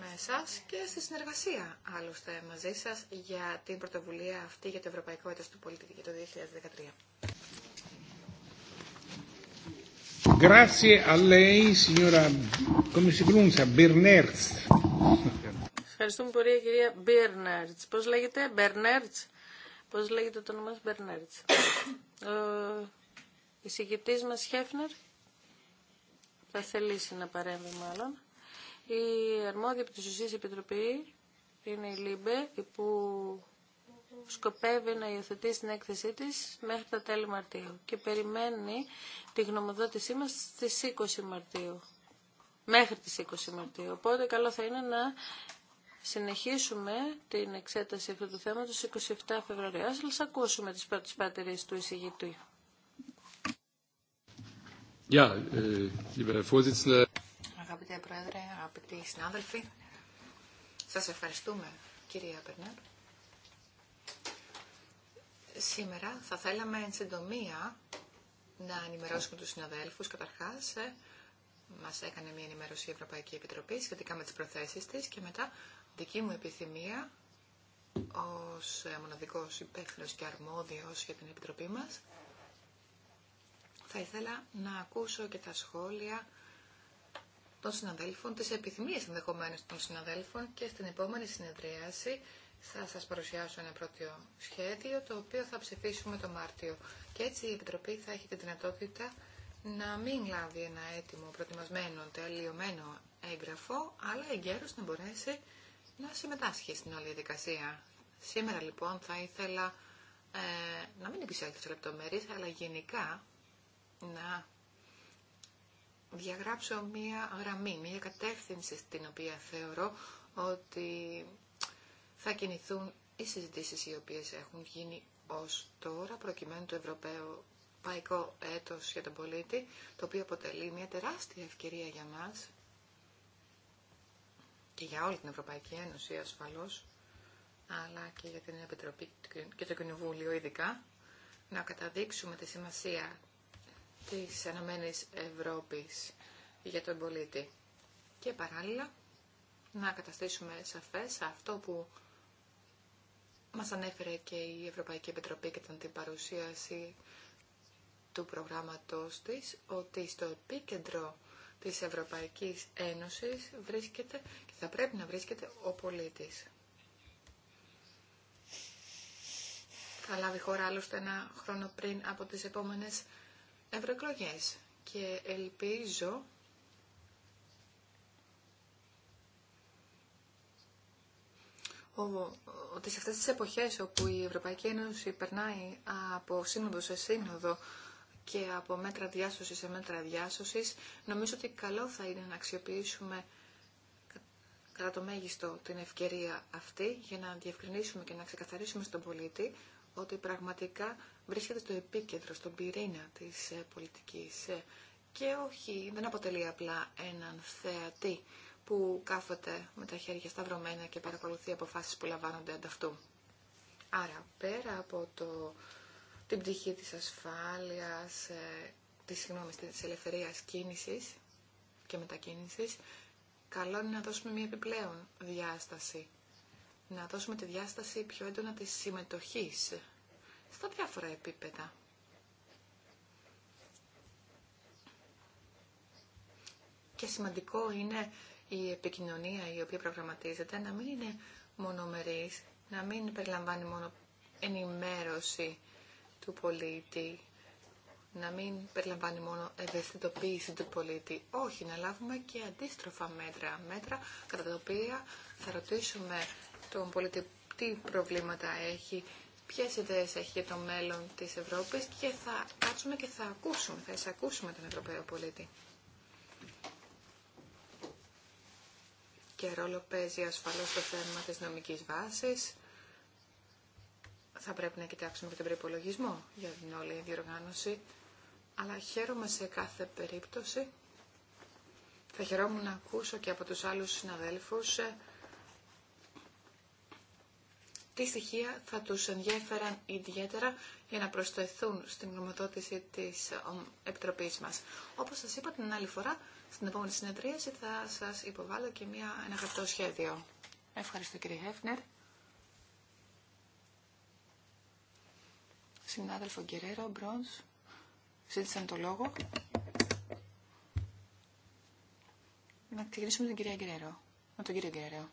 με εσά και στη συνεργασία άλλωστε μαζί σα για την πρωτοβουλία αυτή για το Ευρωπαϊκό Έτος του Πολίτη για το 2013. Ευχαριστούμε πολύ, κυρία Μπίρνερτ. Πώ λέγεται, Μπερνέρτ, πώ λέγεται το όνομα Μπερνέρτ. Η συγκητής μας Χέφνερ θα θελήσει να παρέμβει μάλλον. Η αρμόδια από τη ουσίας επιτροπή είναι η ΛΥΜΠΕ που σκοπεύει να υιοθετήσει την έκθεσή της μέχρι τα τέλη Μαρτίου και περιμένει τη γνωμοδότησή μας στις 20 Μαρτίου. Μέχρι τις 20 Μαρτίου. Οπότε καλό θα είναι να συνεχίσουμε την εξέταση αυτού του θέματος 27 Φεβρουαρίου. Ας ακούσουμε τις πρώτες πατερίες του εισηγητού. Äh, Αγαπητέ Πρόεδρε, αγαπητοί συνάδελφοι, σας ευχαριστούμε κυρία Περνέρ. Σήμερα θα θέλαμε εν συντομία να ενημερώσουμε τους συναδέλφους. Καταρχάς, ε, μας έκανε μια ενημέρωση η Ευρωπαϊκή Επιτροπή σχετικά με τις προθέσεις της και μετά δική μου επιθυμία ως ε, μοναδικός υπεύθυνος και αρμόδιος για την Επιτροπή μας θα ήθελα να ακούσω και τα σχόλια των συναδέλφων, τις επιθυμίες ενδεχομένω των συναδέλφων και στην επόμενη συνεδρίαση θα σας παρουσιάσω ένα πρώτο σχέδιο το οποίο θα ψηφίσουμε το Μάρτιο. Και έτσι η Επιτροπή θα έχει τη δυνατότητα να μην λάβει ένα έτοιμο, προετοιμασμένο, τελειωμένο έγγραφο, αλλά εγκαίρως να μπορέσει να συμμετάσχει στην όλη διαδικασία. Σήμερα λοιπόν θα ήθελα ε, να μην επισέλθω σε λεπτομέρειε, αλλά γενικά να διαγράψω μία γραμμή, μία κατεύθυνση στην οποία θεωρώ ότι θα κινηθούν οι συζητήσεις οι οποίες έχουν γίνει ως τώρα προκειμένου το Ευρωπαϊκό Παϊκό Έτος για τον Πολίτη, το οποίο αποτελεί μια τεράστια ευκαιρία για μας και για όλη την Ευρωπαϊκή Ένωση ασφαλώς, αλλά και για την Επιτροπή και το Κοινοβούλιο ειδικά, να καταδείξουμε τη σημασία της Ενωμένης Ευρώπης για τον πολίτη. Και παράλληλα να καταστήσουμε σαφές αυτό που μας ανέφερε και η Ευρωπαϊκή Επιτροπή και την παρουσίαση του προγράμματος της, ότι στο επίκεντρο της Ευρωπαϊκής Ένωσης βρίσκεται και θα πρέπει να βρίσκεται ο πολίτης. Θα λάβει χώρα άλλωστε ένα χρόνο πριν από τις επόμενες ευρωεκλογέ. Και ελπίζω ότι σε αυτές τις εποχές όπου η Ευρωπαϊκή Ένωση περνάει από σύνοδο σε σύνοδο και από μέτρα διάσωσης σε μέτρα διάσωσης, νομίζω ότι καλό θα είναι να αξιοποιήσουμε κατά το μέγιστο την ευκαιρία αυτή για να διευκρινίσουμε και να ξεκαθαρίσουμε στον πολίτη ότι πραγματικά βρίσκεται στο επίκεντρο, στον πυρήνα της ε, πολιτικής ε, και όχι, δεν αποτελεί απλά έναν θεατή που κάθεται με τα χέρια σταυρωμένα και παρακολουθεί αποφάσεις που λαμβάνονται ανταυτού. Άρα, πέρα από το, την πτυχή της ασφάλειας, ε, της, συγγνώμη, της ελευθερίας κίνησης και μετακίνησης, καλό είναι να δώσουμε μια επιπλέον διάσταση να δώσουμε τη διάσταση πιο έντονα της συμμετοχής στα διάφορα επίπεδα. Και σημαντικό είναι η επικοινωνία η οποία προγραμματίζεται να μην είναι μονομερής, να μην περιλαμβάνει μόνο ενημέρωση του πολίτη να μην περιλαμβάνει μόνο ευαισθητοποίηση του πολίτη. Όχι, να λάβουμε και αντίστροφα μέτρα. Μέτρα κατά τα οποία θα ρωτήσουμε τον πολίτη τι προβλήματα έχει, ποιε ιδέε έχει για το μέλλον τη Ευρώπη και θα κάτσουμε και θα ακούσουμε, θα εισακούσουμε τον Ευρωπαίο πολίτη. Και ρόλο παίζει ασφαλώς το θέμα της νομικής βάσης. Θα πρέπει να κοιτάξουμε και τον προπολογισμό για την όλη διοργάνωση αλλά χαίρομαι σε κάθε περίπτωση. Θα χαιρόμουν να ακούσω και από τους άλλους συναδέλφους ε, τι στοιχεία θα τους ενδιαφέραν ιδιαίτερα για να προσθεθούν στην γνωμοδότηση της ε, Επιτροπής μας. Όπως σας είπα την άλλη φορά, στην επόμενη συνεδρίαση θα σας υποβάλω και μια, ένα γραπτό σχέδιο. Ευχαριστώ κύριε Χέφνερ. Συνάδελφο Γκερέρο, Μπρόνς ζήτησαν το λόγο. Να ξεκινήσουμε με την κυρία τον κύριο Γκυρέρο.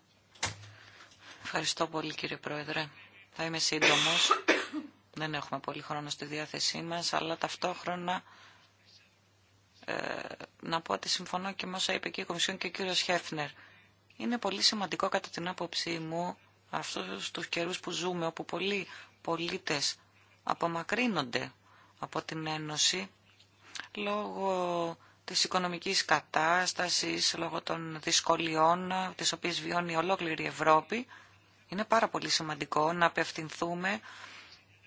Ευχαριστώ πολύ κύριε Πρόεδρε. Θα είμαι σύντομος. Δεν έχουμε πολύ χρόνο στη διάθεσή μας, αλλά ταυτόχρονα ε, να πω ότι συμφωνώ και με όσα είπε και η Κομισιόν και ο κύριος Χέφνερ. Είναι πολύ σημαντικό κατά την άποψή μου αυτούς τους καιρούς που ζούμε, όπου πολλοί πολίτες απομακρύνονται από την Ένωση λόγω της οικονομικής κατάστασης, λόγω των δυσκολιών τις οποίες βιώνει η ολόκληρη Ευρώπη. Είναι πάρα πολύ σημαντικό να απευθυνθούμε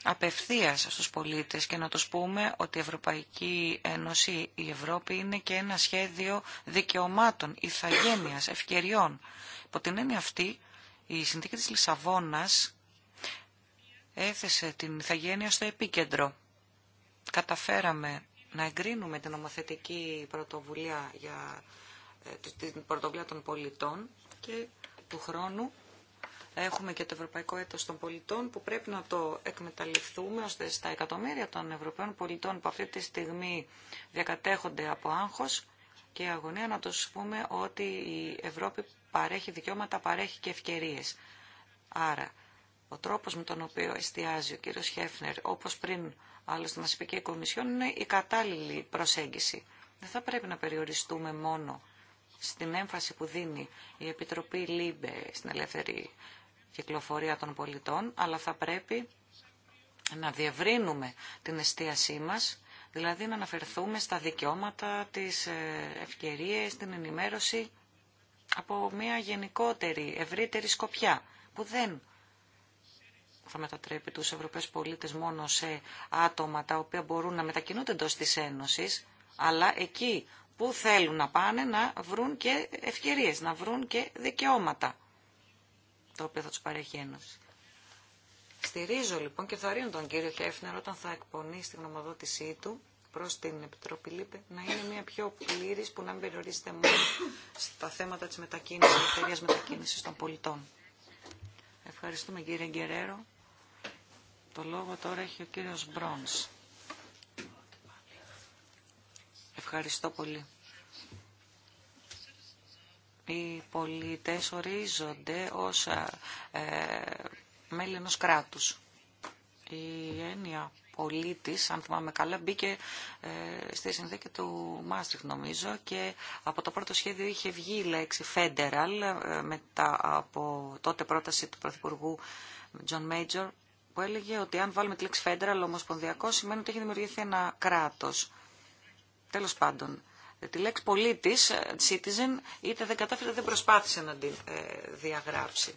απευθείας στους πολίτες και να τους πούμε ότι η Ευρωπαϊκή Ένωση, η Ευρώπη είναι και ένα σχέδιο δικαιωμάτων, ηθαγένειας, ευκαιριών. Υπό την έννοια αυτή, η συνθήκη της Λισαβόνας έθεσε την ηθαγένεια στο επίκεντρο καταφέραμε να εγκρίνουμε την νομοθετική πρωτοβουλία για ε, την πρωτοβουλία των πολιτών και του χρόνου έχουμε και το Ευρωπαϊκό Έτος των Πολιτών που πρέπει να το εκμεταλλευτούμε ώστε στα εκατομμύρια των Ευρωπαίων πολιτών που αυτή τη στιγμή διακατέχονται από άγχος και αγωνία να τους πούμε ότι η Ευρώπη παρέχει δικαιώματα, παρέχει και ευκαιρίες. Άρα, ο τρόπος με τον οποίο εστιάζει ο κύριος Χέφνερ, όπως πριν άλλωστε μας είπε και η Κομισιόν, είναι η κατάλληλη προσέγγιση. Δεν θα πρέπει να περιοριστούμε μόνο στην έμφαση που δίνει η Επιτροπή ΛΥΜΠΕ στην ελεύθερη κυκλοφορία των πολιτών, αλλά θα πρέπει να διευρύνουμε την εστίασή μας, δηλαδή να αναφερθούμε στα δικαιώματα, τις ε, ευκαιρίες, την ενημέρωση από μια γενικότερη, ευρύτερη σκοπιά, που δεν θα μετατρέπει τους Ευρωπαίους πολίτες μόνο σε άτομα τα οποία μπορούν να μετακινούνται εντό της Ένωσης, αλλά εκεί που θέλουν να πάνε να βρουν και ευκαιρίες, να βρουν και δικαιώματα, τα οποία θα τους παρέχει η Ένωση. Στηρίζω λοιπόν και θα ρίνω τον κύριο Χέφνερ όταν θα εκπονεί στην γνωμοδότησή του προς την Επιτροπή Λίπε να είναι μια πιο πλήρης που να μην περιορίζεται μόνο στα θέματα της μετακίνησης, ελευθερίας μετακίνησης των πολιτών. Ευχαριστούμε κύριε Γκερέρο. Το λόγο τώρα έχει ο κύριος Μπρόνς. Ευχαριστώ πολύ. Οι πολίτες ορίζονται ως ε, μέλη ενός κράτους. Η έννοια πολίτης, αν θυμάμαι καλά, μπήκε ε, στη συνθήκη του Μάστριχ νομίζω και από το πρώτο σχέδιο είχε βγει η λέξη federal ε, μετά από τότε πρόταση του Πρωθυπουργού John Major που έλεγε ότι αν βάλουμε τη λέξη federal, ομοσπονδιακό, σημαίνει ότι έχει δημιουργηθεί ένα κράτο. Τέλο πάντων, τη λέξη πολίτη, ε, citizen, είτε δεν κατάφερε, δεν προσπάθησε να την ε, διαγράψει.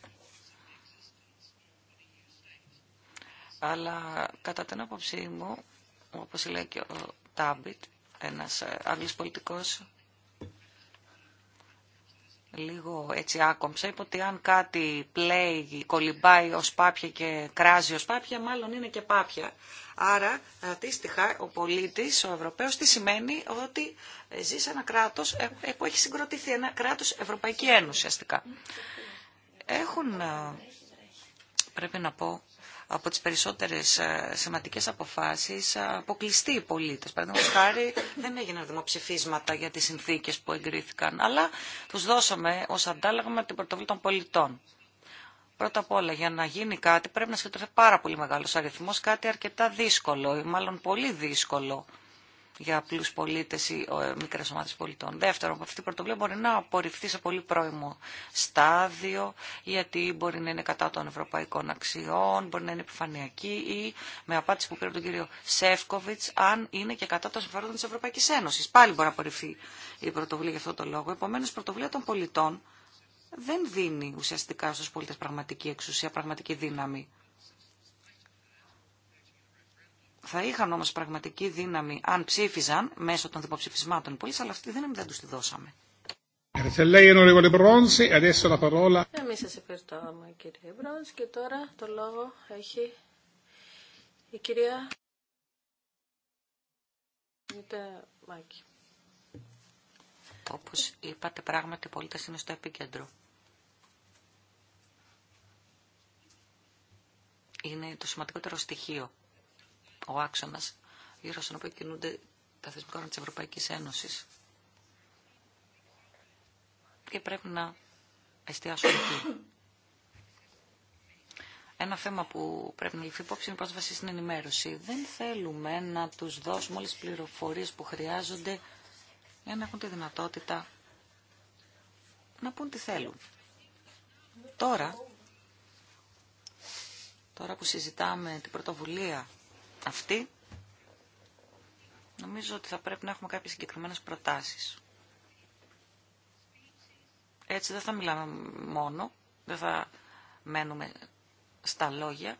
Αλλά κατά την άποψή μου, όπως λέει και ο Τάμπιτ, ένας ε, Άγγλος πολιτικός, λίγο έτσι άκομψα, είπε ότι αν κάτι πλέει, κολυμπάει ως πάπια και κράζει ως πάπια, μάλλον είναι και πάπια. Άρα, αντίστοιχα, ο πολίτης, ο Ευρωπαίος, τι σημαίνει ότι ζει σε ένα κράτος ε, που έχει συγκροτηθεί, ένα κράτος Ευρωπαϊκή Ένωση, αστικά. Έχουν, ε, πρέπει να πω, από τις περισσότερες ε, σημαντικές αποφάσεις ε, αποκλειστεί οι πολίτες. Παραδείγματο χάρη δεν έγιναν δημοψηφίσματα για τις συνθήκες που εγκρίθηκαν, αλλά τους δώσαμε ως αντάλλαγμα την πρωτοβουλία των πολιτών. Πρώτα απ' όλα, για να γίνει κάτι πρέπει να σκεφτεί πάρα πολύ μεγάλος αριθμός, κάτι αρκετά δύσκολο ή μάλλον πολύ δύσκολο για απλού πολίτε ή ε, μικρέ ομάδε πολιτών. Δεύτερον, αυτή η πρωτοβουλία μπορεί να απορριφθεί σε πολύ πρώιμο στάδιο, γιατί μπορεί να είναι κατά των ευρωπαϊκών αξιών, μπορεί να είναι επιφανειακή ή με απάντηση που πήρε τον κύριο Σεύκοβιτ, αν είναι και κατά των συμφερόντων τη Ευρωπαϊκή Ένωση. Πάλι μπορεί να απορριφθεί η πρωτοβουλία για αυτό το λόγο. Επομένω, η πρωτοβουλία των πολιτών δεν δίνει ουσιαστικά στους πολίτες πραγματική εξουσία, πραγματική δύναμη θα είχαν όμως πραγματική δύναμη αν ψήφιζαν μέσω των δημοψηφισμάτων πολίτε, αλλά αυτή τη δύναμη δεν τους τη δώσαμε. E Εμείς σας ευχαριστούμε κύριε Μπρόνση και τώρα το λόγο έχει η κυρία Μίτα Μάκη. Όπως είπατε πράγματι οι πολίτες είναι στο επίκεντρο. Είναι το σημαντικότερο στοιχείο ο άξονα γύρω στον οποίο κινούνται τα θεσμικά όργανα της Ευρωπαϊκής Ένωσης. Και πρέπει να εστιάσουμε εκεί. Ένα θέμα που πρέπει να ληφθεί υπόψη είναι η πρόσβαση στην ενημέρωση. Δεν θέλουμε να τους δώσουμε όλες τις πληροφορίες που χρειάζονται για να έχουν τη δυνατότητα να πούν τι θέλουν. Τώρα, τώρα που συζητάμε την πρωτοβουλία αυτή, νομίζω ότι θα πρέπει να έχουμε κάποιες συγκεκριμένες προτάσεις. Έτσι δεν θα μιλάμε μόνο, δεν θα μένουμε στα λόγια,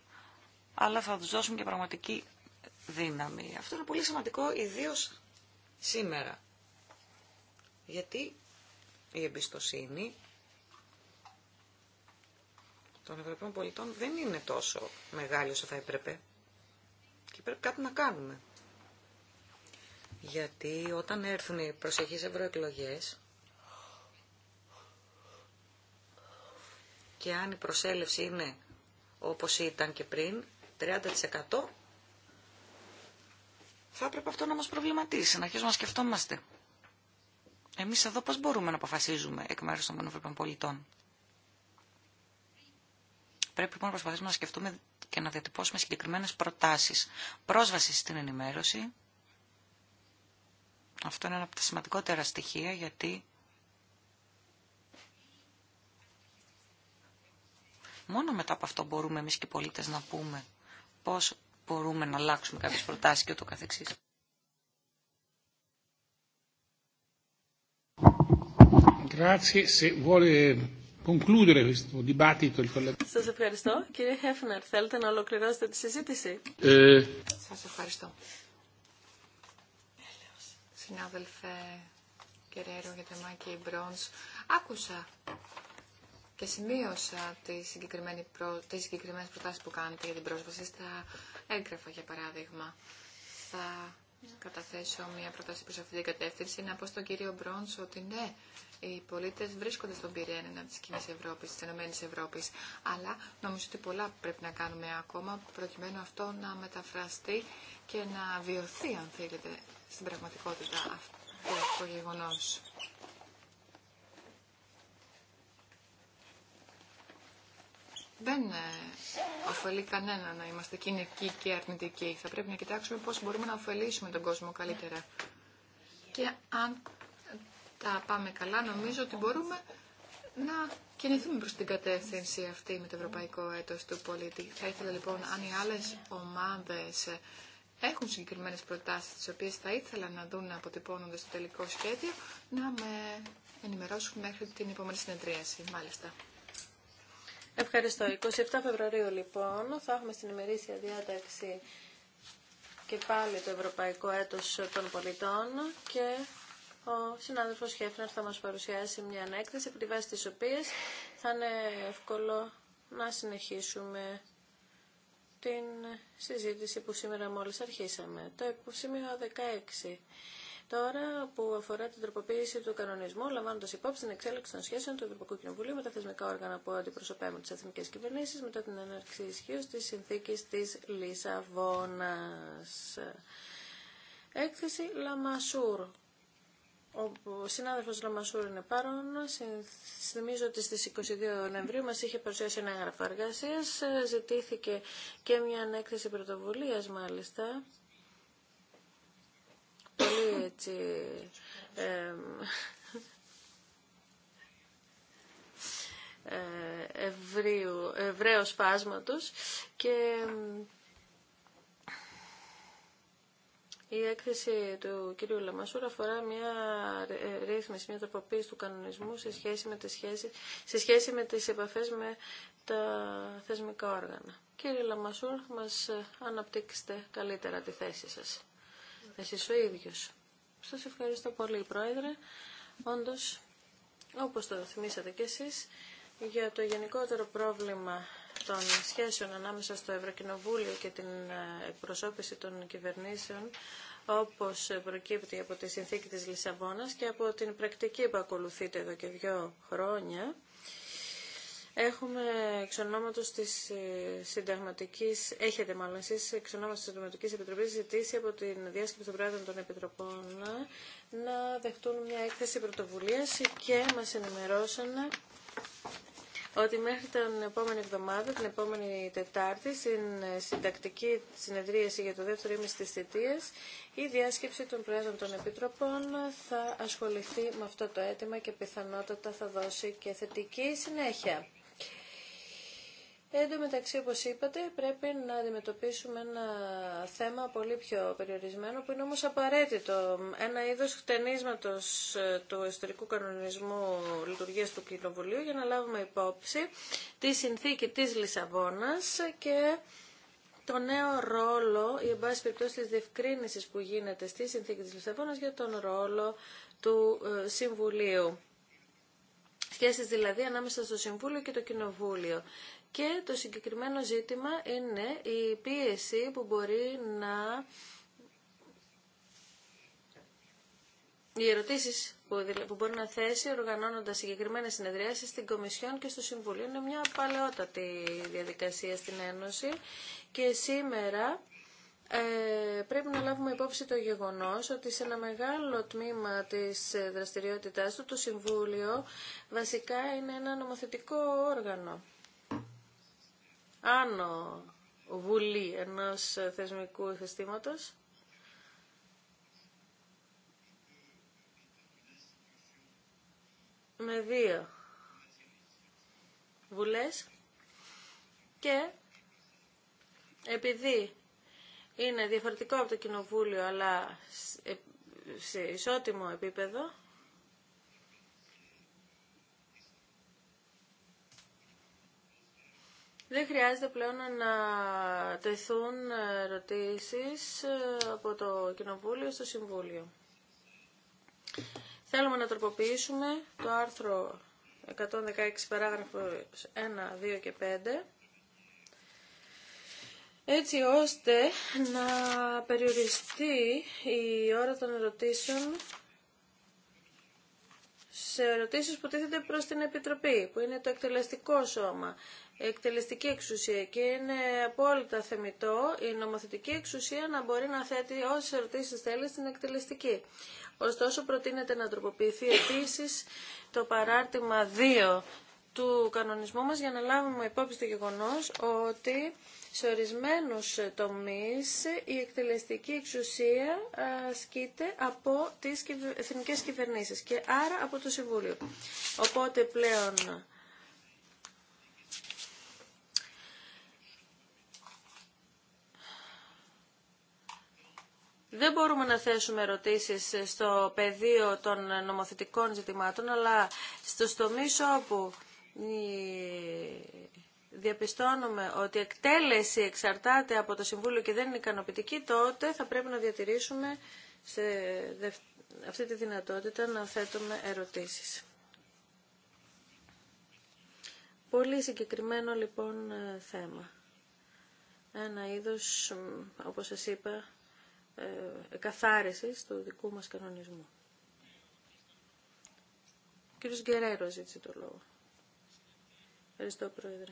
αλλά θα τους δώσουμε και πραγματική δύναμη. Αυτό είναι πολύ σημαντικό, ιδίως σήμερα. Γιατί η εμπιστοσύνη των Ευρωπαίων πολιτών δεν είναι τόσο μεγάλη όσο θα έπρεπε. Και πρέπει κάτι να κάνουμε. Γιατί όταν έρθουν οι προσεχείς ευρωεκλογές και αν η προσέλευση είναι όπως ήταν και πριν, 30% θα έπρεπε αυτό να μας προβληματίσει, να αρχίσουμε να σκεφτόμαστε. Εμείς εδώ πώς μπορούμε να αποφασίζουμε εκ μέρους των ευρωπαϊκών πολιτών. Πρέπει λοιπόν να προσπαθήσουμε να σκεφτούμε και να διατυπώσουμε συγκεκριμένες προτάσεις. Πρόσβαση στην ενημέρωση. Αυτό είναι ένα από τα σημαντικότερα στοιχεία γιατί μόνο μετά από αυτό μπορούμε εμείς και οι πολίτες να πούμε πώς μπορούμε να αλλάξουμε κάποιες προτάσεις και ούτω καθεξής. Grazie, se concludere questo dibattito il collega. ευχαριστώ. Κύριε Χέφνερ, θέλετε να ολοκληρώσετε τη συζήτηση. Ε... ευχαριστώ. Συνάδελφε Κεραίρο για Μάκη Μπρόνς, άκουσα και σημείωσα τις, προ... τις προτάσεις που κάνετε για την πρόσβαση στα έγγραφα, για παράδειγμα. Θα καταθέσω μια πρόταση προς αυτή την κατεύθυνση, να πω στον κύριο Μπρόντς ότι ναι, οι πολίτες βρίσκονται στον πυρένα της κοινή Ευρώπης, της Ενωμένης Ευρώπης, αλλά νομίζω ότι πολλά πρέπει να κάνουμε ακόμα, προκειμένου αυτό να μεταφραστεί και να βιωθεί, αν θέλετε, στην πραγματικότητα αυτό το γεγονός. δεν ε, ωφελεί κανένα να είμαστε κοινικοί και αρνητικοί. Θα πρέπει να κοιτάξουμε πώς μπορούμε να ωφελήσουμε τον κόσμο καλύτερα. Και αν τα πάμε καλά, νομίζω ότι μπορούμε να κινηθούμε προς την κατεύθυνση αυτή με το Ευρωπαϊκό Έτος του Πολίτη. Θα ήθελα λοιπόν, αν οι άλλες ομάδες έχουν συγκεκριμένες προτάσεις, τις οποίες θα ήθελα να δουν να αποτυπώνονται στο τελικό σχέδιο, να με ενημερώσουν μέχρι την επόμενη συνεδρίαση, μάλιστα. Ευχαριστώ. 27 Φεβρουαρίου λοιπόν θα έχουμε στην ημερήσια διάταξη και πάλι το Ευρωπαϊκό Έτος των Πολιτών και ο συνάδελφος Χέφνερ θα μας παρουσιάσει μια ανέκτηση από τη βάση της οποίας θα είναι εύκολο να συνεχίσουμε την συζήτηση που σήμερα μόλις αρχίσαμε. Το σημείο 16 τώρα που αφορά την τροποποίηση του κανονισμού, λαμβάνοντα υπόψη την εξέλιξη των σχέσεων του Ευρωπαϊκού Κοινοβουλίου με τα θεσμικά όργανα που αντιπροσωπεύουν τι εθνικέ κυβερνήσει μετά την έναρξη ισχύω τη συνθήκη τη Λισαβόνα. Έκθεση Λαμασούρ. Ο συνάδελφο Λαμασούρ είναι παρόν. Θυμίζω ότι στι 22 Νοεμβρίου μα είχε παρουσιάσει ένα έγγραφο εργασία. Ζητήθηκε και μια ανέκθεση πρωτοβουλία, μάλιστα, πολύ έτσι ε, ευρέω σπάσματος και η έκθεση του κ. Λαμασούρα αφορά μια ε, ρύθμιση, μια τροποποίηση του κανονισμού σε σχέση με τις, σχέσεις, σε σχέση με τις επαφές με τα θεσμικά όργανα. Κύριε Λαμασούρ, μας ε, αναπτύξετε καλύτερα τη θέση σας εσείς ο ίδιος. Σας ευχαριστώ πολύ, Πρόεδρε. Όντως, όπως το θυμήσατε κι εσείς, για το γενικότερο πρόβλημα των σχέσεων ανάμεσα στο Ευρωκοινοβούλιο και την ε, εκπροσώπηση των κυβερνήσεων, όπως προκύπτει από τη συνθήκη της Λισαβόνας και από την πρακτική που ακολουθείται εδώ και δύο χρόνια, Έχουμε εξ ονόματος τη ε, συνταγματική. έχετε μάλλον εσεί εξ τη Επιτροπή, ζητήσει από την διάσκεψη των Προέδρων των Επιτροπών να δεχτούν μια έκθεση πρωτοβουλία και μα ενημερώσαν ότι μέχρι την επόμενη εβδομάδα, την επόμενη Τετάρτη, στην ε, συντακτική συνεδρίαση για το δεύτερο ήμιση της θητείας, η διάσκεψη των Προέδρων των Επιτροπών θα ασχοληθεί με αυτό το αίτημα και πιθανότατα θα δώσει και θετική συνέχεια. Ε, εν τω μεταξύ, όπω είπατε, πρέπει να αντιμετωπίσουμε ένα θέμα πολύ πιο περιορισμένο, που είναι όμως απαραίτητο. Ένα είδο χτενίσματο ε, του ιστορικού κανονισμού λειτουργία του Κοινοβουλίου, για να λάβουμε υπόψη τη συνθήκη της Λισαβόνα και το νέο ρόλο, ή εν πάση περιπτώσει της διευκρίνησης που γίνεται στη συνθήκη της Λισαβόνα για τον ρόλο του ε, Συμβουλίου σχέσεις δηλαδή ανάμεσα στο Συμβούλιο και το Κοινοβούλιο. Και το συγκεκριμένο ζήτημα είναι η πίεση που μπορεί να... Οι ερωτήσει που μπορεί να θέσει οργανώνοντα συγκεκριμένε συνεδριάσει στην Κομισιόν και στο Συμβουλίο είναι μια παλαιότατη διαδικασία στην Ένωση και σήμερα ε, πρέπει να λάβουμε υπόψη το γεγονός ότι σε ένα μεγάλο τμήμα της ε, δραστηριότητάς του το Συμβούλιο βασικά είναι ένα νομοθετικό όργανο άνω βουλή ενός θεσμικού συστήματος με δύο βουλές και επειδή είναι διαφορετικό από το κοινοβούλιο αλλά σε ισότιμο επίπεδο Δεν χρειάζεται πλέον να τεθούν ε, ερωτήσεις ε, από το Κοινοβούλιο στο Συμβούλιο. Θέλουμε να τροποποιήσουμε το άρθρο 116 παράγραφο 1, 2 και 5 έτσι ώστε να περιοριστεί η ώρα των ερωτήσεων σε ερωτήσεις που τίθεται προς την Επιτροπή, που είναι το εκτελεστικό σώμα εκτελεστική εξουσία και είναι απόλυτα θεμητό η νομοθετική εξουσία να μπορεί να θέτει όσες ερωτήσεις θέλει στην εκτελεστική. Ωστόσο προτείνεται να τροποποιηθεί επίσης το παράρτημα 2 του κανονισμού μας για να λάβουμε υπόψη το γεγονός ότι σε ορισμένους τομείς η εκτελεστική εξουσία ασκείται από τις εθνικές κυβερνήσεις και άρα από το Συμβούλιο. Οπότε πλέον δεν μπορούμε να θέσουμε ερωτήσεις στο πεδίο των νομοθετικών ζητημάτων, αλλά στο τομείς όπου διαπιστώνουμε ότι η εκτέλεση εξαρτάται από το Συμβούλιο και δεν είναι ικανοποιητική, τότε θα πρέπει να διατηρήσουμε αυτή τη δυνατότητα να θέτουμε ερωτήσεις. Πολύ συγκεκριμένο λοιπόν θέμα. Ένα είδος, όπως σας είπα, ε, καθάρεσης του δικού μας κανονισμού. Ο κύριος Γκερέρο ζήτησε το λόγο. Ευχαριστώ, Πρόεδρε.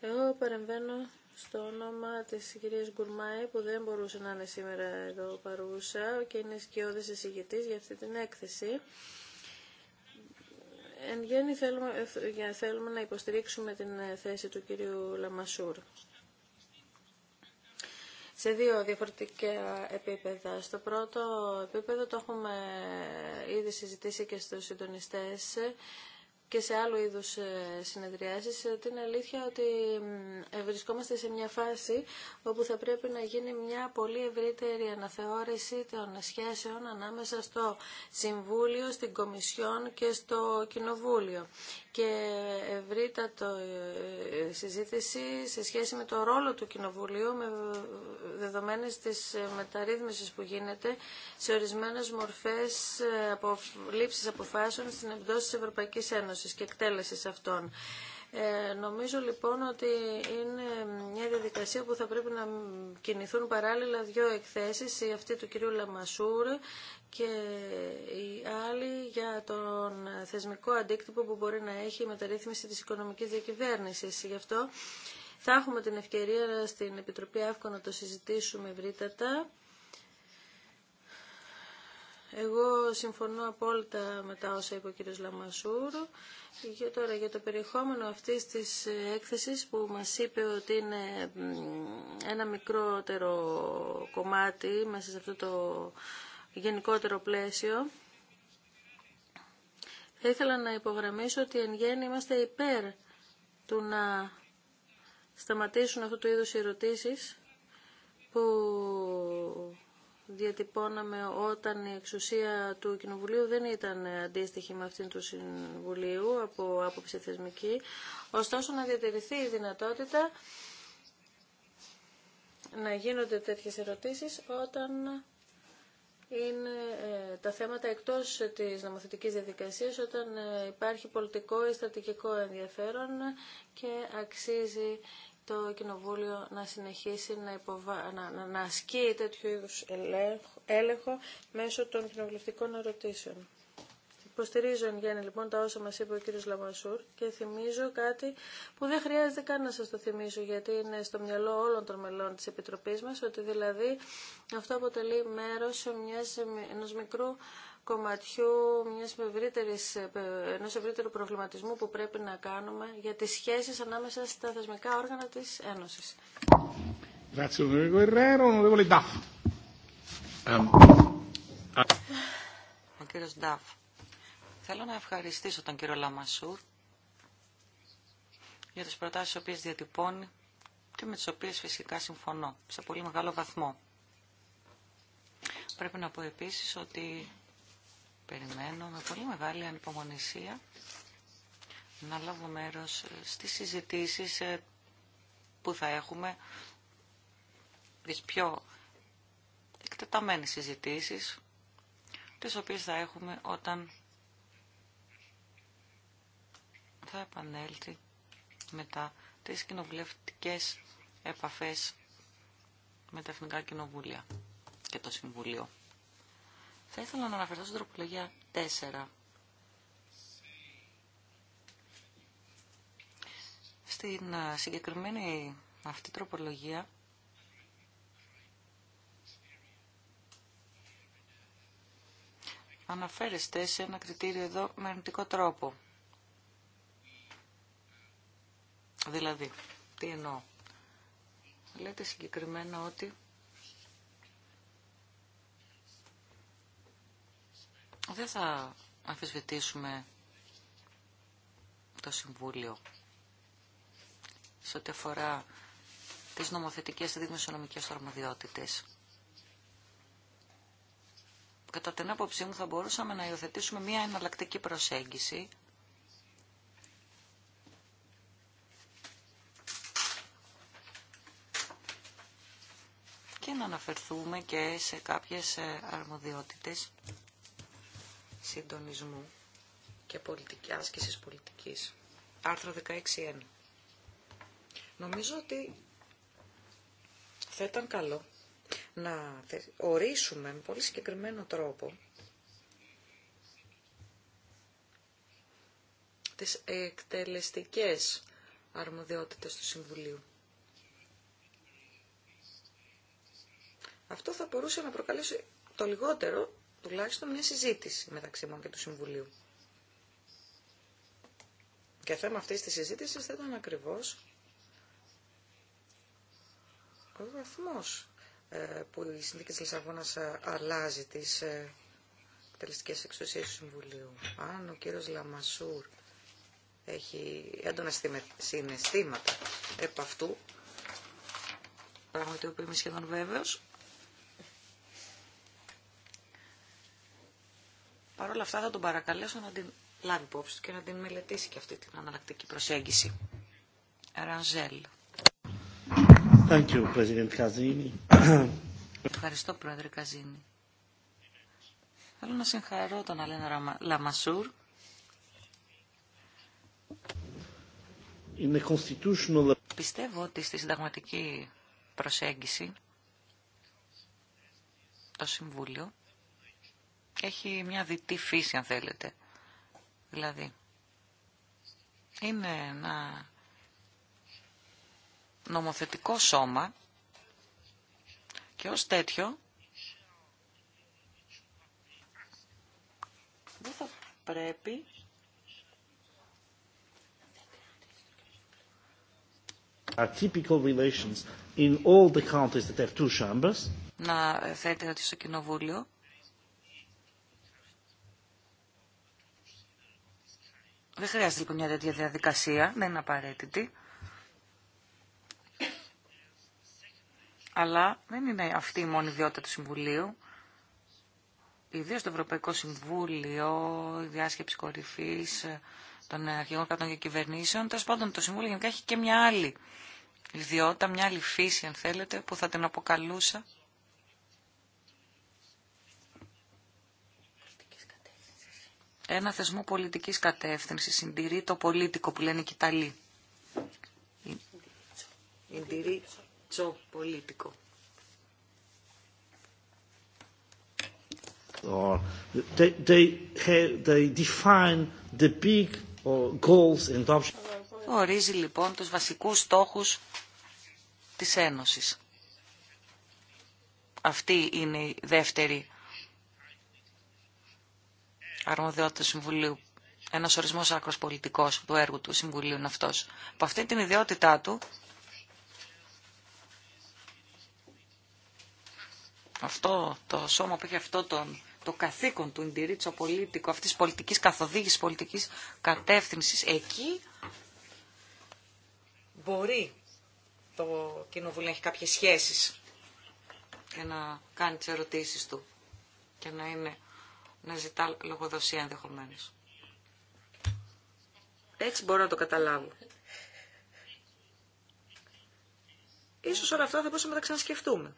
Εγώ παρεμβαίνω στο όνομα της κυρίας Γκουρμάη που δεν μπορούσε να είναι σήμερα εδώ παρούσα και είναι σκιώδης εισηγητής για αυτή την έκθεση. Εν γέννη θέλουμε, ε, θέλουμε να υποστηρίξουμε την θέση του κυρίου Λαμασούρ σε δύο διαφορετικά επίπεδα. Στο πρώτο επίπεδο το έχουμε ήδη συζητήσει και στους συντονιστές και σε άλλου είδους ε, συνεδριάσεις ότι ε, είναι αλήθεια ότι ε, βρισκόμαστε σε μια φάση όπου θα πρέπει να γίνει μια πολύ ευρύτερη αναθεώρηση των σχέσεων ανάμεσα στο Συμβούλιο, στην Κομισιόν και στο Κοινοβούλιο και ευρύτατο συζήτηση σε σχέση με το ρόλο του Κοινοβουλίου με δεδομένες της μεταρρύθμισης που γίνεται σε ορισμένες μορφές λήψη αποφάσεων στην της Ευρωπαϊκής Ένωσης και εκτέλεσης αυτών. Ε, νομίζω λοιπόν ότι είναι μια διαδικασία που θα πρέπει να κινηθούν παράλληλα δύο εκθέσεις, η αυτή του κυρίου Λαμασούρ και η άλλη για τον θεσμικό αντίκτυπο που μπορεί να έχει η μεταρρύθμιση της οικονομικής διακυβέρνησης. Γι' αυτό θα έχουμε την ευκαιρία στην Επιτροπή Αύκο να το συζητήσουμε ευρύτατα εγώ συμφωνώ απόλυτα με τα όσα είπε ο κύριος Λαμασούρ. και τώρα για το περιεχόμενο αυτής της έκθεσης που μας είπε ότι είναι ένα μικρότερο κομμάτι μέσα σε αυτό το γενικότερο πλαίσιο. Θα ήθελα να υπογραμμίσω ότι εν γέννη είμαστε υπέρ του να σταματήσουν αυτού του είδους ερωτήσεις που διατυπώναμε όταν η εξουσία του Κοινοβουλίου δεν ήταν αντίστοιχη με αυτήν του Συμβουλίου από άποψη θεσμική, ωστόσο να διατηρηθεί η δυνατότητα να γίνονται τέτοιες ερωτήσεις όταν είναι ε, τα θέματα εκτός της νομοθετικής διαδικασίας όταν ε, υπάρχει πολιτικό ή στρατηγικό ενδιαφέρον και αξίζει το Κοινοβούλιο να συνεχίσει να, να, να, ασκεί τέτοιου είδους ελέγχο, μέσω των κοινοβουλευτικών ερωτήσεων. Υποστηρίζω εν γέννη λοιπόν τα όσα μας είπε ο κύριος Λαμασούρ και θυμίζω κάτι που δεν χρειάζεται καν να σας το θυμίσω γιατί είναι στο μυαλό όλων των μελών της Επιτροπής μας ότι δηλαδή αυτό αποτελεί μέρος ενός μικρού κομματιού μιας ενός ευρύτερου προβληματισμού που πρέπει να κάνουμε για τις σχέσεις ανάμεσα στα θεσμικά όργανα της Ένωσης. Ehm, Ο κύριος Νταφ. Θέλω να ευχαριστήσω τον κύριο Λαμασούρ για τις προτάσεις τις διατυπώνει και με τις οποίες φυσικά συμφωνώ σε πολύ μεγάλο βαθμό. Πρέπει να πω επίσης ότι Περιμένω με πολύ μεγάλη ανυπομονησία να λάβω μέρος στις συζητήσεις ε, που θα έχουμε, τις πιο εκτεταμένες συζητήσεις, τις οποίες θα έχουμε όταν θα επανέλθει μετά τις κοινοβουλευτικές επαφές με τα Εθνικά Κοινοβούλια και το Συμβουλίο. Θα ήθελα να αναφερθώ στην τροπολογία 4. Στην ε, συγκεκριμένη αυτή τροπολογία αναφέρεστε σε ένα κριτήριο εδώ με αρνητικό τρόπο. Δηλαδή, τι εννοώ. Λέτε συγκεκριμένα ότι Δεν θα αμφισβητήσουμε το Συμβούλιο σε ό,τι αφορά τις νομοθετικές και δημοσιονομικές αρμοδιότητες. Κατά την άποψή μου θα μπορούσαμε να υιοθετήσουμε μια εναλλακτική προσέγγιση και να αναφερθούμε και σε κάποιες ε, αρμοδιότητες συντονισμού και πολιτική, άσκησης πολιτικής. Άρθρο 16.1. Νομίζω ότι θα ήταν καλό να ορίσουμε με πολύ συγκεκριμένο τρόπο τις εκτελεστικές αρμοδιότητες του Συμβουλίου. Αυτό θα μπορούσε να προκαλέσει το λιγότερο τουλάχιστον μια συζήτηση μεταξύ μου και του Συμβουλίου. Και θέμα αυτή τη συζήτηση θα ήταν ακριβώ. ο βαθμό ε, που η συνθήκη τη Λισαβόνα ε, αλλάζει τι ε, εκτελεστικέ εξουσίε του Συμβουλίου. Αν ο κύριο Λαμασούρ έχει έντονα συναισθήματα επ' αυτού, πράγμα το οποίο είμαι σχεδόν βέβαιος, Παρ' όλα αυτά θα τον παρακαλέσω να την λάβει υπόψη και να την μελετήσει και αυτή την αναλλακτική προσέγγιση. Ρανζέλ. Ευχαριστώ, Πρόεδρε Καζίνη. Θέλω να συγχαρώ τον Αλένα Λαμασούρ. the constitutional... Πιστεύω ότι στη συνταγματική προσέγγιση το Συμβούλιο έχει μια διτή φύση αν θέλετε. Δηλαδή, είναι ένα νομοθετικό σώμα και ως τέτοιο δεν θα πρέπει relations in all the countries that have two chambers. να θέτει ότι στο κοινοβούλιο Δεν χρειάζεται λοιπόν μια τέτοια διαδικασία, δεν είναι απαραίτητη. Αλλά δεν είναι αυτή η μόνη ιδιότητα του Συμβουλίου. Ιδίω το Ευρωπαϊκό Συμβούλιο, η διάσκεψη κορυφή των αρχηγών κρατών και κυβερνήσεων. Τέλο πάντων, το Συμβούλιο γενικά έχει και μια άλλη ιδιότητα, μια άλλη φύση, αν θέλετε, που θα την αποκαλούσα ένα θεσμό πολιτικής κατεύθυνσης, συντηρεί το πολίτικο που λένε και οι Ιταλοί. Συντηρεί το πολίτικο. Or uh, Ορίζει λοιπόν τους βασικούς στόχους της Ένωσης. Αυτή είναι η δεύτερη αρμοδιότητα του Συμβουλίου. Ένα ορισμό άκρο πολιτικό του έργου του Συμβουλίου είναι αυτό. Από αυτή την ιδιότητά του, αυτό το σώμα που έχει αυτό τον, το καθήκον του Ιντιρίτσο πολίτικο, αυτή τη πολιτική καθοδήγηση, πολιτική κατεύθυνση, εκεί μπορεί το κοινοβούλιο να έχει κάποιε σχέσει και να κάνει τι ερωτήσει του και να είναι να ζητά λογοδοσία ενδεχομένω. Έτσι μπορώ να το καταλάβω. Ίσως όλα αυτά θα μπορούσαμε να τα ξανασκεφτούμε,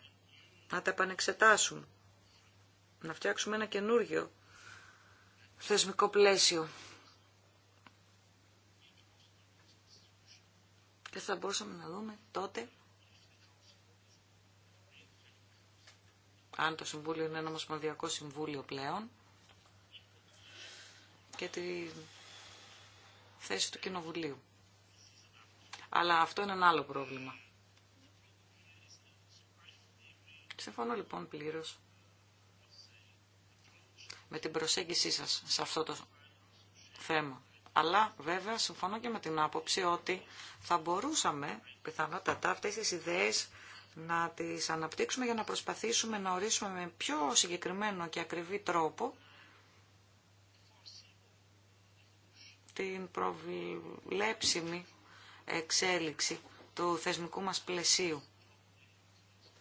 να τα επανεξετάσουμε, να φτιάξουμε ένα καινούργιο θεσμικό πλαίσιο. Και θα μπορούσαμε να δούμε τότε αν το Συμβούλιο είναι ένα ομοσπονδιακό συμβούλιο πλέον, και τη θέση του Κοινοβουλίου. Αλλά αυτό είναι ένα άλλο πρόβλημα. Συμφωνώ λοιπόν πλήρως με την προσέγγισή σας σε αυτό το θέμα. Αλλά βέβαια συμφωνώ και με την άποψη ότι θα μπορούσαμε πιθανότατα αυτές τις ιδέες να τις αναπτύξουμε για να προσπαθήσουμε να ορίσουμε με πιο συγκεκριμένο και ακριβή τρόπο την προβλέψιμη εξέλιξη του θεσμικού μας πλαισίου.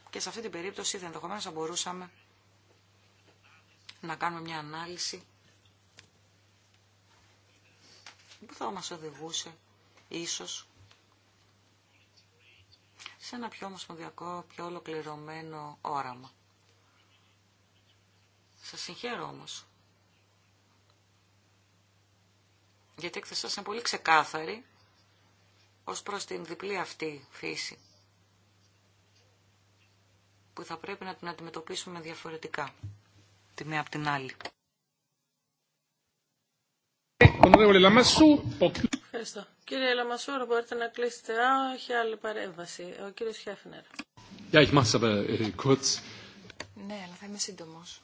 Και σε αυτή την περίπτωση δεν ενδεχομένως θα μπορούσαμε να κάνουμε μια ανάλυση που θα μας οδηγούσε ίσως σε ένα πιο ομοσπονδιακό, πιο ολοκληρωμένο όραμα. Σας συγχαίρω όμως γιατί η έκθεσή είναι πολύ ξεκάθαρη ως προς την διπλή αυτή φύση που θα πρέπει να την αντιμετωπίσουμε διαφορετικά τη μία από την άλλη. Ευχαριστώ. Κύριε Λαμασούρ, μπορείτε να κλείσετε. Α, έχει άλλη παρέμβαση. Ο κύριος Χέφνερ. Äh, ναι, αλλά θα είμαι σύντομος.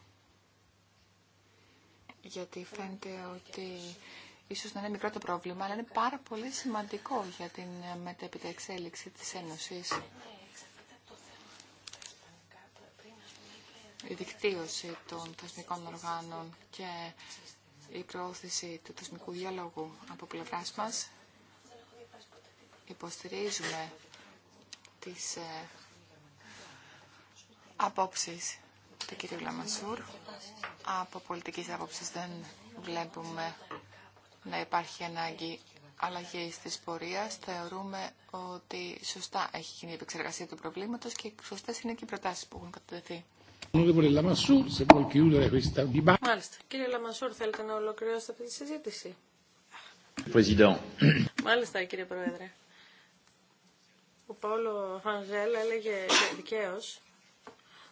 Γιατί φαίνεται ότι Ίσως να είναι μικρό το πρόβλημα, αλλά είναι πάρα πολύ σημαντικό για την μετέπειτα εξέλιξη της Ένωσης. Η δικτύωση των θεσμικών οργάνων και η προώθηση του θεσμικού διαλόγου από πλευρά μας. Υποστηρίζουμε τις ε, απόψεις του κ. Λαμασούρ. Από πολιτικής άποψης δεν βλέπουμε να υπάρχει ανάγκη αλλαγή τη πορεία. Θεωρούμε ότι σωστά έχει γίνει η επεξεργασία του προβλήματο και σωστέ είναι και οι προτάσει που έχουν κατατεθεί. Μάλιστα. Κύριε Λαμασούρ, θέλετε να ολοκληρώσετε αυτή τη συζήτηση. President. Μάλιστα, κύριε Πρόεδρε. Ο Παόλο Φανζέλ έλεγε δικαίω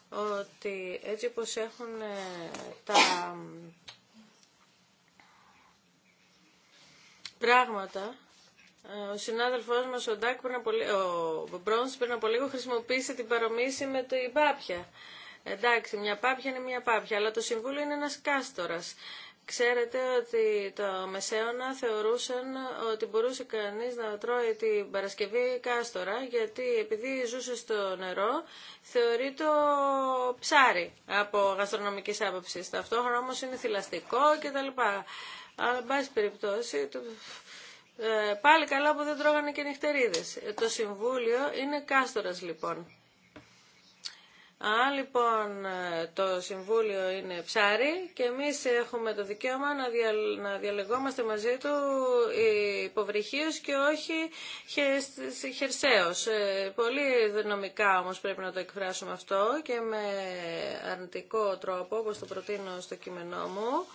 ότι έτσι όπως έχουν ε, τα πράγματα. Ε, ο συνάδελφό μα ο Ντάκ πριν από, ο Μπρόνς πριν από λίγο χρησιμοποίησε την παρομοίηση με την πάπια. Εντάξει, μια πάπια είναι μια πάπια, αλλά το Συμβούλιο είναι ένα κάστορα. Ξέρετε ότι το Μεσαίωνα θεωρούσαν ότι μπορούσε κανείς να τρώει την Παρασκευή κάστορα, γιατί επειδή ζούσε στο νερό, θεωρεί το ψάρι από γαστρονομικής άποψης. Ταυτόχρονα όμως είναι θηλαστικό κτλ. Αλλά, εν περιπτώσει, το... ε, πάλι καλά που δεν τρώγανε και νυχτερίδες. Ε, το Συμβούλιο είναι κάστορας, λοιπόν. Αν λοιπόν ε, το Συμβούλιο είναι ψάρι και εμείς έχουμε το δικαίωμα να, να διαλεγόμαστε μαζί του υποβρυχίως και όχι χερσαίος. Ε, πολύ δυναμικά, όμως πρέπει να το εκφράσουμε αυτό και με αρνητικό τρόπο όπως το προτείνω στο κείμενό μου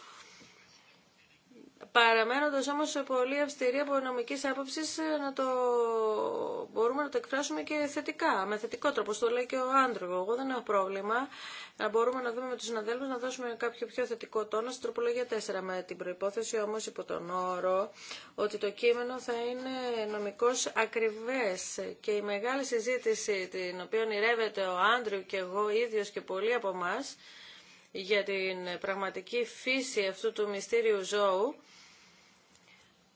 παραμένοντας όμως πολύ αυστηρή από νομικής άποψης ε, να το μπορούμε να το εκφράσουμε και θετικά, με θετικό τρόπο, στο λέει και ο Άντρογο. Εγώ δεν έχω πρόβλημα να μπορούμε να δούμε με τους συναδέλφους να δώσουμε κάποιο πιο θετικό τόνο στην τροπολογία 4 με την προϋπόθεση όμως υπό τον όρο ότι το κείμενο θα είναι νομικώς ακριβές και η μεγάλη συζήτηση την οποία ονειρεύεται ο Άντριου και εγώ ίδιος και πολλοί από εμά για την πραγματική φύση αυτού του μυστήριου ζώου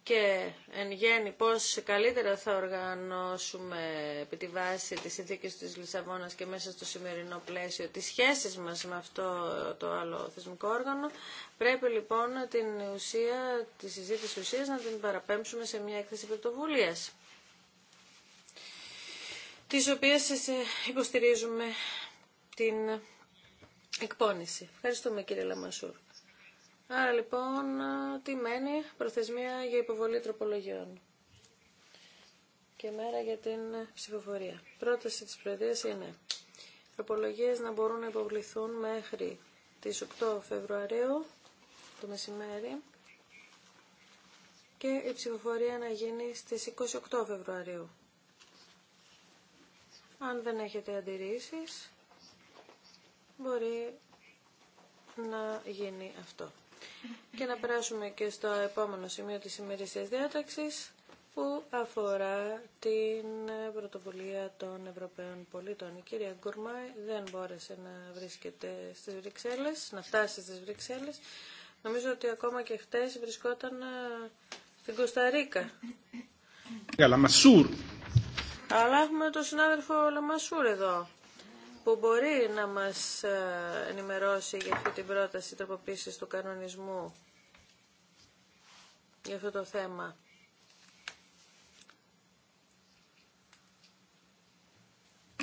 και εν γέννη πώς καλύτερα θα οργανώσουμε επί τη βάση της συνθήκης της Λισαβόνας και μέσα στο σημερινό πλαίσιο τις σχέσεις μας με αυτό το άλλο θεσμικό όργανο, πρέπει λοιπόν την ουσία, τη συζήτηση ουσίας να την παραπέμψουμε σε μια έκθεση πρωτοβουλία τις οποίες υποστηρίζουμε την εκπόνηση. Ευχαριστούμε κύριε Λαμασούρ. Άρα λοιπόν, τι μένει, προθεσμία για υποβολή τροπολογιών και μέρα για την ψηφοφορία. Πρόταση της Προεδρίας είναι τροπολογίες να μπορούν να υποβληθούν μέχρι τις 8 Φεβρουαρίου το μεσημέρι και η ψηφοφορία να γίνει στις 28 Φεβρουαρίου. Αν δεν έχετε αντιρρήσεις, μπορεί να γίνει αυτό και να περάσουμε και στο επόμενο σημείο της ημερησίας διάταξης που αφορά την πρωτοβουλία των Ευρωπαίων πολίτων. Η κυρία Γκουρμάη δεν μπόρεσε να βρίσκεται στις Βρυξέλλες, να φτάσει στις Βρυξέλλες. Νομίζω ότι ακόμα και χτες βρισκόταν ε, στην Κωνσταντίνα. Αλλά έχουμε τον συνάδελφο Λαμασούρ εδώ που μπορεί να μας ε, ενημερώσει για αυτή την πρόταση τροποποίησης του κανονισμού για αυτό το θέμα.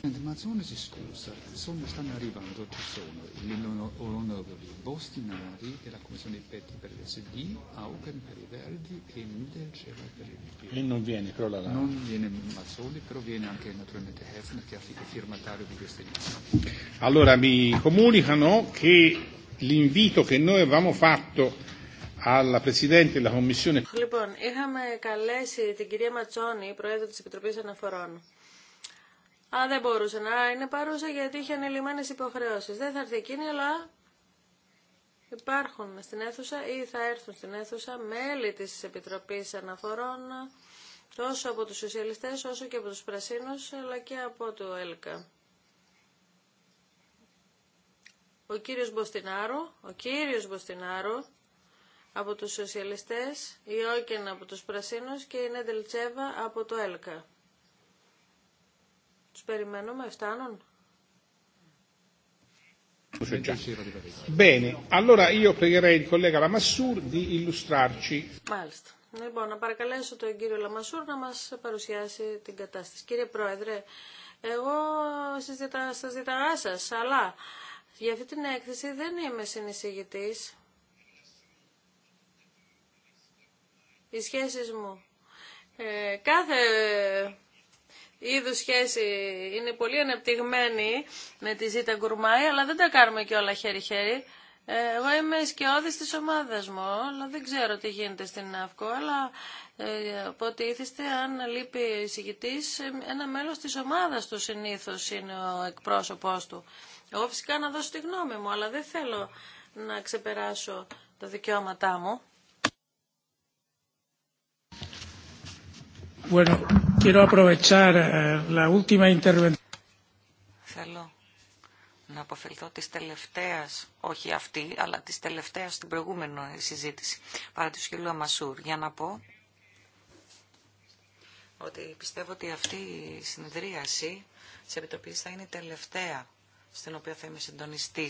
L'informazione si scusa, sono, stanno arrivando, ci sono l'onorevole Bostinari della Commissione Petti per l'SD, Augen per i Verdi e Midelceva per il PD. E non viene però la Non viene Mazzoni, però viene anche naturalmente Hefner che è firmatario di questa liste. Allora mi comunicano che l'invito che noi avevamo fatto alla Presidente della Commissione. Λοιπόν, είχαμε καλέσει την κυρία Ματσόνη, Πρόεδρο της Επιτροπής Αναφορών. Α, δεν μπορούσε να είναι παρούσα γιατί είχε ανελημμένες υποχρεώσεις. Δεν θα έρθει εκείνη, αλλά υπάρχουν στην αίθουσα ή θα έρθουν στην αίθουσα μέλη της Επιτροπής Αναφορών τόσο από τους σοσιαλιστές όσο και από τους πρασίνους αλλά και από το ΕΛΚΑ. Ο κύριος Μποστινάρου, ο κύριος Μποστινάρο από τους σοσιαλιστές, η Όκεν από τους πρασίνους και η Τσέβα από το ΕΛΚΑ περιμένουμε, φτάνουν. Bene, allora io pregherei il collega Lamassur Μάλιστα. Λοιπόν, να παρακαλέσω τον κύριο Λαμασούρ να μας παρουσιάσει την κατάσταση. Κύριε Πρόεδρε, εγώ στα ζηταγά σας, αλλά για αυτή την έκθεση δεν είμαι συνεισηγητής. Οι σχέσεις μου. Ε, κάθε είδους σχέση είναι πολύ ανεπτυγμένη με τη Ζήτα Γκουρμάη, αλλά δεν τα κάνουμε και όλα χέρι-χέρι. Ε, εγώ είμαι σκιώδης της ομάδας μου, αλλά δεν ξέρω τι γίνεται στην ΑΦΚΟ, αλλά ε, από ό,τι ήθιστε, αν λείπει η ε, ένα μέλος της ομάδας του συνήθως είναι ο εκπρόσωπός του. Εγώ φυσικά να δώσω τη γνώμη μου, αλλά δεν θέλω να ξεπεράσω τα δικαιώματά μου. Bueno. Eh, Θέλω να αποφελθώ της τελευταίας, όχι αυτή, αλλά της τελευταίας στην προηγούμενη συζήτηση παρά του κ. Αμασούρ, για να πω ότι πιστεύω ότι αυτή η συνεδρίαση σε επιτροπή θα είναι η τελευταία στην οποία θα είμαι συντονιστής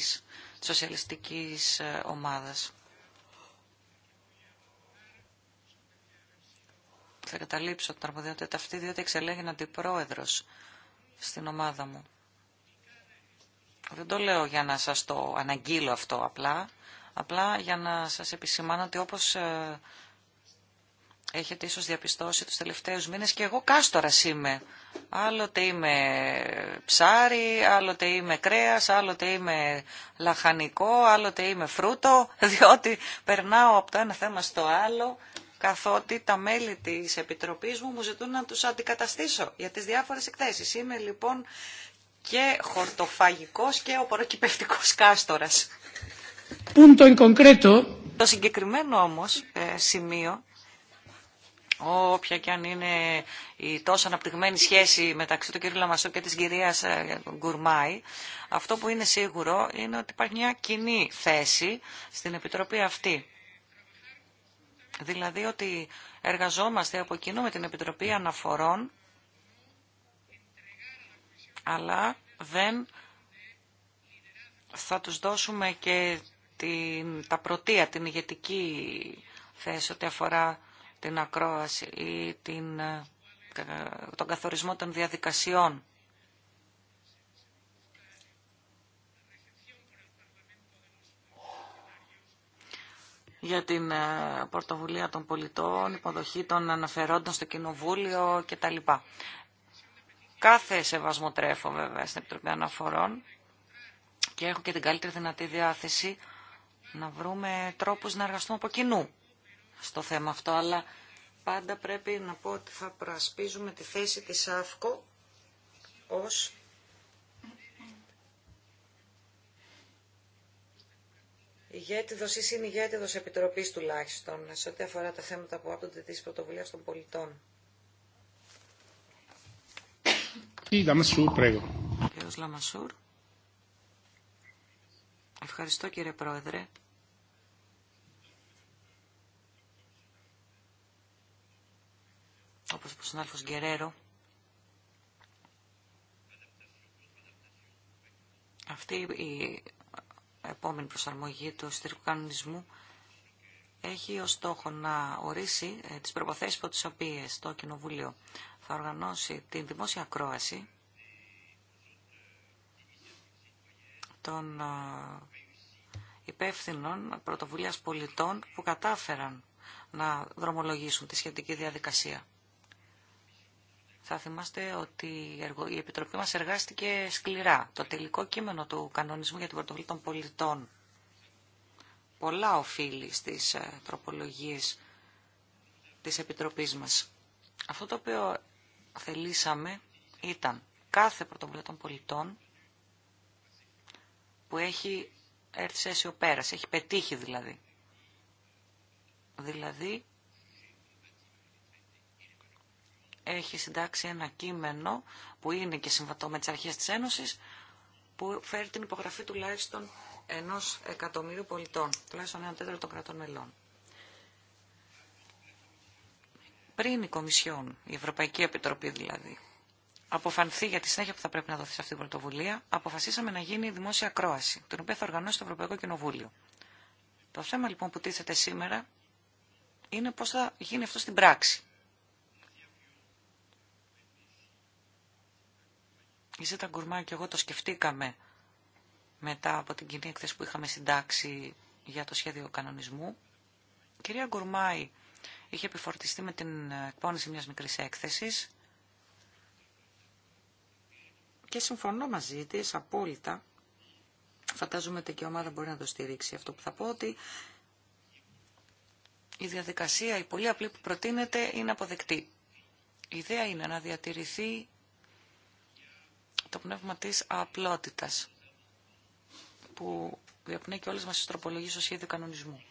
της σοσιαλιστικής ε, ομάδας. θα καταλήψω την αρμοδιότητα αυτή, διότι εξελέγει αντιπρόεδρος στην ομάδα μου. Δεν το λέω για να σας το αναγγείλω αυτό απλά, απλά για να σας επισημάνω ότι όπως ε, έχετε ίσως διαπιστώσει τους τελευταίους μήνες και εγώ κάστορα είμαι. Άλλοτε είμαι ψάρι, άλλοτε είμαι κρέας, άλλοτε είμαι λαχανικό, άλλοτε είμαι φρούτο, διότι περνάω από το ένα θέμα στο άλλο καθότι τα μέλη της Επιτροπής μου μου ζητούν να τους αντικαταστήσω για τις διάφορες εκθέσεις. Είμαι λοιπόν και χορτοφαγικός και ο προκυπευτικός κάστορας. Το συγκεκριμένο όμως ε, σημείο, όποια και αν είναι η τόσο αναπτυγμένη σχέση μεταξύ του κ. Λαμασό και της κυρίας ε, Γκουρμάη, αυτό που είναι σίγουρο είναι ότι υπάρχει μια κοινή θέση στην Επιτροπή αυτή. Δηλαδή ότι εργαζόμαστε από κοινού με την Επιτροπή Αναφορών, αλλά δεν θα τους δώσουμε και την, τα πρωτεία, την ηγετική θέση ό,τι αφορά την ακρόαση ή την, ε, τον καθορισμό των διαδικασιών για την ε, πρωτοβουλία των πολιτών, υποδοχή των αναφερόντων στο Κοινοβούλιο κτλ. Κάθε σεβασμό τρέφω βέβαια στην Επιτροπή Αναφορών και έχω και την καλύτερη δυνατή διάθεση να βρούμε τρόπους να εργαστούμε από κοινού στο θέμα αυτό, αλλά πάντα πρέπει να πω ότι θα προασπίζουμε τη θέση της ΑΦΚΟ ως Ηγέτηδο ή συνηγέτηδο επιτροπή τουλάχιστον, σε ό,τι αφορά τα θέματα που άπτονται τη πρωτοβουλία των πολιτών. Κύριε Λαμασούρ, ευχαριστώ κύριε Πρόεδρε. Όπως ο συνάδελφος Γκερέρο, αυτή η συνηγετηδο επιτροπη τουλαχιστον σε οτι αφορα τα θεματα που απτονται της πρωτοβουλια των πολιτων κυριε λαμασουρ ευχαριστω κυριε προεδρε οπως ο συναδελφος γκερερο αυτη η επόμενη προσαρμογή του εσωτερικού κανονισμού έχει ως στόχο να ορίσει ε, τις προποθέσεις από τις οποίες το Κοινοβούλιο θα οργανώσει την δημόσια ακρόαση των ε, υπεύθυνων πρωτοβουλίας πολιτών που κατάφεραν να δρομολογήσουν τη σχετική διαδικασία. Θα θυμάστε ότι η Επιτροπή μας εργάστηκε σκληρά. Το τελικό κείμενο του κανονισμού για την πρωτοβουλία των πολιτών πολλά οφείλει στις ε, τροπολογίες της Επιτροπής μας. Αυτό το οποίο θελήσαμε ήταν κάθε πρωτοβουλία των πολιτών που έχει έρθει σε αισιοπέραση, έχει πετύχει δηλαδή. Δηλαδή, έχει συντάξει ένα κείμενο που είναι και συμβατό με τις αρχές της Ένωσης που φέρει την υπογραφή τουλάχιστον ενός εκατομμύριου πολιτών, τουλάχιστον ένα τέταρτο των κρατών μελών. Πριν η Κομισιόν, η Ευρωπαϊκή Επιτροπή δηλαδή, αποφανθεί για τη συνέχεια που θα πρέπει να δοθεί σε αυτή την πρωτοβουλία, αποφασίσαμε να γίνει η δημόσια ακρόαση, την οποία θα οργανώσει το Ευρωπαϊκό Κοινοβούλιο. Το θέμα λοιπόν που τίθεται σήμερα είναι πώς θα γίνει αυτό στην πράξη. Η τα Γκουρμά και εγώ το σκεφτήκαμε μετά από την κοινή έκθεση που είχαμε συντάξει για το σχέδιο κανονισμού. Η κυρία Γκουρμάη είχε επιφορτιστεί με την εκπόνηση μιας μικρής έκθεσης και συμφωνώ μαζί της απόλυτα. Φαντάζομαι ότι και η ομάδα μπορεί να το στηρίξει αυτό που θα πω ότι η διαδικασία, η πολύ απλή που προτείνεται, είναι αποδεκτή. Η ιδέα είναι να διατηρηθεί το πνεύμα της απλότητας που διαπνέει και όλες μας τις τροπολογίες στο σχέδιο κανονισμού.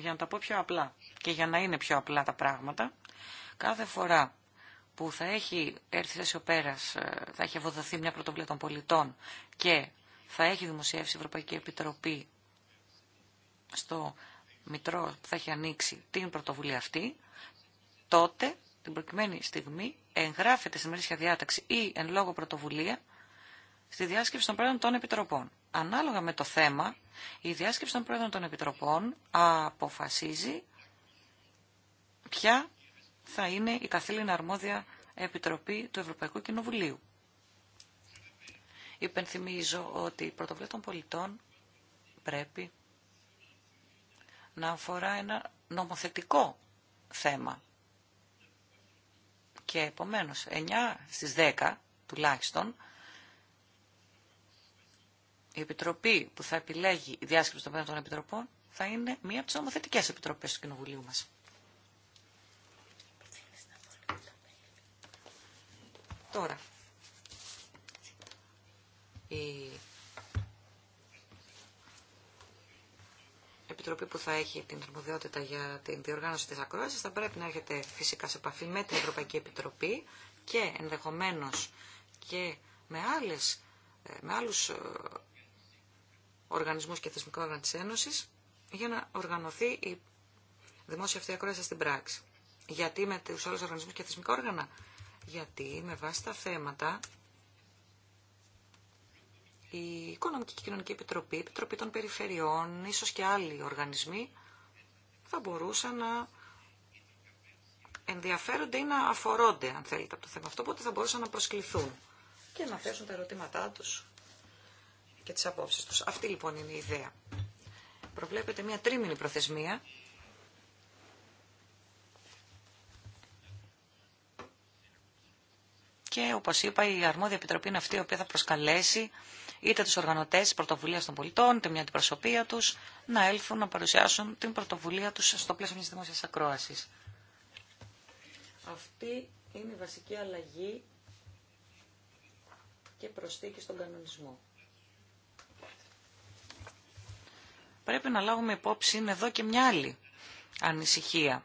Για να τα πω πιο απλά και για να είναι πιο απλά τα πράγματα, κάθε φορά που θα έχει έρθει θέση ο πέρας, ε, θα έχει ευοδοθεί μια πρωτοβουλία των πολιτών και θα έχει δημοσιεύσει η Ευρωπαϊκή Επιτροπή στο Μητρό που θα έχει ανοίξει την πρωτοβουλία αυτή, τότε την προκειμένη στιγμή εγγράφεται στη μερίσια διάταξη ή εν λόγω πρωτοβουλία στη διάσκεψη των πρόεδρων των επιτροπών. Ανάλογα με το θέμα, η διάσκεψη των πρόεδρων των επιτροπών αποφασίζει ποια θα είναι η καθήλυνα αρμόδια επιτροπή του Ευρωπαϊκού Κοινοβουλίου. Υπενθυμίζω ότι η πρωτοβουλία των πολιτών πρέπει να αφορά ένα νομοθετικό θέμα και επομένως 9 στις 10 τουλάχιστον η επιτροπή που θα επιλέγει η διάσκεψη των πέντε των επιτροπών θα είναι μία από τις νομοθετικές επιτροπές του Κοινοβουλίου μας. Τώρα, επιτροπή που θα έχει την αρμοδιότητα για την διοργάνωση της ακρόασης θα πρέπει να έρχεται φυσικά σε επαφή με την Ευρωπαϊκή Επιτροπή και ενδεχομένως και με, άλλες, ε, με άλλους ε, οργανισμούς και θεσμικό όργανα για να οργανωθεί η δημόσια αυτή ακρόαση στην πράξη. Γιατί με τους άλλου οργανισμούς και θεσμικά όργανα. Γιατί με βάση τα θέματα η Οικονομική και Κοινωνική Επιτροπή, η Επιτροπή των Περιφερειών, ίσως και άλλοι οργανισμοί, θα μπορούσαν να ενδιαφέρονται ή να αφορώνται, αν θέλετε, από το θέμα αυτό, οπότε θα μπορούσαν να προσκληθούν και να θέσουν τα ερωτήματά τους και τις απόψεις τους. Αυτή λοιπόν είναι η ιδέα. Προβλέπεται μια τρίμηνη προθεσμία. Και όπως είπα η αρμόδια επιτροπή είναι αυτή η οποία θα προσκαλέσει είτε τους οργανωτές τη πρωτοβουλία των πολιτών, είτε μια αντιπροσωπεία τους, να έλθουν να παρουσιάσουν την πρωτοβουλία τους στο πλαίσιο μια δημόσιας ακρόασης. Αυτή είναι η βασική αλλαγή και προσθήκη στον κανονισμό. Πρέπει να λάβουμε υπόψη εδώ και μια άλλη ανησυχία.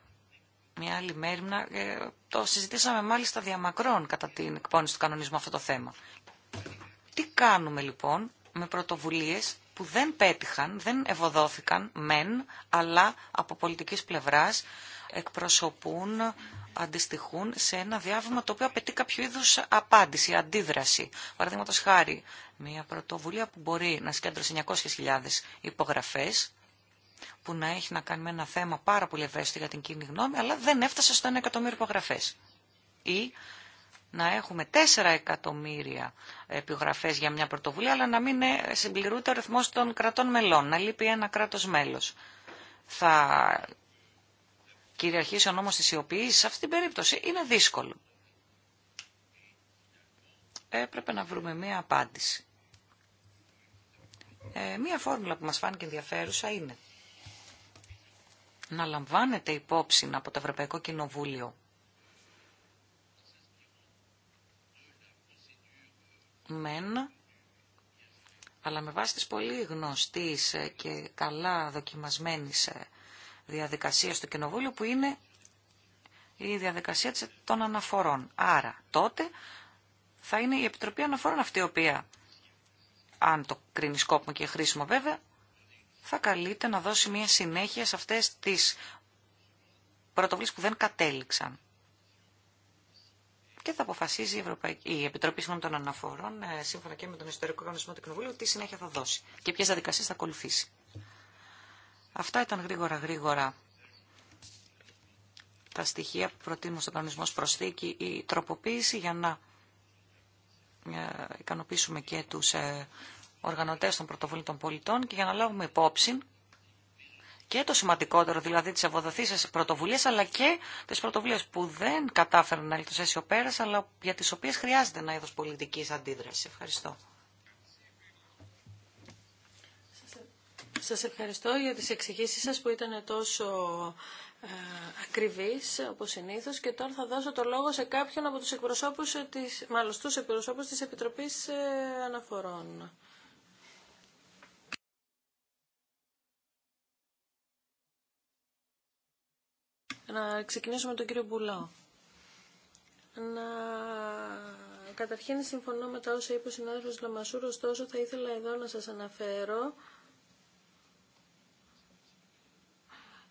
Μια άλλη μέρη. Ε, το συζητήσαμε μάλιστα διαμακρών κατά την εκπόνηση του κανονισμού αυτό το θέμα. Τι κάνουμε λοιπόν με πρωτοβουλίες που δεν πέτυχαν, δεν ευωδόθηκαν μεν, αλλά από πολιτικής πλευράς εκπροσωπούν, αντιστοιχούν σε ένα διάβημα το οποίο απαιτεί κάποιο είδους απάντηση, αντίδραση. Παραδείγματο χάρη, μια πρωτοβουλία που μπορεί να σκέντρωσε 900.000 υπογραφές, που να έχει να κάνει με ένα θέμα πάρα πολύ ευαίσθητο για την κοινή γνώμη, αλλά δεν έφτασε στο 1 εκατομμύριο υπογραφές. Ή να έχουμε 4 εκατομμύρια επιγραφές για μια πρωτοβουλία, αλλά να μην ε, συμπληρούνται ο ρυθμός των κρατών μελών, να λείπει ένα κράτος μέλος. Θα κυριαρχήσει ο νόμος της ιοποίησης, σε αυτή την περίπτωση είναι δύσκολο. Έπρεπε να βρούμε μία απάντηση. Ε, μία φόρμουλα που μας φάνηκε ενδιαφέρουσα είναι να λαμβάνεται υπόψη από το Ευρωπαϊκό Κοινοβούλιο αλλά με βάση της πολύ γνωστής και καλά δοκιμασμένης διαδικασίας του Κοινοβούλιο που είναι η διαδικασία των αναφορών. Άρα τότε θα είναι η Επιτροπή Αναφορών αυτή η οποία, αν το κρίνει σκόπιμο και χρήσιμο βέβαια, θα καλείται να δώσει μια συνέχεια σε αυτές τις πρωτοβουλίες που δεν κατέληξαν και θα αποφασίζει η, Ευρωπαϊκή, η Επιτροπή των Αναφορών, ε, σύμφωνα και με τον ιστορικό κανονισμό του Κοινοβουλίου, τι συνέχεια θα δώσει και ποιε διαδικασίε θα ακολουθήσει. Αυτά ήταν γρήγορα γρήγορα τα στοιχεία που προτείνουμε στον κανονισμό προσθήκη ή τροποποίηση για να ε, ικανοποιήσουμε και τους ε, οργανωτές των πρωτοβουλίων των πολιτών και για να λάβουμε υπόψη και το σημαντικότερο δηλαδή τις σα πρωτοβουλίες αλλά και τι πρωτοβουλίε που δεν κατάφεραν να ο πέρας αλλά για τι οποίε χρειάζεται ένα είδο πολιτική αντίδραση. Ευχαριστώ. Σας ευχαριστώ για τις εξηγήσεις σας που ήταν τόσο ε, ακριβείς όπως συνήθως και τώρα θα δώσω το λόγο σε κάποιον από τους εκπροσώπους της, μάλλον στους εκπροσώπους της Επιτροπής ε, Αναφορών. Να ξεκινήσουμε με τον κύριο Μπουλό. Να... Καταρχήν συμφωνώ με τα όσα είπε ο συνάδελφος Λαμασούρ, ωστόσο θα ήθελα εδώ να σας αναφέρω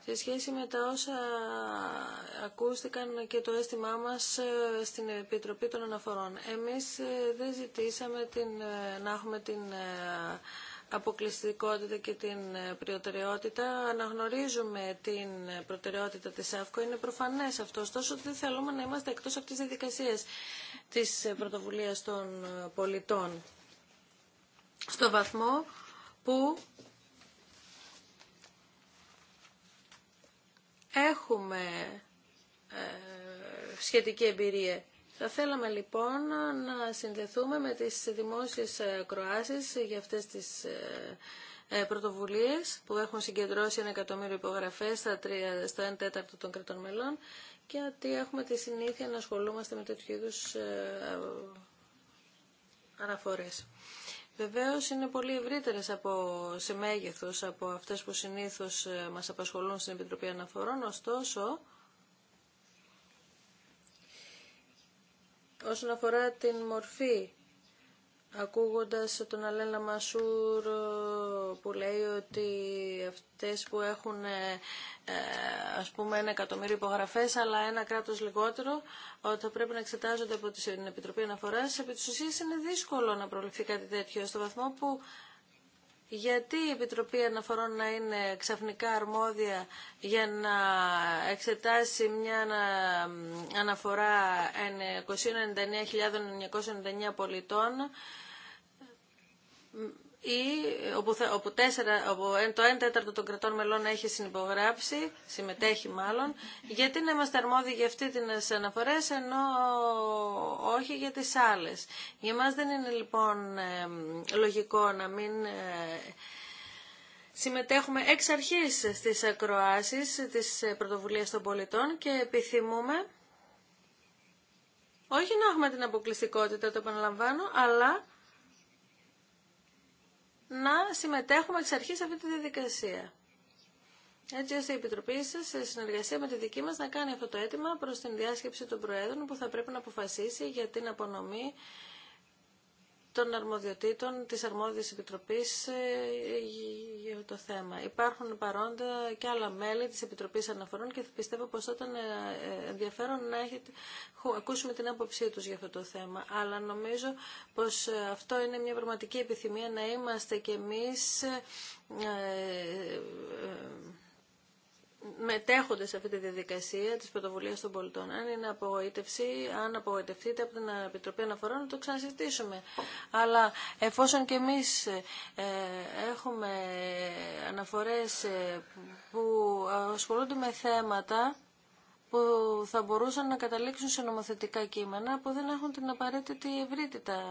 σε σχέση με τα όσα ακούστηκαν και το αίσθημά μας ε, στην Επιτροπή των Αναφορών. Εμείς ε, δεν ζητήσαμε την, ε, να έχουμε την αποκλειστικότητα και την ε, προτεραιότητα. Αναγνωρίζουμε την ε, προτεραιότητα της ΑΦΚΟ, είναι προφανές αυτό, ωστόσο δεν θέλουμε να είμαστε εκτός από τις διαδικασίες της ε, πρωτοβουλίας των πολιτών. Στο βαθμό που έχουμε σχετική εμπειρία θα θέλαμε λοιπόν να συνδεθούμε με τις δημόσιες ε, κροάσεις για αυτές τις ε, ε, πρωτοβουλίες που έχουν συγκεντρώσει ένα εκατομμύριο υπογραφές στα 3, στο 1 τέταρτο των κρατών μελών και ότι έχουμε τη συνήθεια να ασχολούμαστε με τέτοιου είδου αναφορές. Βεβαίω είναι πολύ ευρύτερε σε μέγεθο από αυτέ που συνήθω μα απασχολούν στην Επιτροπή Αναφορών, ωστόσο όσον αφορά την μορφή ακούγοντας τον Αλένα Μασούρ που λέει ότι αυτές που έχουν ε, ε, ας πούμε ένα εκατομμύριο υπογραφές αλλά ένα κράτος λιγότερο ότι θα πρέπει να εξετάζονται από την Επιτροπή Αναφοράς επειδή της είναι δύσκολο να προληφθεί κάτι τέτοιο στο βαθμό που γιατί η Επιτροπή Αναφορών να είναι ξαφνικά αρμόδια για να εξετάσει μια αναφορά 299.999 πολιτών ή όπου, όπου, τέσσερα, όπου το 1 τέταρτο των κρατών μελών έχει συνυπογράψει, συμμετέχει μάλλον, γιατί να είμαστε αρμόδιοι για αυτή την αναφορές ενώ όχι για τις άλλες. Για μας δεν είναι λοιπόν λογικό να μην ε, συμμετέχουμε εξ αρχής στις ακροάσεις της πρωτοβουλίας των πολιτών και επιθυμούμε όχι να έχουμε την αποκλειστικότητα, το επαναλαμβάνω, αλλά να συμμετέχουμε εξ αρχή σε αυτή τη διαδικασία. Έτσι ώστε η Επιτροπή σα, σε συνεργασία με τη δική μα, να κάνει αυτό το αίτημα προ την διάσκεψη των Προέδρων που θα πρέπει να αποφασίσει για την απονομή των αρμοδιοτήτων της αρμόδιας επιτροπής ε, για το θέμα. Υπάρχουν παρόντα και άλλα μέλη της Επιτροπής Αναφορών και πιστεύω πως θα ήταν ε, ενδιαφέρον να έχετε, ακούσουμε την άποψή τους για αυτό το θέμα. Αλλά νομίζω πως ε, αυτό είναι μια πραγματική επιθυμία να είμαστε κι εμείς μετέχονται σε αυτή τη διαδικασία της πρωτοβουλίας των πολιτών. Αν είναι απογοήτευση, αν απογοητευτείτε από την Επιτροπή Αναφορών, να το ξανασυζητήσουμε. Αλλά εφόσον και εμείς ε, έχουμε αναφορές ε, που ασχολούνται με θέματα που θα μπορούσαν να καταλήξουν σε νομοθετικά κείμενα που δεν έχουν την απαραίτητη ευρύτητα,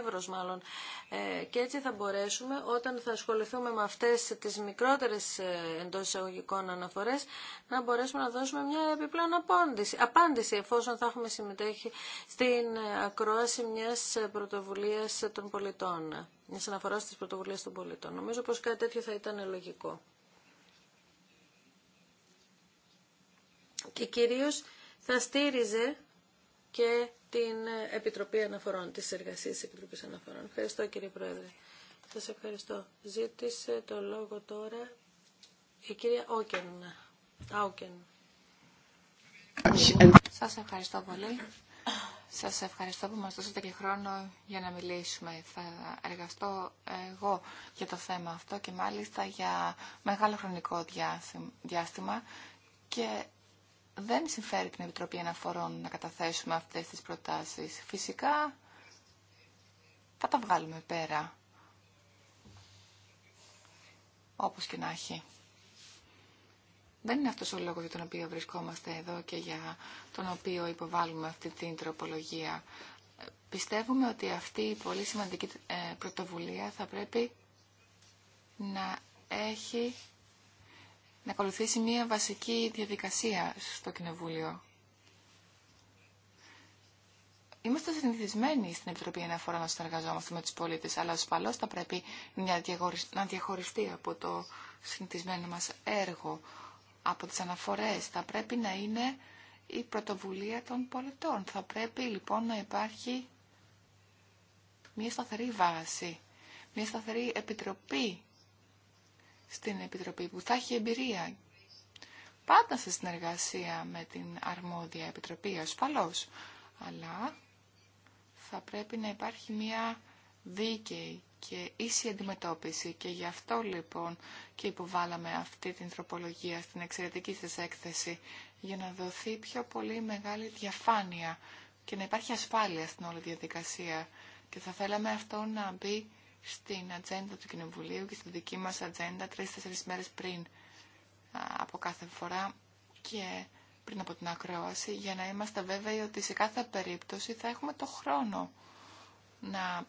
εύρος μάλλον. Ε, και έτσι θα μπορέσουμε όταν θα ασχοληθούμε με αυτές τις μικρότερες ε, εντός εισαγωγικών αναφορές να μπορέσουμε να δώσουμε μια επιπλέον απάντηση, απάντηση εφόσον θα έχουμε συμμετέχει στην ακρόαση μιας πρωτοβουλίας των πολιτών. Μια αναφορά στις πρωτοβουλίες των πολιτών. Νομίζω πως κάτι τέτοιο θα ήταν λογικό. και κυρίως θα στήριζε και την Επιτροπή Αναφορών, της Εργασίας της Επιτροπής Αναφορών. Ευχαριστώ κύριε Πρόεδρε. Σας ευχαριστώ. Ζήτησε το λόγο τώρα η κυρία Όκεν. Άουκεν. Σας ευχαριστώ πολύ. Σας ευχαριστώ που μας δώσατε και χρόνο για να μιλήσουμε. Θα εργαστώ εγώ για το θέμα αυτό και μάλιστα για μεγάλο χρονικό διάστημα και δεν συμφέρει την Επιτροπή Αναφορών να καταθέσουμε αυτές τις προτάσεις. Φυσικά θα τα βγάλουμε πέρα, όπως και να έχει. Δεν είναι αυτός ο λόγος για τον οποίο βρισκόμαστε εδώ και για τον οποίο υποβάλλουμε αυτή την τροπολογία. Πιστεύουμε ότι αυτή η πολύ σημαντική ε, πρωτοβουλία θα πρέπει να έχει να ακολουθήσει μια βασική διαδικασία στο Κοινοβούλιο. Είμαστε συνηθισμένοι στην Επιτροπή Αναφορά να συνεργαζόμαστε με τους πολίτες, αλλά ασφαλώς θα πρέπει να διαχωριστεί από το συνηθισμένο μας έργο, από τις αναφορές. Θα πρέπει να είναι η πρωτοβουλία των πολιτών. Θα πρέπει λοιπόν να υπάρχει μια σταθερή βάση, μια σταθερή επιτροπή στην Επιτροπή που θα έχει εμπειρία πάντα σε συνεργασία με την αρμόδια Επιτροπή ασφαλώς αλλά θα πρέπει να υπάρχει μια δίκαιη και ίση αντιμετώπιση και γι' αυτό λοιπόν και υποβάλαμε αυτή την τροπολογία στην εξαιρετική σας έκθεση για να δοθεί πιο πολύ μεγάλη διαφάνεια και να υπάρχει ασφάλεια στην όλη διαδικασία και θα θέλαμε αυτό να μπει στην ατζέντα του Κοινοβουλίου και στη δική μας ατζέντα τρεις-τέσσερις μέρες πριν από κάθε φορά και πριν από την ακρόαση για να είμαστε βέβαιοι ότι σε κάθε περίπτωση θα έχουμε το χρόνο να,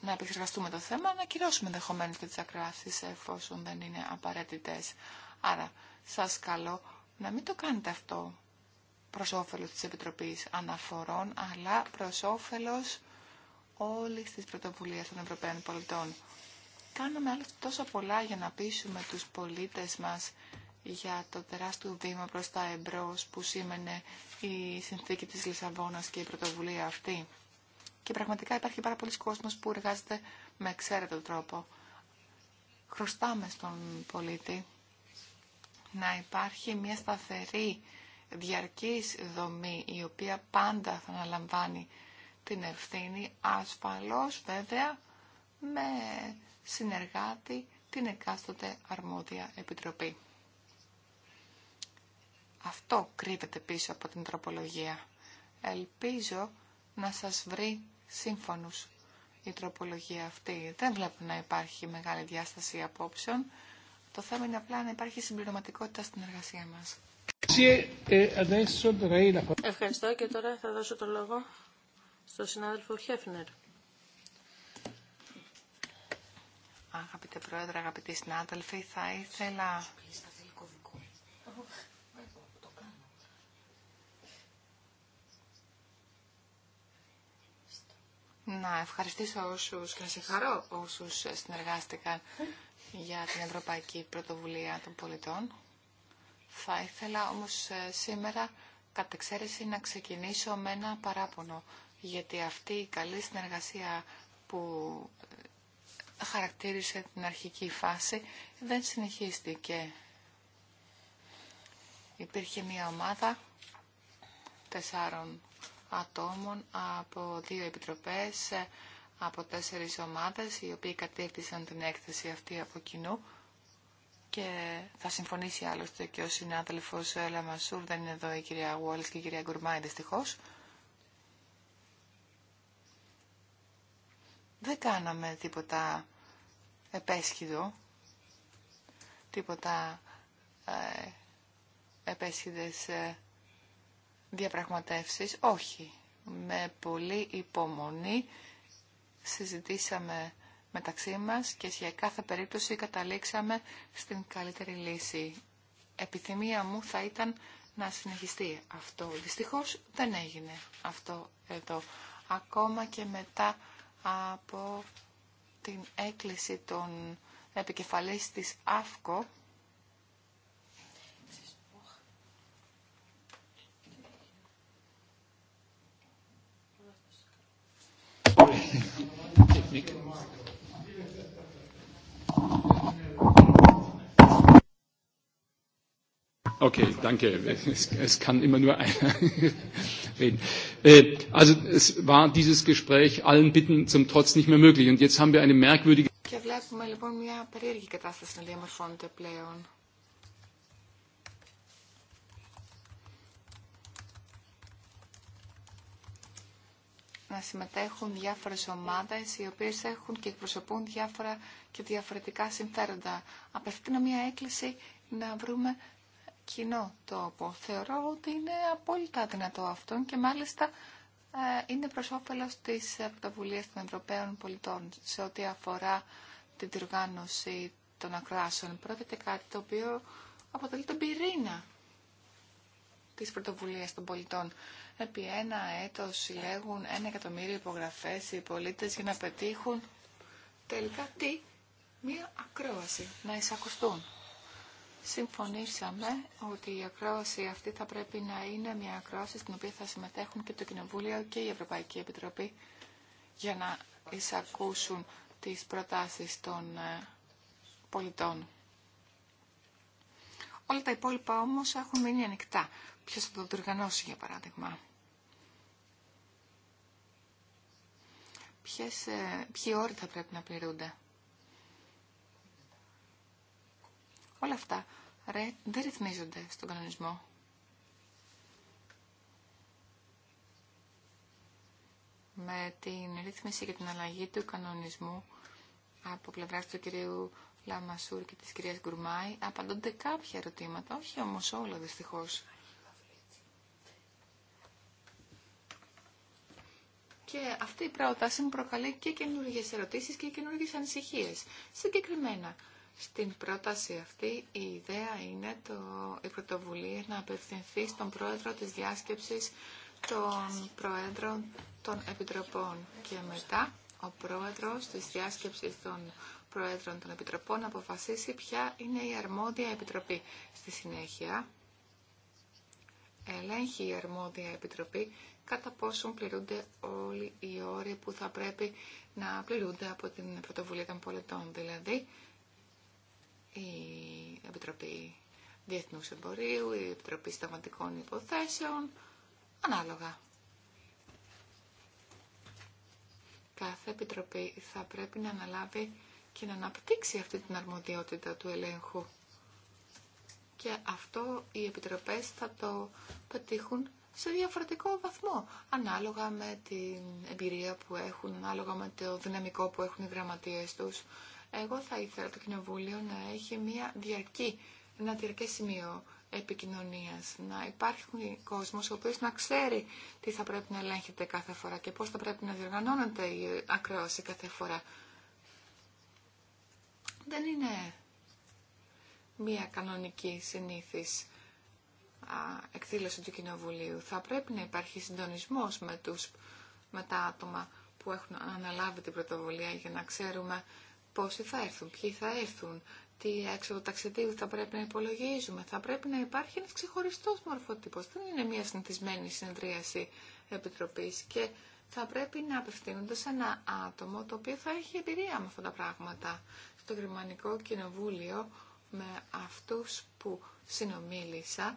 να επεξεργαστούμε το θέμα, να κυρώσουμε ενδεχομένω και τι ακροάσει εφόσον δεν είναι απαραίτητες. Άρα σας καλώ να μην το κάνετε αυτό προς όφελος της Επιτροπής Αναφορών, αλλά προς όφελος όλη τη πρωτοβουλία των Ευρωπαίων πολιτών. Κάνουμε άλλο τόσο πολλά για να πείσουμε τους πολίτες μας για το τεράστιο βήμα προς τα εμπρός που σήμαινε η συνθήκη της Λισαβόνας και η πρωτοβουλία αυτή. Και πραγματικά υπάρχει πάρα πολλοί κόσμος που εργάζεται με εξαίρετο τρόπο. Χρωστάμε στον πολίτη να υπάρχει μια σταθερή διαρκής δομή η οποία πάντα θα αναλαμβάνει την ευθύνη ασφαλώς βέβαια με συνεργάτη την εκάστοτε αρμόδια επιτροπή. Αυτό κρύβεται πίσω από την τροπολογία. Ελπίζω να σας βρει σύμφωνους η τροπολογία αυτή. Δεν βλέπω να υπάρχει μεγάλη διάσταση απόψεων. Το θέμα είναι απλά να υπάρχει συμπληρωματικότητα στην εργασία μας. Ευχαριστώ και τώρα θα δώσω το λόγο στον συνάδελφο Χέφνερ. Αγαπητέ Πρόεδρε, αγαπητοί συνάδελφοι, θα ήθελα... Να ευχαριστήσω όσους και να συγχαρώ όσους συνεργάστηκαν για την Ευρωπαϊκή Πρωτοβουλία των Πολιτών. Θα ήθελα όμως ε, σήμερα κατ' εξαίρεση να ξεκινήσω με ένα παράπονο γιατί αυτή η καλή συνεργασία που ε, χαρακτήρισε την αρχική φάση δεν συνεχίστηκε. Υπήρχε μια ομάδα τεσσάρων ατόμων από δύο επιτροπές, ε, από τέσσερις ομάδες, οι οποίοι κατήρθησαν την έκθεση αυτή από κοινού και θα συμφωνήσει άλλωστε και ο συνάδελφος Λαμασούρ, δεν είναι εδώ η κυρία Γουόλης και η κυρία Γκουρμάη δυστυχώς. δεν κάναμε τίποτα επέσχυδο, τίποτα ε, επέσχυδες ε, διαπραγματεύσεις. Όχι. Με πολύ υπομονή συζητήσαμε μεταξύ μας και για κάθε περίπτωση καταλήξαμε στην καλύτερη λύση. Επιθυμία μου θα ήταν να συνεχιστεί αυτό. Δυστυχώς δεν έγινε αυτό εδώ. Ακόμα και μετά από την έκκληση των επικεφαλής της ΑΦΚΟ Okay, danke. Es es kann immer nur einer reden. Äh, also es war dieses Gespräch allen Bitten zum Trotz nicht mehr möglich. Und jetzt haben wir eine merkwürdige. Και βλέπουμε λοιπόν μια περίεργη κατάσταση να διαμορφώνεται πλέον. να συμμετέχουν διάφορες ομάδες οι οποίες έχουν και εκπροσωπούν διάφορα και διαφορετικά συμφέροντα. Απευθύνω μια έκκληση να βρούμε κοινό τόπο. Θεωρώ ότι είναι απόλυτα δυνατό αυτό και μάλιστα ε, είναι προς όφελος της πρωτοβουλίας των Ευρωπαίων πολιτών σε ό,τι αφορά την διοργάνωση των ακράσεων. Πρόκειται κάτι το οποίο αποτελεί τον πυρήνα της πρωτοβουλίας των πολιτών. Επί ένα έτος συλλέγουν ένα εκατομμύριο υπογραφές οι πολίτες για να πετύχουν τελικά τι, μία ακρόαση, να εισακουστούν συμφωνήσαμε ότι η ακρόαση αυτή θα πρέπει να είναι μια ακρόαση στην οποία θα συμμετέχουν και το Κοινοβούλιο και η Ευρωπαϊκή Επιτροπή για να εισακούσουν τις προτάσεις των ε, πολιτών. Όλα τα υπόλοιπα όμως έχουν μείνει ανοιχτά. Ποιος θα το διοργανώσει για παράδειγμα. Ποιες, ε, ποιοι όροι θα πρέπει να πληρούνται. Όλα αυτά ρε, δεν ρυθμίζονται στον κανονισμό. Με την ρύθμιση και την αλλαγή του κανονισμού από πλευράς του κυρίου Λαμασούρ και της κυρίας Γκουρμάη απαντώνται κάποια ερωτήματα, όχι όμως όλα δυστυχώς. Και αυτή η πρόταση μου προκαλεί και καινούργιες ερωτήσεις και καινούργιες ανησυχίες. Συγκεκριμένα, στην πρόταση αυτή η ιδέα είναι το, η πρωτοβουλία να απευθυνθεί στον πρόεδρο της διάσκεψης των προέδρων των επιτροπών και μετά ο πρόεδρος της διάσκεψης των Προέδρων των Επιτροπών να αποφασίσει ποια είναι η αρμόδια επιτροπή. Στη συνέχεια, ελέγχει η αρμόδια επιτροπή κατά πόσον πληρούνται όλοι οι όροι που θα πρέπει να πληρούνται από την πρωτοβουλία των πολιτών. Δηλαδή, η Επιτροπή Διεθνούς Εμπορίου, η Επιτροπή Σταματικών Υποθέσεων, ανάλογα. Κάθε Επιτροπή θα πρέπει να αναλάβει και να αναπτύξει αυτή την αρμοδιότητα του ελέγχου. Και αυτό οι Επιτροπές θα το πετύχουν σε διαφορετικό βαθμό, ανάλογα με την εμπειρία που έχουν, ανάλογα με το δυναμικό που έχουν οι γραμματείες τους. Εγώ θα ήθελα το Κοινοβούλιο να έχει μια διαρκή, ένα διαρκέ σημείο επικοινωνίας, να υπάρχει κόσμος ο οποίος να ξέρει τι θα πρέπει να ελέγχεται κάθε φορά και πώς θα πρέπει να διοργανώνεται η ακρόαση κάθε φορά. Δεν είναι μία κανονική συνήθις εκδήλωση του Κοινοβουλίου. Θα πρέπει να υπάρχει συντονισμός με, με τα άτομα που έχουν αναλάβει την πρωτοβουλία για να ξέρουμε Πόσοι θα έρθουν, ποιοι θα έρθουν, τι έξοδο ταξιδίου θα πρέπει να υπολογίζουμε. Θα πρέπει να υπάρχει ένας ξεχωριστός μορφοτύπος. Δεν είναι μια συνηθισμένη συνεδρίαση επιτροπής και θα πρέπει να απευθύνονται σε ένα άτομο το οποίο θα έχει εμπειρία με αυτά τα πράγματα. Στο Γερμανικό Κοινοβούλιο με αυτούς που συνομίλησα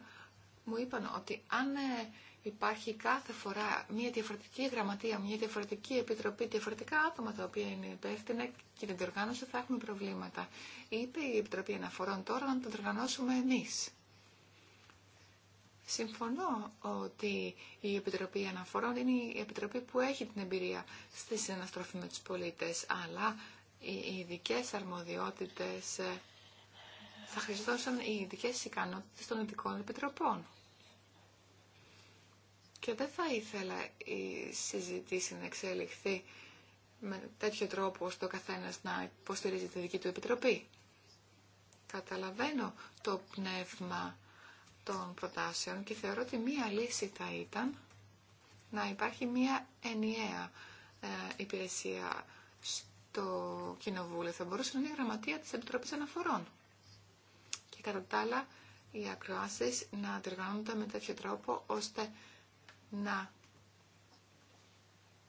μου είπαν ότι αν ε, υπάρχει κάθε φορά μια διαφορετική γραμματεία, μια διαφορετική επιτροπή, διαφορετικά άτομα τα οποία είναι υπεύθυνα και την διοργάνωση θα έχουμε προβλήματα. Είπε η Επιτροπή Αναφορών τώρα να την διοργανώσουμε εμείς. Συμφωνώ ότι η Επιτροπή Αναφορών είναι η Επιτροπή που έχει την εμπειρία στη συναστροφή με τους πολίτες, αλλά οι ειδικέ αρμοδιότητες θα χρησιμοποιούσαν οι ειδικέ ικανότητες των ειδικών επιτροπών. Και δεν θα ήθελα η συζήτηση να εξελιχθεί με τέτοιο τρόπο ώστε ο καθένας να υποστηρίζει τη δική του επιτροπή. Καταλαβαίνω το πνεύμα των προτάσεων και θεωρώ ότι μία λύση θα ήταν να υπάρχει μία ενιαία ε, υπηρεσία στο Κοινοβούλιο. Θα μπορούσε να είναι η γραμματεία της Επιτροπής Αναφορών. Και κατά τα άλλα, οι ακροάσεις να διοργανώνονται με τέτοιο τρόπο ώστε να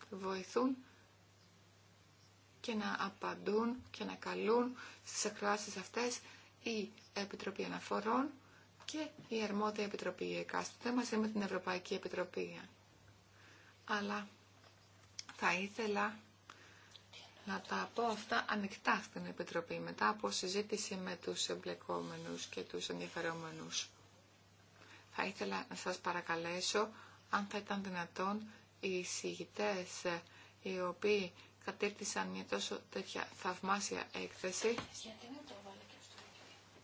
βοηθούν και να απαντούν και να καλούν στις εκφράσεις αυτές η Επιτροπή Αναφορών και η αρμόδια Επιτροπή εκάστοτε μαζί με την Ευρωπαϊκή Επιτροπή. Αλλά θα ήθελα να τα πω αυτά ανοιχτά στην Επιτροπή μετά από συζήτηση με τους εμπλεκόμενους και τους ενδιαφερόμενους. Θα ήθελα να σας παρακαλέσω αν θα ήταν δυνατόν οι εισηγητές ε, οι οποίοι κατήρτισαν μια τόσο τέτοια θαυμάσια έκθεση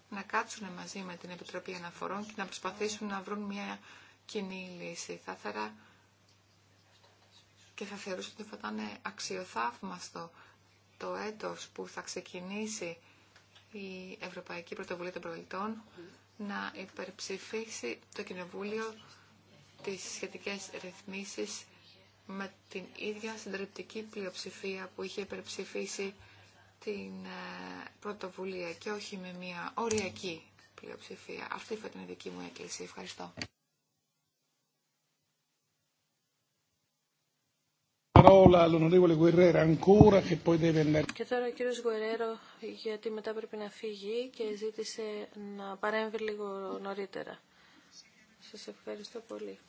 να κάτσουν μαζί με την Επιτροπή Αναφορών και να προσπαθήσουν να βρουν μια κοινή λύση. Θα και θα θεωρούσα ότι θα ήταν αξιοθαύμαστο το έτος που θα ξεκινήσει η Ευρωπαϊκή Πρωτοβουλία των Προελτών να υπερψηφίσει το Κοινοβούλιο τις σχετικές ρυθμίσεις με την ίδια συντριπτική πλειοψηφία που είχε υπερψηφίσει την ε, πρωτοβουλία και όχι με μια οριακή πλειοψηφία. Αυτή θα ήταν η δική μου έκκληση. Ευχαριστώ. Και τώρα ο κύριος Γουερέρο, γιατί μετά πρέπει να φύγει και ζήτησε να παρέμβει λίγο νωρίτερα. Σας ευχαριστώ πολύ.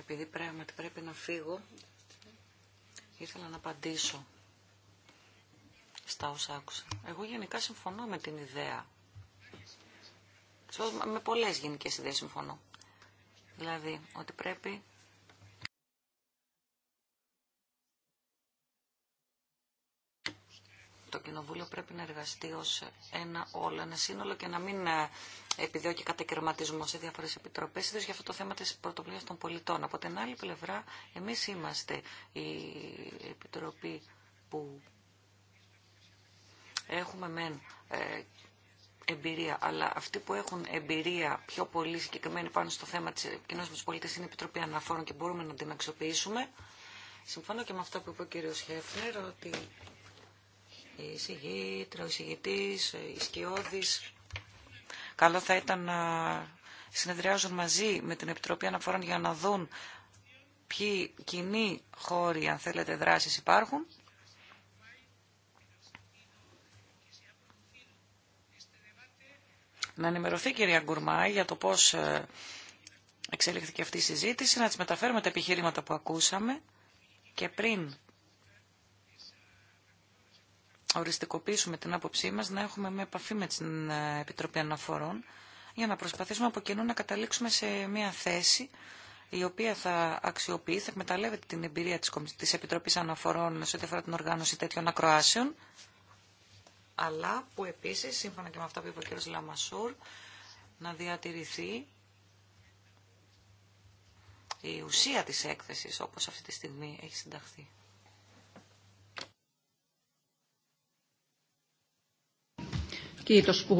Επειδή πράγματι πρέπει να φύγω, ήθελα να απαντήσω στα όσα άκουσα. Εγώ γενικά συμφωνώ με την ιδέα. Με πολλές γενικές ιδέες συμφωνώ. Δηλαδή, ότι πρέπει Το Κοινοβούλιο πρέπει να εργαστεί ως ένα όλο, ένα σύνολο και να μην ε, επιδιώκει κατακαιρματισμό σε διάφορε επιτροπέ, ιδίω για αυτό το θέμα τη πρωτοβουλία των πολιτών. Από την άλλη πλευρά, εμεί είμαστε η επιτροπή που έχουμε μεν ε, εμπειρία, αλλά αυτοί που έχουν εμπειρία πιο πολύ συγκεκριμένη πάνω στο θέμα τη κοινότητα με είναι η Επιτροπή Αναφόρων και μπορούμε να την αξιοποιήσουμε. Συμφωνώ και με αυτό που είπε ο κύριος Χέφνερ, ότι η συγγήτρα, ο οι Καλό θα ήταν να συνεδριάζουν μαζί με την Επιτροπή Αναφορών για να δουν ποιοι κοινοί χώροι, αν θέλετε, δράσεις υπάρχουν. Να ενημερωθεί η κυρία Γκουρμάη για το πώς ε, εξελίχθηκε αυτή η συζήτηση, να της μεταφέρουμε τα επιχείρηματα που ακούσαμε και πριν οριστικοποιήσουμε την άποψή μας, να έχουμε με επαφή με την ε, Επιτροπή Αναφορών, για να προσπαθήσουμε από κοινού να καταλήξουμε σε μια θέση η οποία θα αξιοποιεί, θα εκμεταλλεύεται την εμπειρία της Επιτροπής Αναφορών σε ό,τι αφορά την οργάνωση τέτοιων ακροάσεων, αλλά που επίσης, σύμφωνα και με αυτά που είπε ο κ. Λαμασούρ, να διατηρηθεί η ουσία της έκθεσης όπως αυτή τη στιγμή έχει συνταχθεί. Ευχαριστώ.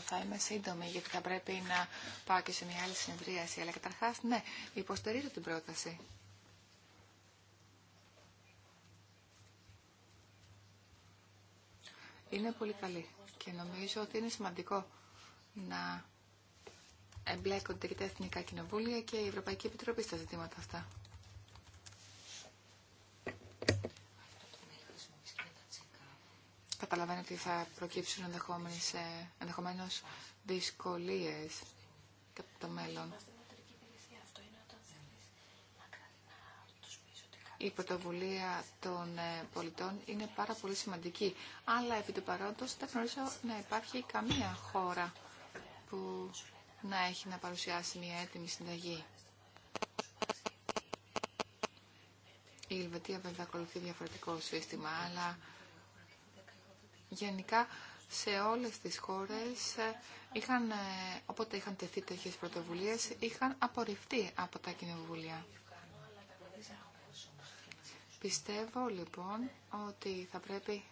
Θα είμαι σύντομη γιατί θα πρέπει να πάω και σε μια άλλη συνεδρίαση. Αλλά καταρχά, ναι, υποστηρίζω την πρόταση. Είναι πολύ καλή και νομίζω ότι είναι σημαντικό να εμπλέκονται και τα Εθνικά Κοινοβούλια και η Ευρωπαϊκή Επιτροπή στα ζητήματα αυτά. καταλαβαίνω ότι θα προκύψουν ε, ενδεχομένω δυσκολίε κατά το μέλλον. Η πρωτοβουλία των ε, πολιτών είναι πάρα πολύ σημαντική, αλλά επί του παρόντος δεν γνωρίζω να υπάρχει καμία χώρα που να έχει να παρουσιάσει μια έτοιμη συνταγή. Η Ελβετία βέβαια ακολουθεί διαφορετικό σύστημα, αλλά γενικά σε όλες τις χώρες ε, είχαν, ε, όποτε είχαν τεθεί τέτοιες πρωτοβουλίες, είχαν απορριφθεί από τα κοινοβουλία. Πιστεύω λοιπόν ότι θα πρέπει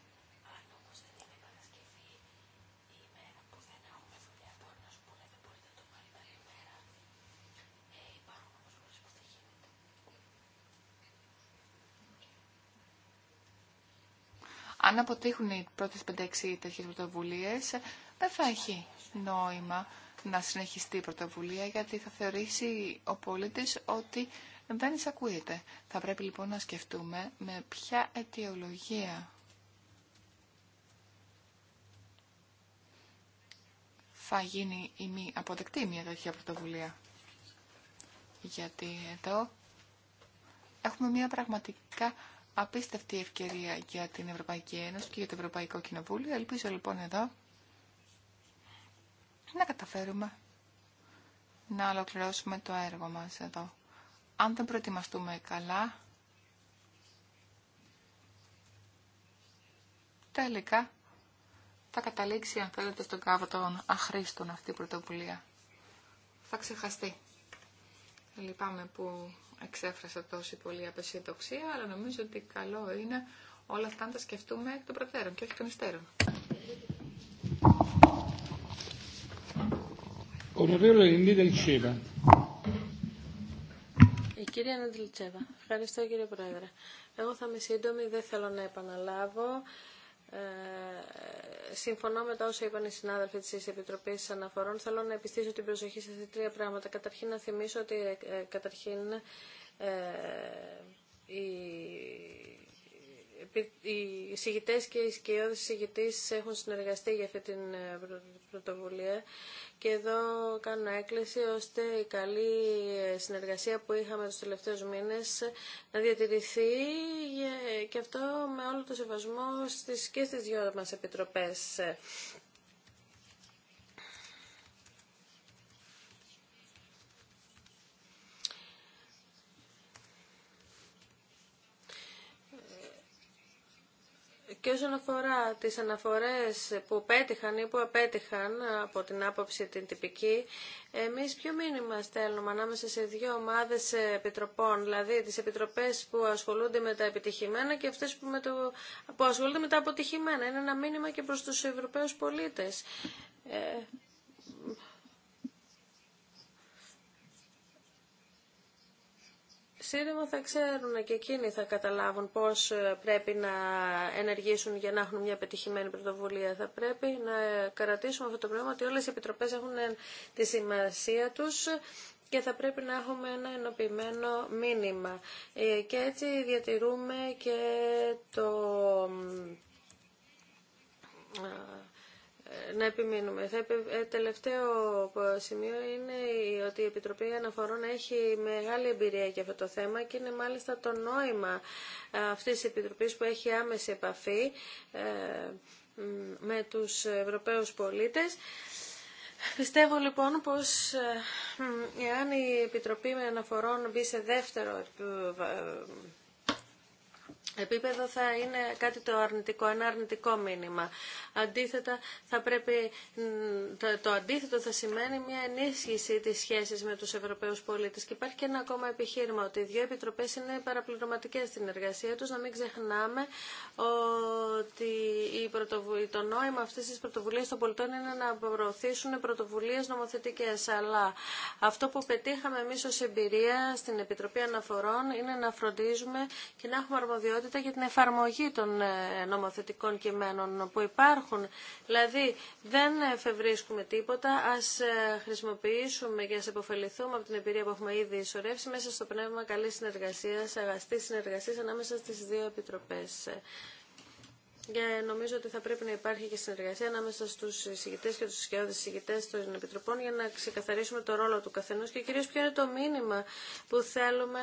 Αν αποτύχουν οι πρώτες 5-6 τέτοιες πρωτοβουλίες, δεν θα έχει νόημα να συνεχιστεί η πρωτοβουλία, γιατί θα θεωρήσει ο πολίτης ότι δεν εισακούεται. Θα πρέπει λοιπόν να σκεφτούμε με ποια αιτιολογία θα γίνει η μη αποδεκτή μια τέτοια πρωτοβουλία. Γιατί εδώ έχουμε μια πραγματικά απίστευτη ευκαιρία για την Ευρωπαϊκή Ένωση και για το Ευρωπαϊκό Κοινοβούλιο. Ελπίζω λοιπόν εδώ να καταφέρουμε να ολοκληρώσουμε το έργο μας εδώ. Αν δεν προετοιμαστούμε καλά, τελικά θα καταλήξει, αν θέλετε, στον κάβο των αχρήστων αυτή η πρωτοβουλία. Θα ξεχαστεί. Λυπάμαι που εξέφρασα τόση πολύ απεσιοδοξία, αλλά νομίζω ότι καλό είναι όλα αυτά να τα σκεφτούμε εκ των προτέρων και όχι των υστέρων. Η κυρία Ευχαριστώ κύριε Πρόεδρε. Εγώ θα είμαι σύντομη, δεν θέλω να επαναλάβω ε, συμφωνώ με τα όσα είπαν οι συνάδελφοι τη Επιτροπή Αναφορών. Θέλω να επιστήσω την προσοχή σε τρία πράγματα. Καταρχήν να θυμίσω ότι ε, καταρχήν ε, η οι συγητέ και οι σκιώδες συγητής έχουν συνεργαστεί για αυτή την ε, πρωτοβουλία και εδώ κάνω έκκληση ώστε η καλή ε, συνεργασία που είχαμε τους τελευταίους μήνες να διατηρηθεί ε, και αυτό με όλο το σεβασμό στις, και στις δυο μας επιτροπές. Και όσον αφορά τις αναφορές που πέτυχαν ή που απέτυχαν από την άποψη την τυπική, εμείς ποιο μήνυμα στέλνουμε ανάμεσα σε δύο ομάδες επιτροπών, δηλαδή τις επιτροπές που ασχολούνται με τα επιτυχημένα και αυτές που, με το, που ασχολούνται με τα αποτυχημένα. Είναι ένα μήνυμα και προς τους Ευρωπαίους πολίτες. Ε, ξύριμα θα ξέρουν και εκείνοι θα καταλάβουν πώς ε, πρέπει να ενεργήσουν για να έχουν μια πετυχημένη πρωτοβουλία. Θα πρέπει να κρατήσουμε αυτό το πράγμα ότι όλες οι επιτροπές έχουν τη σημασία τους και θα πρέπει να έχουμε ένα ενοποιημένο μήνυμα. Ε, και έτσι διατηρούμε και το να επιμείνουμε. Θα, ε, τελευταίο σημείο είναι ότι η Επιτροπή Αναφορών έχει μεγάλη εμπειρία για αυτό το θέμα και είναι μάλιστα το νόημα ε, αυτής της Επιτροπής που έχει άμεση επαφή ε, με τους Ευρωπαίους πολίτες. Πιστεύω λοιπόν πως εάν η Επιτροπή με αναφορών μπει σε δεύτερο επίπεδο θα είναι κάτι το αρνητικό, ένα αρνητικό μήνυμα. Αντίθετα, θα πρέπει, το, το αντίθετο θα σημαίνει μια ενίσχυση της σχέσης με τους Ευρωπαίους πολίτες. Και υπάρχει και ένα ακόμα επιχείρημα, ότι οι δύο επιτροπές είναι παραπληρωματικές στην εργασία τους. Να μην ξεχνάμε ότι η το νόημα αυτής της πρωτοβουλίας των πολιτών είναι να προωθήσουν πρωτοβουλίες νομοθετικές. Αλλά αυτό που πετύχαμε εμείς ως εμπειρία στην Επιτροπή Αναφορών είναι να φροντίζουμε και να έχουμε αρμοδιότητα και για την εφαρμογή των ε, νομοθετικών κειμένων που υπάρχουν. Δηλαδή δεν εφευρίσκουμε τίποτα, α ε, χρησιμοποιήσουμε και α επωφεληθούμε από την εμπειρία που έχουμε ήδη ισορρεύσει μέσα στο πνεύμα καλή συνεργασία, αγαστή συνεργασία ανάμεσα στι δύο επιτροπέ και νομίζω ότι θα πρέπει να υπάρχει και συνεργασία ανάμεσα στου εισηγητέ και του σχεδόν εισηγητέ των Επιτροπών για να ξεκαθαρίσουμε το ρόλο του καθενό και κυρίω ποιο είναι το μήνυμα που θέλουμε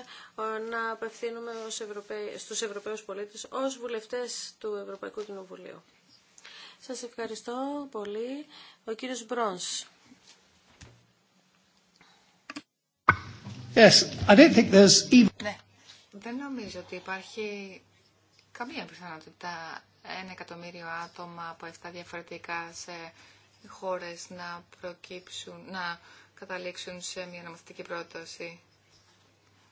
ε, να απευθύνουμε στου Ευρωπαίου πολίτε ω βουλευτέ του Ευρωπαϊκού Κοινοβουλίου. Σας ευχαριστώ πολύ. Ο κύριο Μπρόν. Yes, I don't think there's... Ναι, δεν νομίζω ότι υπάρχει καμία πιθανότητα ένα εκατομμύριο άτομα από 7 διαφορετικά σε χώρες να προκύψουν, να καταλήξουν σε μια νομοθετική πρόταση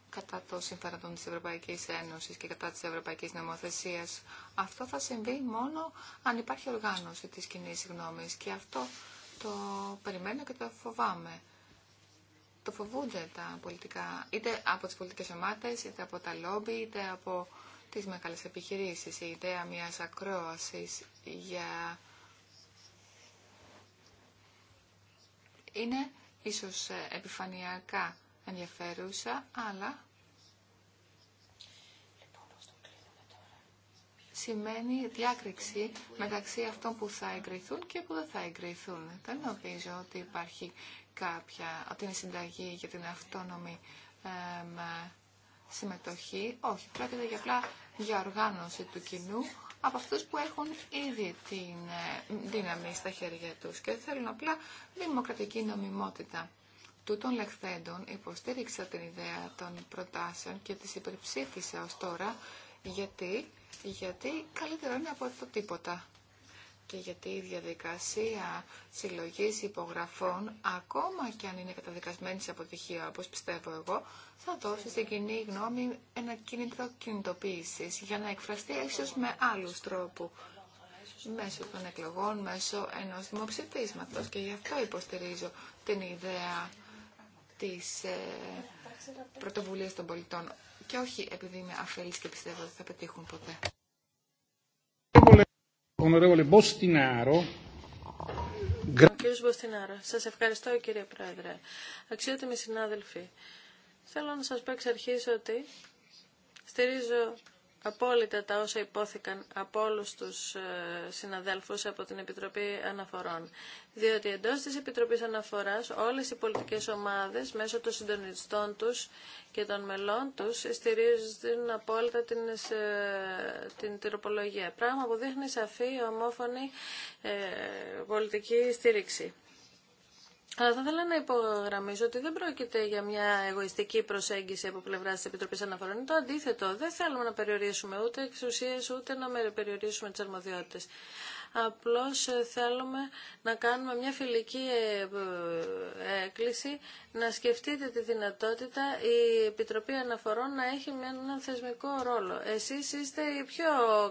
κατά το συμφέρον της Ευρωπαϊκής Ένωσης και κατά της Ευρωπαϊκής Νομοθεσίας. Αυτό θα συμβεί μόνο αν υπάρχει οργάνωση της κοινή γνώμη και αυτό το περιμένω και το φοβάμαι. Το φοβούνται τα πολιτικά, είτε από τις πολιτικές ομάδες, είτε από τα λόμπι, είτε από τις μεγάλες επιχειρήσεις. Η ιδέα μιας ακρόασης για... είναι ίσως ε, επιφανειακά ενδιαφέρουσα, αλλά σημαίνει διάκριξη μεταξύ αυτών που θα εγκριθούν και που δεν θα εγκριθούν. Δεν νομίζω ότι υπάρχει κάποια, ότι είναι συνταγή για την αυτόνομη συμμετοχή. Όχι, πρόκειται για απλά για οργάνωση του κοινού από αυτούς που έχουν ήδη την ε, δύναμη στα χέρια τους και θέλουν απλά δημοκρατική νομιμότητα. Τούτων λεχθέντων υποστήριξα την ιδέα των προτάσεων και τις υπερψήφισα ως τώρα γιατί, γιατί καλύτερο είναι από το τίποτα και γιατί η διαδικασία συλλογής υπογραφών, ακόμα και αν είναι καταδικασμένη σε αποτυχία, όπως πιστεύω εγώ, θα δώσει στην κοινή γνώμη ένα κίνητρο κινητοποίηση, για να εκφραστεί ίσω με άλλους τρόπου μέσω των εκλογών, μέσω ενός δημοψηφίσματος και γι' αυτό υποστηρίζω την ιδέα της ε, πρωτοβουλίας των πολιτών και όχι επειδή είμαι αφέλη και πιστεύω ότι θα πετύχουν ποτέ. Κύριε Μποστινάρο, σας ευχαριστώ κύριε Πρόεδρε. Αξιότιμοι συνάδελφοι, θέλω να σας πω εξ αρχής ότι στηρίζω απόλυτα τα όσα υπόθηκαν από όλου του ε, συναδέλφου από την Επιτροπή Αναφορών. Διότι εντό τη Επιτροπή Αναφορά όλε οι πολιτικέ ομάδε μέσω των συντονιστών του και των μελών του στηρίζουν απόλυτα την, ε, την τροπολογία. Πράγμα που δείχνει σαφή ομόφωνη ε, πολιτική στήριξη. Αλλά θα ήθελα να υπογραμμίσω ότι δεν πρόκειται για μια εγωιστική προσέγγιση από πλευρά τη Επιτροπή Αναφορών. Είναι το αντίθετο. Δεν θέλουμε να περιορίσουμε ούτε εξουσίε ούτε να περιορίσουμε τι αρμοδιότητε. Απλώ ε, θέλουμε να κάνουμε μια φιλική ε, ε, έκκληση να σκεφτείτε τη δυνατότητα η Επιτροπή Αναφορών να έχει έναν θεσμικό ρόλο. Εσεί είστε οι πιο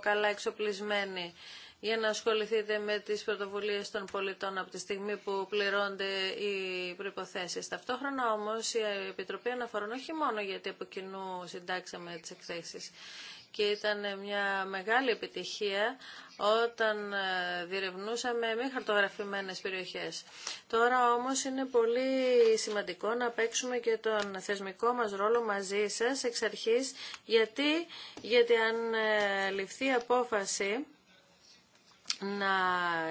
καλά εξοπλισμένοι για να ασχοληθείτε με τις πρωτοβουλίες των πολιτών από τη στιγμή που πληρώνται οι προϋποθέσεις. Ταυτόχρονα όμως η Επιτροπή αναφορών όχι μόνο γιατί από κοινού συντάξαμε τις εκθέσεις και ήταν μια μεγάλη επιτυχία όταν ε, διερευνούσαμε μη χαρτογραφημένες περιοχές. Τώρα όμως είναι πολύ σημαντικό να παίξουμε και τον θεσμικό μας ρόλο μαζί σας εξ αρχής γιατί, γιατί αν ε, ληφθεί απόφαση να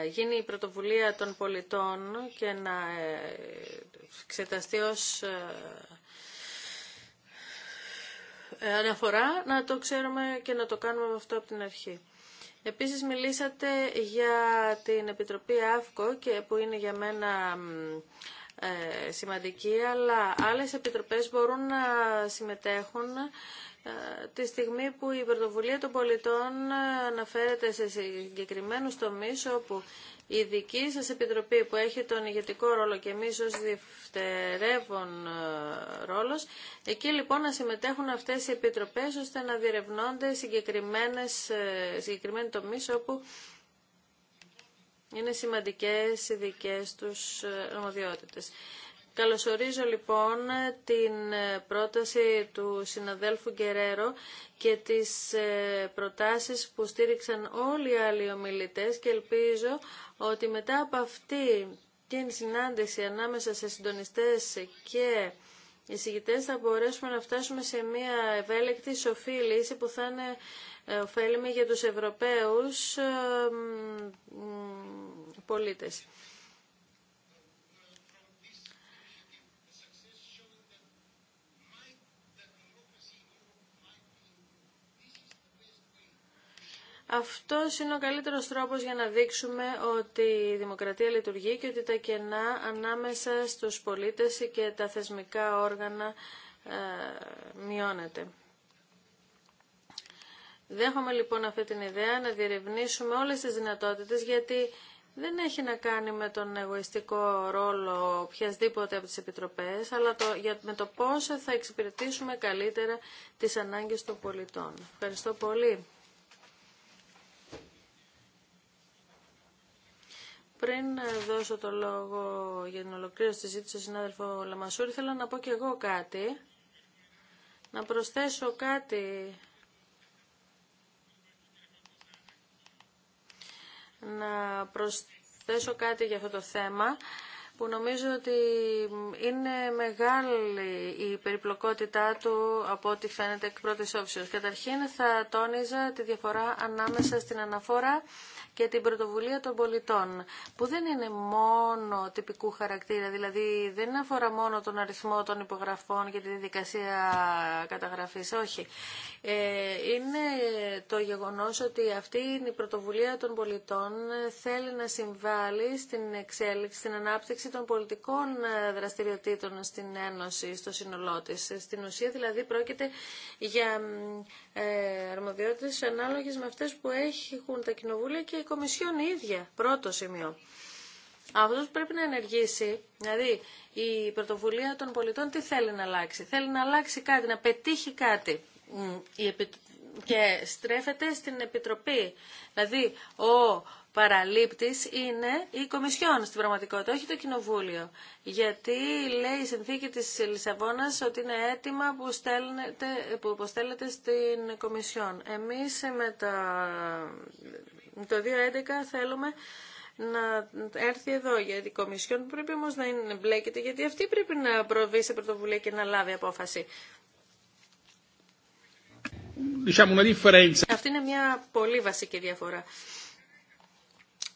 γίνει η πρωτοβουλία των πολιτών και να ε, εξεταστεί ως ε, ε, αναφορά, να το ξέρουμε και να το κάνουμε αυτό από την αρχή. Επίσης μιλήσατε για την Επιτροπή ΑΦΚΟ και που είναι για μένα σημαντική, αλλά άλλες επιτροπές μπορούν να συμμετέχουν ε, τη στιγμή που η πρωτοβουλία των πολιτών ε, αναφέρεται σε συγκεκριμένους τομείς όπου η δική σας επιτροπή που έχει τον ηγετικό ρόλο και εμείς ως διευτερεύον ε, ρόλος, εκεί λοιπόν να συμμετέχουν αυτές οι επιτροπές ώστε να διερευνώνται συγκεκριμένες, συγκεκριμένοι τομείς όπου είναι σημαντικές οι δικές τους νομοδιότητες. Καλωσορίζω λοιπόν την ε, πρόταση του συναδέλφου Γκερέρο και τις ε, προτάσεις που στήριξαν όλοι οι άλλοι ομιλητές και ελπίζω ότι μετά από αυτή την συνάντηση ανάμεσα σε συντονιστές και οι θα μπορέσουμε να φτάσουμε σε μια ευέλικτη σοφή λύση που θα είναι ε, ωφέλιμη για τους Ευρωπαίους πολίτες. Αυτό είναι ο καλύτερος τρόπος για να δείξουμε ότι η δημοκρατία λειτουργεί και ότι τα κενά ανάμεσα στους πολίτες και τα θεσμικά όργανα ε, μειώνεται. Δέχομαι λοιπόν αυτή την ιδέα να διερευνήσουμε όλες τις δυνατότητες γιατί δεν έχει να κάνει με τον εγωιστικό ρόλο οποιασδήποτε από τις επιτροπές, αλλά το, με το πώς θα εξυπηρετήσουμε καλύτερα τις ανάγκες των πολιτών. Ευχαριστώ πολύ. Πριν δώσω το λόγο για την ολοκλήρωση της ζήτησης συνάδελφο Λαμασούρη, θέλω να πω και εγώ κάτι, να προσθέσω κάτι να προσθέσω κάτι για αυτό το θέμα που νομίζω ότι είναι μεγάλη η περιπλοκότητά του από ό,τι φαίνεται εκ πρώτης όψεως. Καταρχήν θα τόνιζα τη διαφορά ανάμεσα στην αναφορά και την πρωτοβουλία των πολιτών, που δεν είναι μόνο τυπικού χαρακτήρα, δηλαδή δεν αφορά μόνο τον αριθμό των υπογραφών και τη δικασία καταγραφής, όχι. Ε, είναι το γεγονός ότι αυτή η πρωτοβουλία των πολιτών θέλει να συμβάλλει στην εξέλιξη, στην ανάπτυξη των πολιτικών ε, δραστηριοτήτων στην Ένωση, στο σύνολό τη. Στην ουσία δηλαδή πρόκειται για ε, αρμοδιότητες ανάλογες με αυτές που έχουν τα κοινοβούλια και Κομισιόν η ίδια. Πρώτο σημείο. Αυτό πρέπει να ενεργήσει, δηλαδή η πρωτοβουλία των πολιτών τι θέλει να αλλάξει. Θέλει να αλλάξει κάτι, να πετύχει κάτι και στρέφεται στην Επιτροπή. Δηλαδή ο παραλήπτης είναι η Κομισιόν στην πραγματικότητα, όχι το Κοινοβούλιο. Γιατί λέει η συνθήκη της Λισαβόνας ότι είναι έτοιμα που, στέλνετε, που στην Κομισιόν. Εμείς με τα το 2011 θέλουμε να έρθει εδώ για την Κομισιόν, πρέπει όμως να είναι, μπλέκεται, γιατί αυτή πρέπει να προβεί σε πρωτοβουλία και να λάβει απόφαση. Αυτή είναι μια πολύ βασική διαφορά.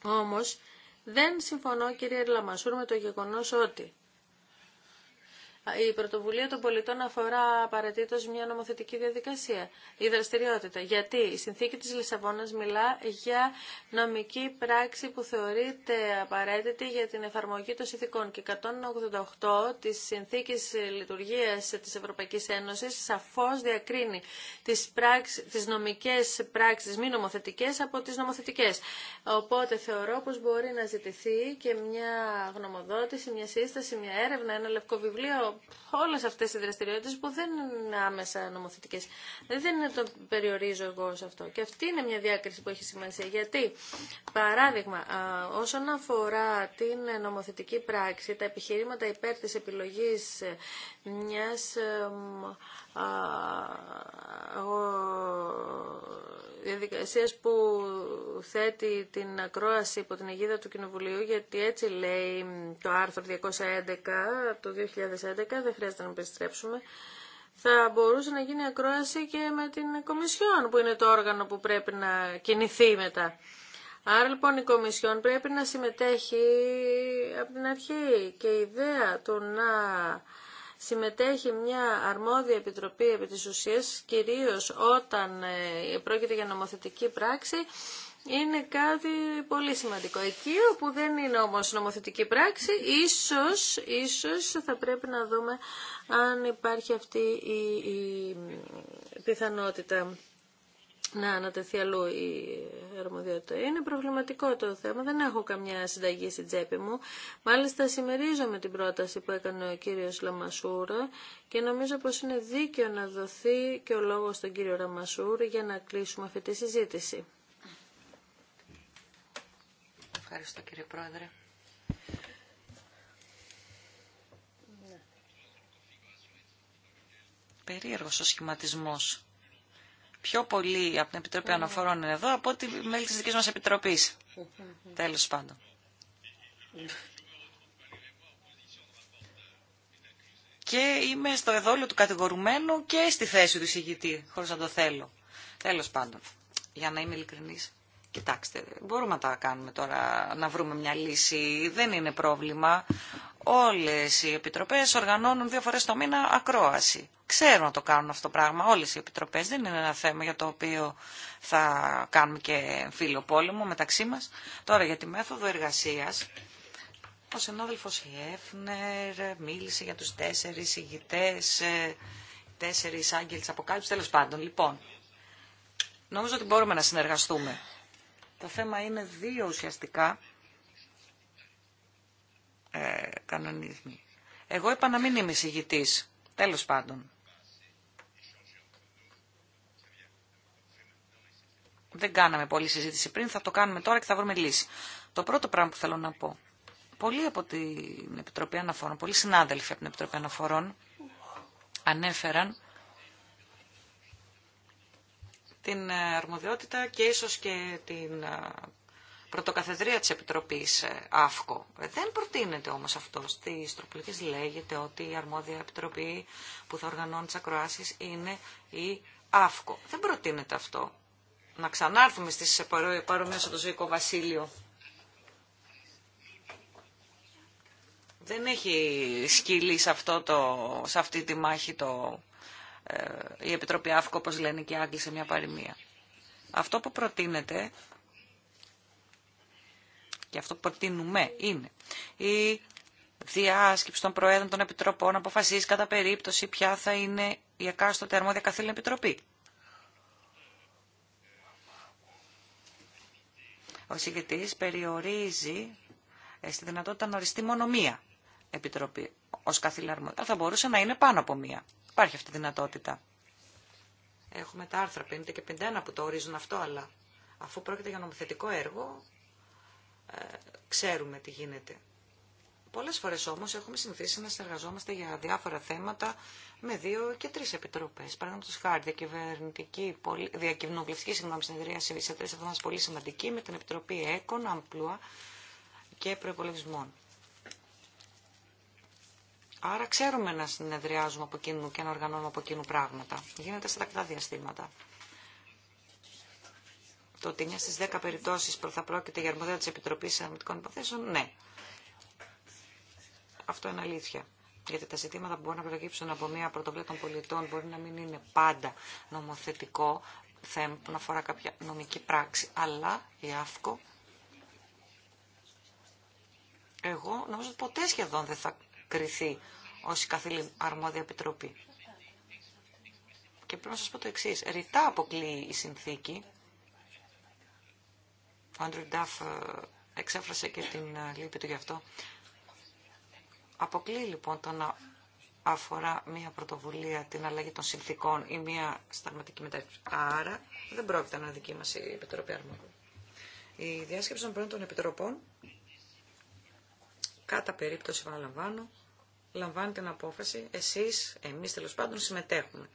Όμως, δεν συμφωνώ, κύριε Λαμασούρ, με το γεγονός ότι η πρωτοβουλία των πολιτών αφορά απαραίτητο μια νομοθετική διαδικασία ή δραστηριότητα. Γιατί η συνθήκη της Λισαβόνα μιλά για νομική πράξη που θεωρείται απαραίτητη για την εφαρμογή των συνθήκων και 188 της συνθήκης λειτουργίας της Ευρωπαϊκής Ένωσης σαφώ διακρίνει τις, πράξεις, τις νομικές πράξεις μη νομοθετικέ από τι νομοθετικέ. Οπότε θεωρώ πω μπορεί να ζητηθεί και μια γνωμοδότηση, μια σύσταση, μια έρευνα, ένα λευκό βιβλίο Όλε αυτές οι δραστηριότητες που δεν είναι άμεσα νομοθετικές. Δεν το περιορίζω εγώ σε αυτό. Και αυτή είναι μια διάκριση που έχει σημασία. Γιατί, παράδειγμα, όσον αφορά την νομοθετική πράξη, τα επιχειρήματα υπέρ τη επιλογής μιας διαδικασία που θέτει την ακρόαση υπό την αιγίδα του Κοινοβουλίου, γιατί έτσι λέει το άρθρο 211 το 2011, δεν χρειάζεται να επιστρέψουμε. Θα μπορούσε να γίνει ακρόαση και με την Κομισιόν, που είναι το όργανο που πρέπει να κινηθεί μετά. Άρα λοιπόν η Κομισιόν πρέπει να συμμετέχει από την αρχή και η ιδέα του να συμμετέχει μια αρμόδια επιτροπή επί της ουσίας, κυρίως όταν ε, πρόκειται για νομοθετική πράξη, είναι κάτι πολύ σημαντικό. Εκεί όπου δεν είναι όμως νομοθετική πράξη, ίσως, ίσως θα πρέπει να δούμε αν υπάρχει αυτή η, πιθανότητα να ανατεθεί αλλού η αρμοδιότητα. Είναι προβληματικό το θέμα, δεν έχω καμιά συνταγή στην τσέπη μου. Μάλιστα συμμερίζομαι την πρόταση που έκανε ο κύριος Λαμασούρα και νομίζω πως είναι δίκαιο να δοθεί και ο λόγος στον κύριο Λαμασούρα για να κλείσουμε αυτή τη συζήτηση. Ευχαριστώ κύριε Πρόεδρε. Περίεργος ο σχηματισμός. Πιο πολύ από την Επιτροπή ναι. Αναφορών είναι εδώ από ότι μέλη της δικής μας Επιτροπής. Τέλος πάντων. Και είμαι στο εδόλιο του κατηγορουμένου και στη θέση του εισηγητή, χωρίς να το θέλω. Τέλος πάντων, για να είμαι ειλικρινής. Κοιτάξτε, μπορούμε να τα κάνουμε τώρα, να βρούμε μια λύση. Δεν είναι πρόβλημα. Όλες οι επιτροπές οργανώνουν δύο φορές το μήνα ακρόαση. Ξέρουν να το κάνουν αυτό το πράγμα όλες οι επιτροπές. Δεν είναι ένα θέμα για το οποίο θα κάνουμε και φίλο πόλεμο μεταξύ μας. Τώρα για τη μέθοδο εργασίας. Ο συνάδελφος Ιεύνερ μίλησε για τους τέσσερις ηγητές, ε, τέσσερις άγγελες αποκάλυψης, τέλος πάντων. Λοιπόν, νομίζω ότι μπορούμε να συνεργαστούμε το θέμα είναι δύο ουσιαστικά ε, κανονισμοί. Εγώ είπα να μην είμαι συγητής, τέλος πάντων. Δεν κάναμε πολλή συζήτηση πριν, θα το κάνουμε τώρα και θα βρούμε λύση. Το πρώτο πράγμα που θέλω να πω. Πολλοί από την Επιτροπή Αναφορών, πολλοί συνάδελφοι από την Επιτροπή Αναφορών ανέφεραν την ε, αρμοδιότητα και ίσως και την ε, πρωτοκαθεδρία της Επιτροπής ε, ΑΦΚΟ. Δεν προτείνεται όμως αυτό. Στις τροπολογίες λέγεται ότι η αρμόδια επιτροπή που θα οργανώνει τις ακροάσεις είναι η ΑΦΚΟ. Δεν προτείνεται αυτό. Να ξανάρθουμε στις παρομοίες το ζωικό βασίλειο. Δεν έχει σκύλει αυτό το, σε αυτή τη μάχη το ε, η Επιτροπή ΑΦΚΟ, όπως λένε και οι Άγγλοι σε μια παροιμία. Αυτό που προτείνεται και αυτό που προτείνουμε είναι η διάσκεψη των Προέδρων των Επιτροπών να αποφασίσει κατά περίπτωση ποια θα είναι η εκάστοτε αρμόδια καθήλυνα επιτροπή. Ο συγκεκριτής περιορίζει ε, στη δυνατότητα να οριστεί μόνο μία επιτροπή ως καθήλαρμο. Θα μπορούσε να είναι πάνω από μία. Υπάρχει αυτή η δυνατότητα. Έχουμε τα άρθρα 50 και 51 που το ορίζουν αυτό, αλλά αφού πρόκειται για νομοθετικό έργο, ε, ξέρουμε τι γίνεται. Πολλέ φορέ όμω έχουμε συνηθίσει να συνεργαζόμαστε για διάφορα θέματα με δύο και τρει επιτροπέ. Παραδείγματο χάρη, διακυβερνητική, διακυβερνητική συγγνώμη, συνεδρίαση σε τρει εβδομάδε πολύ σημαντική με την Επιτροπή ΕΚΟΝ, Αμπλούα και Προπολογισμών. Άρα ξέρουμε να συνεδριάζουμε από κοινού και να οργανώνουμε από κοινού πράγματα. Γίνεται σε τακτά διαστήματα. Το ότι μια στις 10 περιπτώσεις που θα πρόκειται για αρμοδία της Επιτροπής Αναμυντικών Υποθέσεων, ναι. Αυτό είναι αλήθεια. Γιατί τα ζητήματα που μπορεί να προκύψουν από μια πρωτοβουλία των πολιτών μπορεί να μην είναι πάντα νομοθετικό θέμα που να αφορά κάποια νομική πράξη. Αλλά η ΑΦΚΟ εγώ νομίζω ότι ποτέ σχεδόν δεν θα κριθεί ως καθήλη αρμόδια επιτροπή. Και πρέπει να σας πω το εξής. Ρητά αποκλείει η συνθήκη. Ο Άντρου Ντάφ ε, εξέφρασε και την ε, λύπη του γι' αυτό. Αποκλείει λοιπόν το να αφορά μια πρωτοβουλία την αλλαγή των συνθήκων ή μια σταγματική μεταρρύθμιση. Άρα δεν πρόκειται να δική μας η Επιτροπή Αρμόδια. Η διάσκεψη των πρώτων επιτροπών, κατά περίπτωση παραλαμβάνω, λαμβάνει την απόφαση, εσείς, εμείς τέλο πάντων συμμετέχουμε.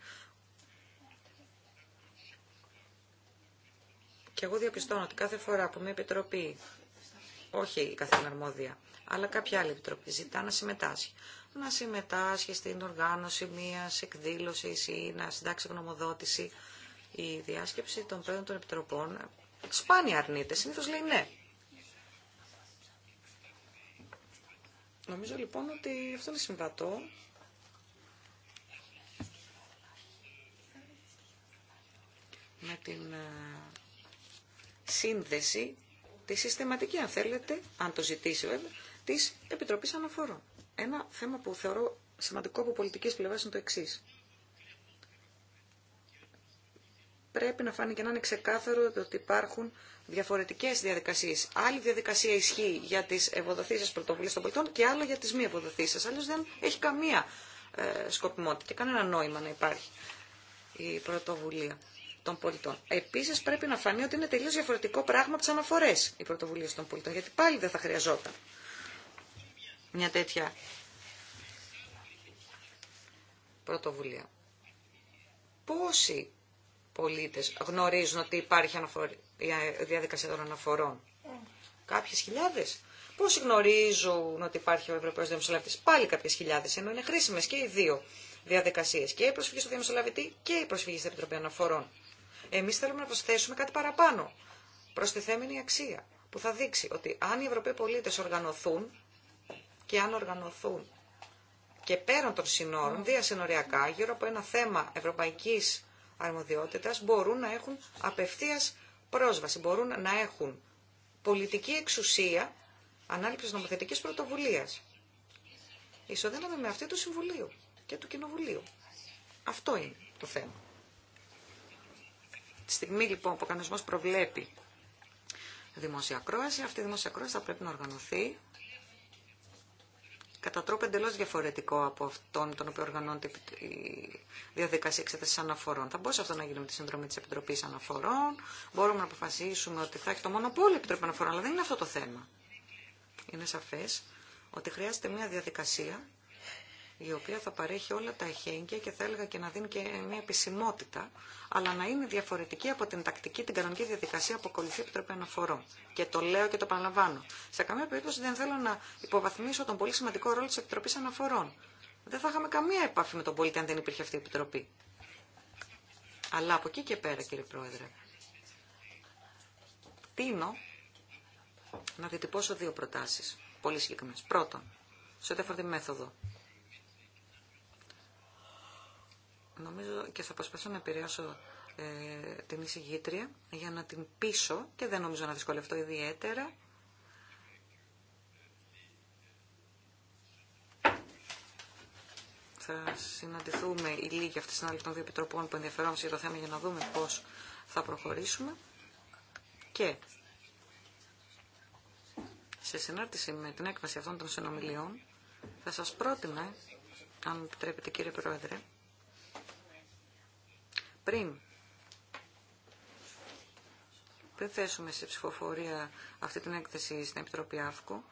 Και εγώ διαπιστώνω ότι κάθε φορά που μια επιτροπή, όχι η καθένα αλλά κάποια άλλη επιτροπή ζητά να συμμετάσχει. Να συμμετάσχει στην οργάνωση μια εκδήλωση ή να συντάξει γνωμοδότηση. Η διάσκεψη των πρόεδρων των επιτροπών σπάνια αρνείται. Συνήθω λέει ναι. Νομίζω λοιπόν ότι αυτό είναι συμβατό. με την ε, σύνδεση, τη συστηματική αν θέλετε, αν το ζητήσει βέβαια, της Επιτροπής Αναφορών. Ένα θέμα που θεωρώ σημαντικό από πολιτικής πλευράς είναι το εξής. πρέπει να φάνηκε να είναι ξεκάθαρο ότι υπάρχουν διαφορετικέ διαδικασίε. Άλλη διαδικασία ισχύει για τι ευοδοθήσει πρωτοβουλίε των πολιτών και άλλο για τι μη ευοδοθήσει. Αλλιώ δεν έχει καμία ε, σκοπιμότητα και κανένα νόημα να υπάρχει η πρωτοβουλία των πολιτών. Επίση πρέπει να φανεί ότι είναι τελείω διαφορετικό πράγμα από τι αναφορέ οι πρωτοβουλίε των πολιτών, γιατί πάλι δεν θα χρειαζόταν μια τέτοια πρωτοβουλία. Πόσοι πολίτες γνωρίζουν ότι υπάρχει διαδικασία των αναφορών. Mm. Κάποιες χιλιάδες. Πώς γνωρίζουν ότι υπάρχει ο Ευρωπαίος Διαμεσολαβητή. Πάλι κάποιες χιλιάδες, ενώ είναι χρήσιμες και οι δύο διαδικασίες. Και η προσφυγή στο Διαμεσολαβητή και η προσφυγή στην Επιτροπή Αναφορών. Εμείς θέλουμε να προσθέσουμε κάτι παραπάνω. Προστιθέμενη αξία που θα δείξει ότι αν οι Ευρωπαίοι πολίτες οργανωθούν και αν οργανωθούν και πέραν των συνόρων, διασυνοριακά, γύρω από ένα θέμα ευρωπαϊκής αρμοδιότητας μπορούν να έχουν απευθείας πρόσβαση, μπορούν να έχουν πολιτική εξουσία ανάληψης νομοθετικής πρωτοβουλίας. Ισοδύναμε με αυτή του Συμβουλίου και του Κοινοβουλίου. Αυτό είναι το θέμα. Τη στιγμή λοιπόν που ο κανονισμός προβλέπει δημοσιακρόαση, αυτή η δημοσιακρόαση θα πρέπει να οργανωθεί κατά τρόπο εντελώ διαφορετικό από αυτόν τον οποίο οργανώνεται η διαδικασία εξέταση αναφορών. Θα μπορούσε αυτό να γίνει με τη συνδρομή τη Επιτροπή Αναφορών. Μπορούμε να αποφασίσουμε ότι θα έχει το μονοπόλιο η Επιτροπή Αναφορών, αλλά δεν είναι αυτό το θέμα. Είναι σαφέ ότι χρειάζεται μια διαδικασία η οποία θα παρέχει όλα τα εχέγγυα και θα έλεγα και να δίνει και μια επισημότητα, αλλά να είναι διαφορετική από την τακτική, την κανονική διαδικασία που ακολουθεί η Επιτροπή Αναφορών. Και το λέω και το παραλαμβάνω. Σε καμία περίπτωση δεν θέλω να υποβαθμίσω τον πολύ σημαντικό ρόλο τη Επιτροπή Αναφορών. Δεν θα είχαμε καμία επαφή με τον πολίτη αν δεν υπήρχε αυτή η Επιτροπή. Αλλά από εκεί και πέρα, κύριε Πρόεδρε, τίνω να διατυπώσω δύο προτάσεις, πολύ συγκεκριμένες. Πρώτον, σε ό,τι αφορά μέθοδο, Νομίζω και θα προσπαθήσω να επηρεάσω ε, την εισηγήτρια για να την πείσω και δεν νομίζω να δυσκολευτώ ιδιαίτερα. Θα συναντηθούμε οι λίγοι αυτοί συνάδελφοι των δύο επιτροπών που ενδιαφερόμαστε για το θέμα για να δούμε πώς θα προχωρήσουμε. Και σε συνάρτηση με την έκβαση αυτών των συνομιλιών θα σας πρότεινα, αν επιτρέπετε κύριε Πρόεδρε, πριν, θέσουμε σε ψηφοφορία αυτή την έκθεση στην Επιτροπή ΑΦΚΟ,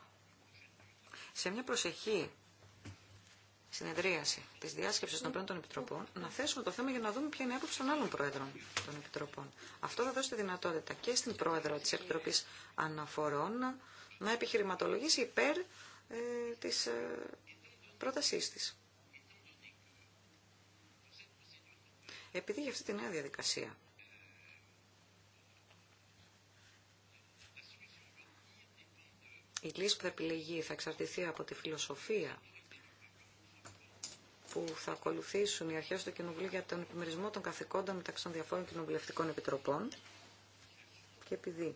σε μια προσεχή συνεδρίαση της διάσκεψης των πρώτων των Επιτροπών, να θέσουμε το θέμα για να δούμε ποια είναι η άποψη των άλλων Πρόεδρων των Επιτροπών. Αυτό θα δώσει τη δυνατότητα και στην Πρόεδρο της Επιτροπής Αναφορών να επιχειρηματολογήσει υπέρ ε, τη ε, πρότασή τη. επειδή για αυτή τη νέα διαδικασία η λύση που θα επιλεγεί θα εξαρτηθεί από τη φιλοσοφία που θα ακολουθήσουν οι αρχές του Κοινοβουλίου για τον επιμερισμό των καθηκόντων μεταξύ των διαφόρων κοινοβουλευτικών επιτροπών και επειδή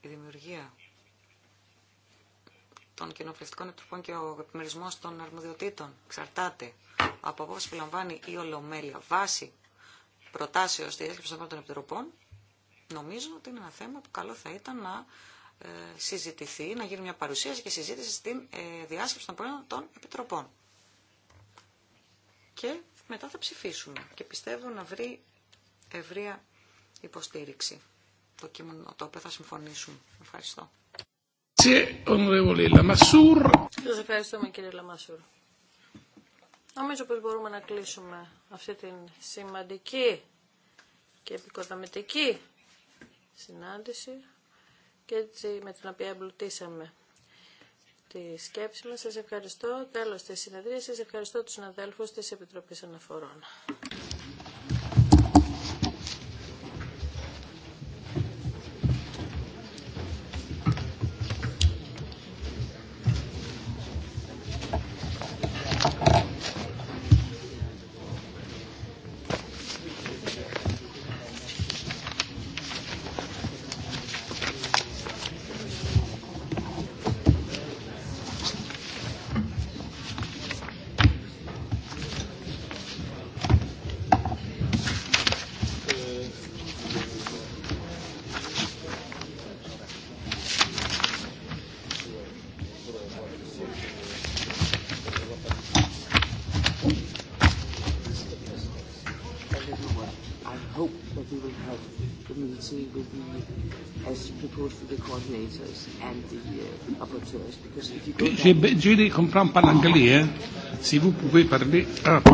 η δημιουργία των κοινοβουλευτικών επιτροπών και ο επιμερισμός των αρμοδιοτήτων εξαρτάται από απόφαση που λαμβάνει η Ολομέλεια βάση προτάσεως στη διάσκεψη των Επιτροπών, νομίζω ότι είναι ένα θέμα που καλό θα ήταν να ε, συζητηθεί, να γίνει μια παρουσίαση και συζήτηση στην ε, διάσκεψη των πρώτων των Επιτροπών. Και μετά θα ψηφίσουμε και πιστεύω να βρει ευρεία υποστήριξη το κείμενο το οποίο θα συμφωνήσουμε. Ευχαριστώ. Σας ευχαριστούμε κύριε Λαμασούρ. Νομίζω πως μπορούμε να κλείσουμε αυτή την σημαντική και επικοδομητική συνάντηση και έτσι με την οποία εμπλουτίσαμε τη σκέψη μας. Σας ευχαριστώ. Τέλος της συνεδρίας. ευχαριστώ τους συναδέλφους της Επιτροπής Αναφορών. both the coordinators Si vous pouvez parler...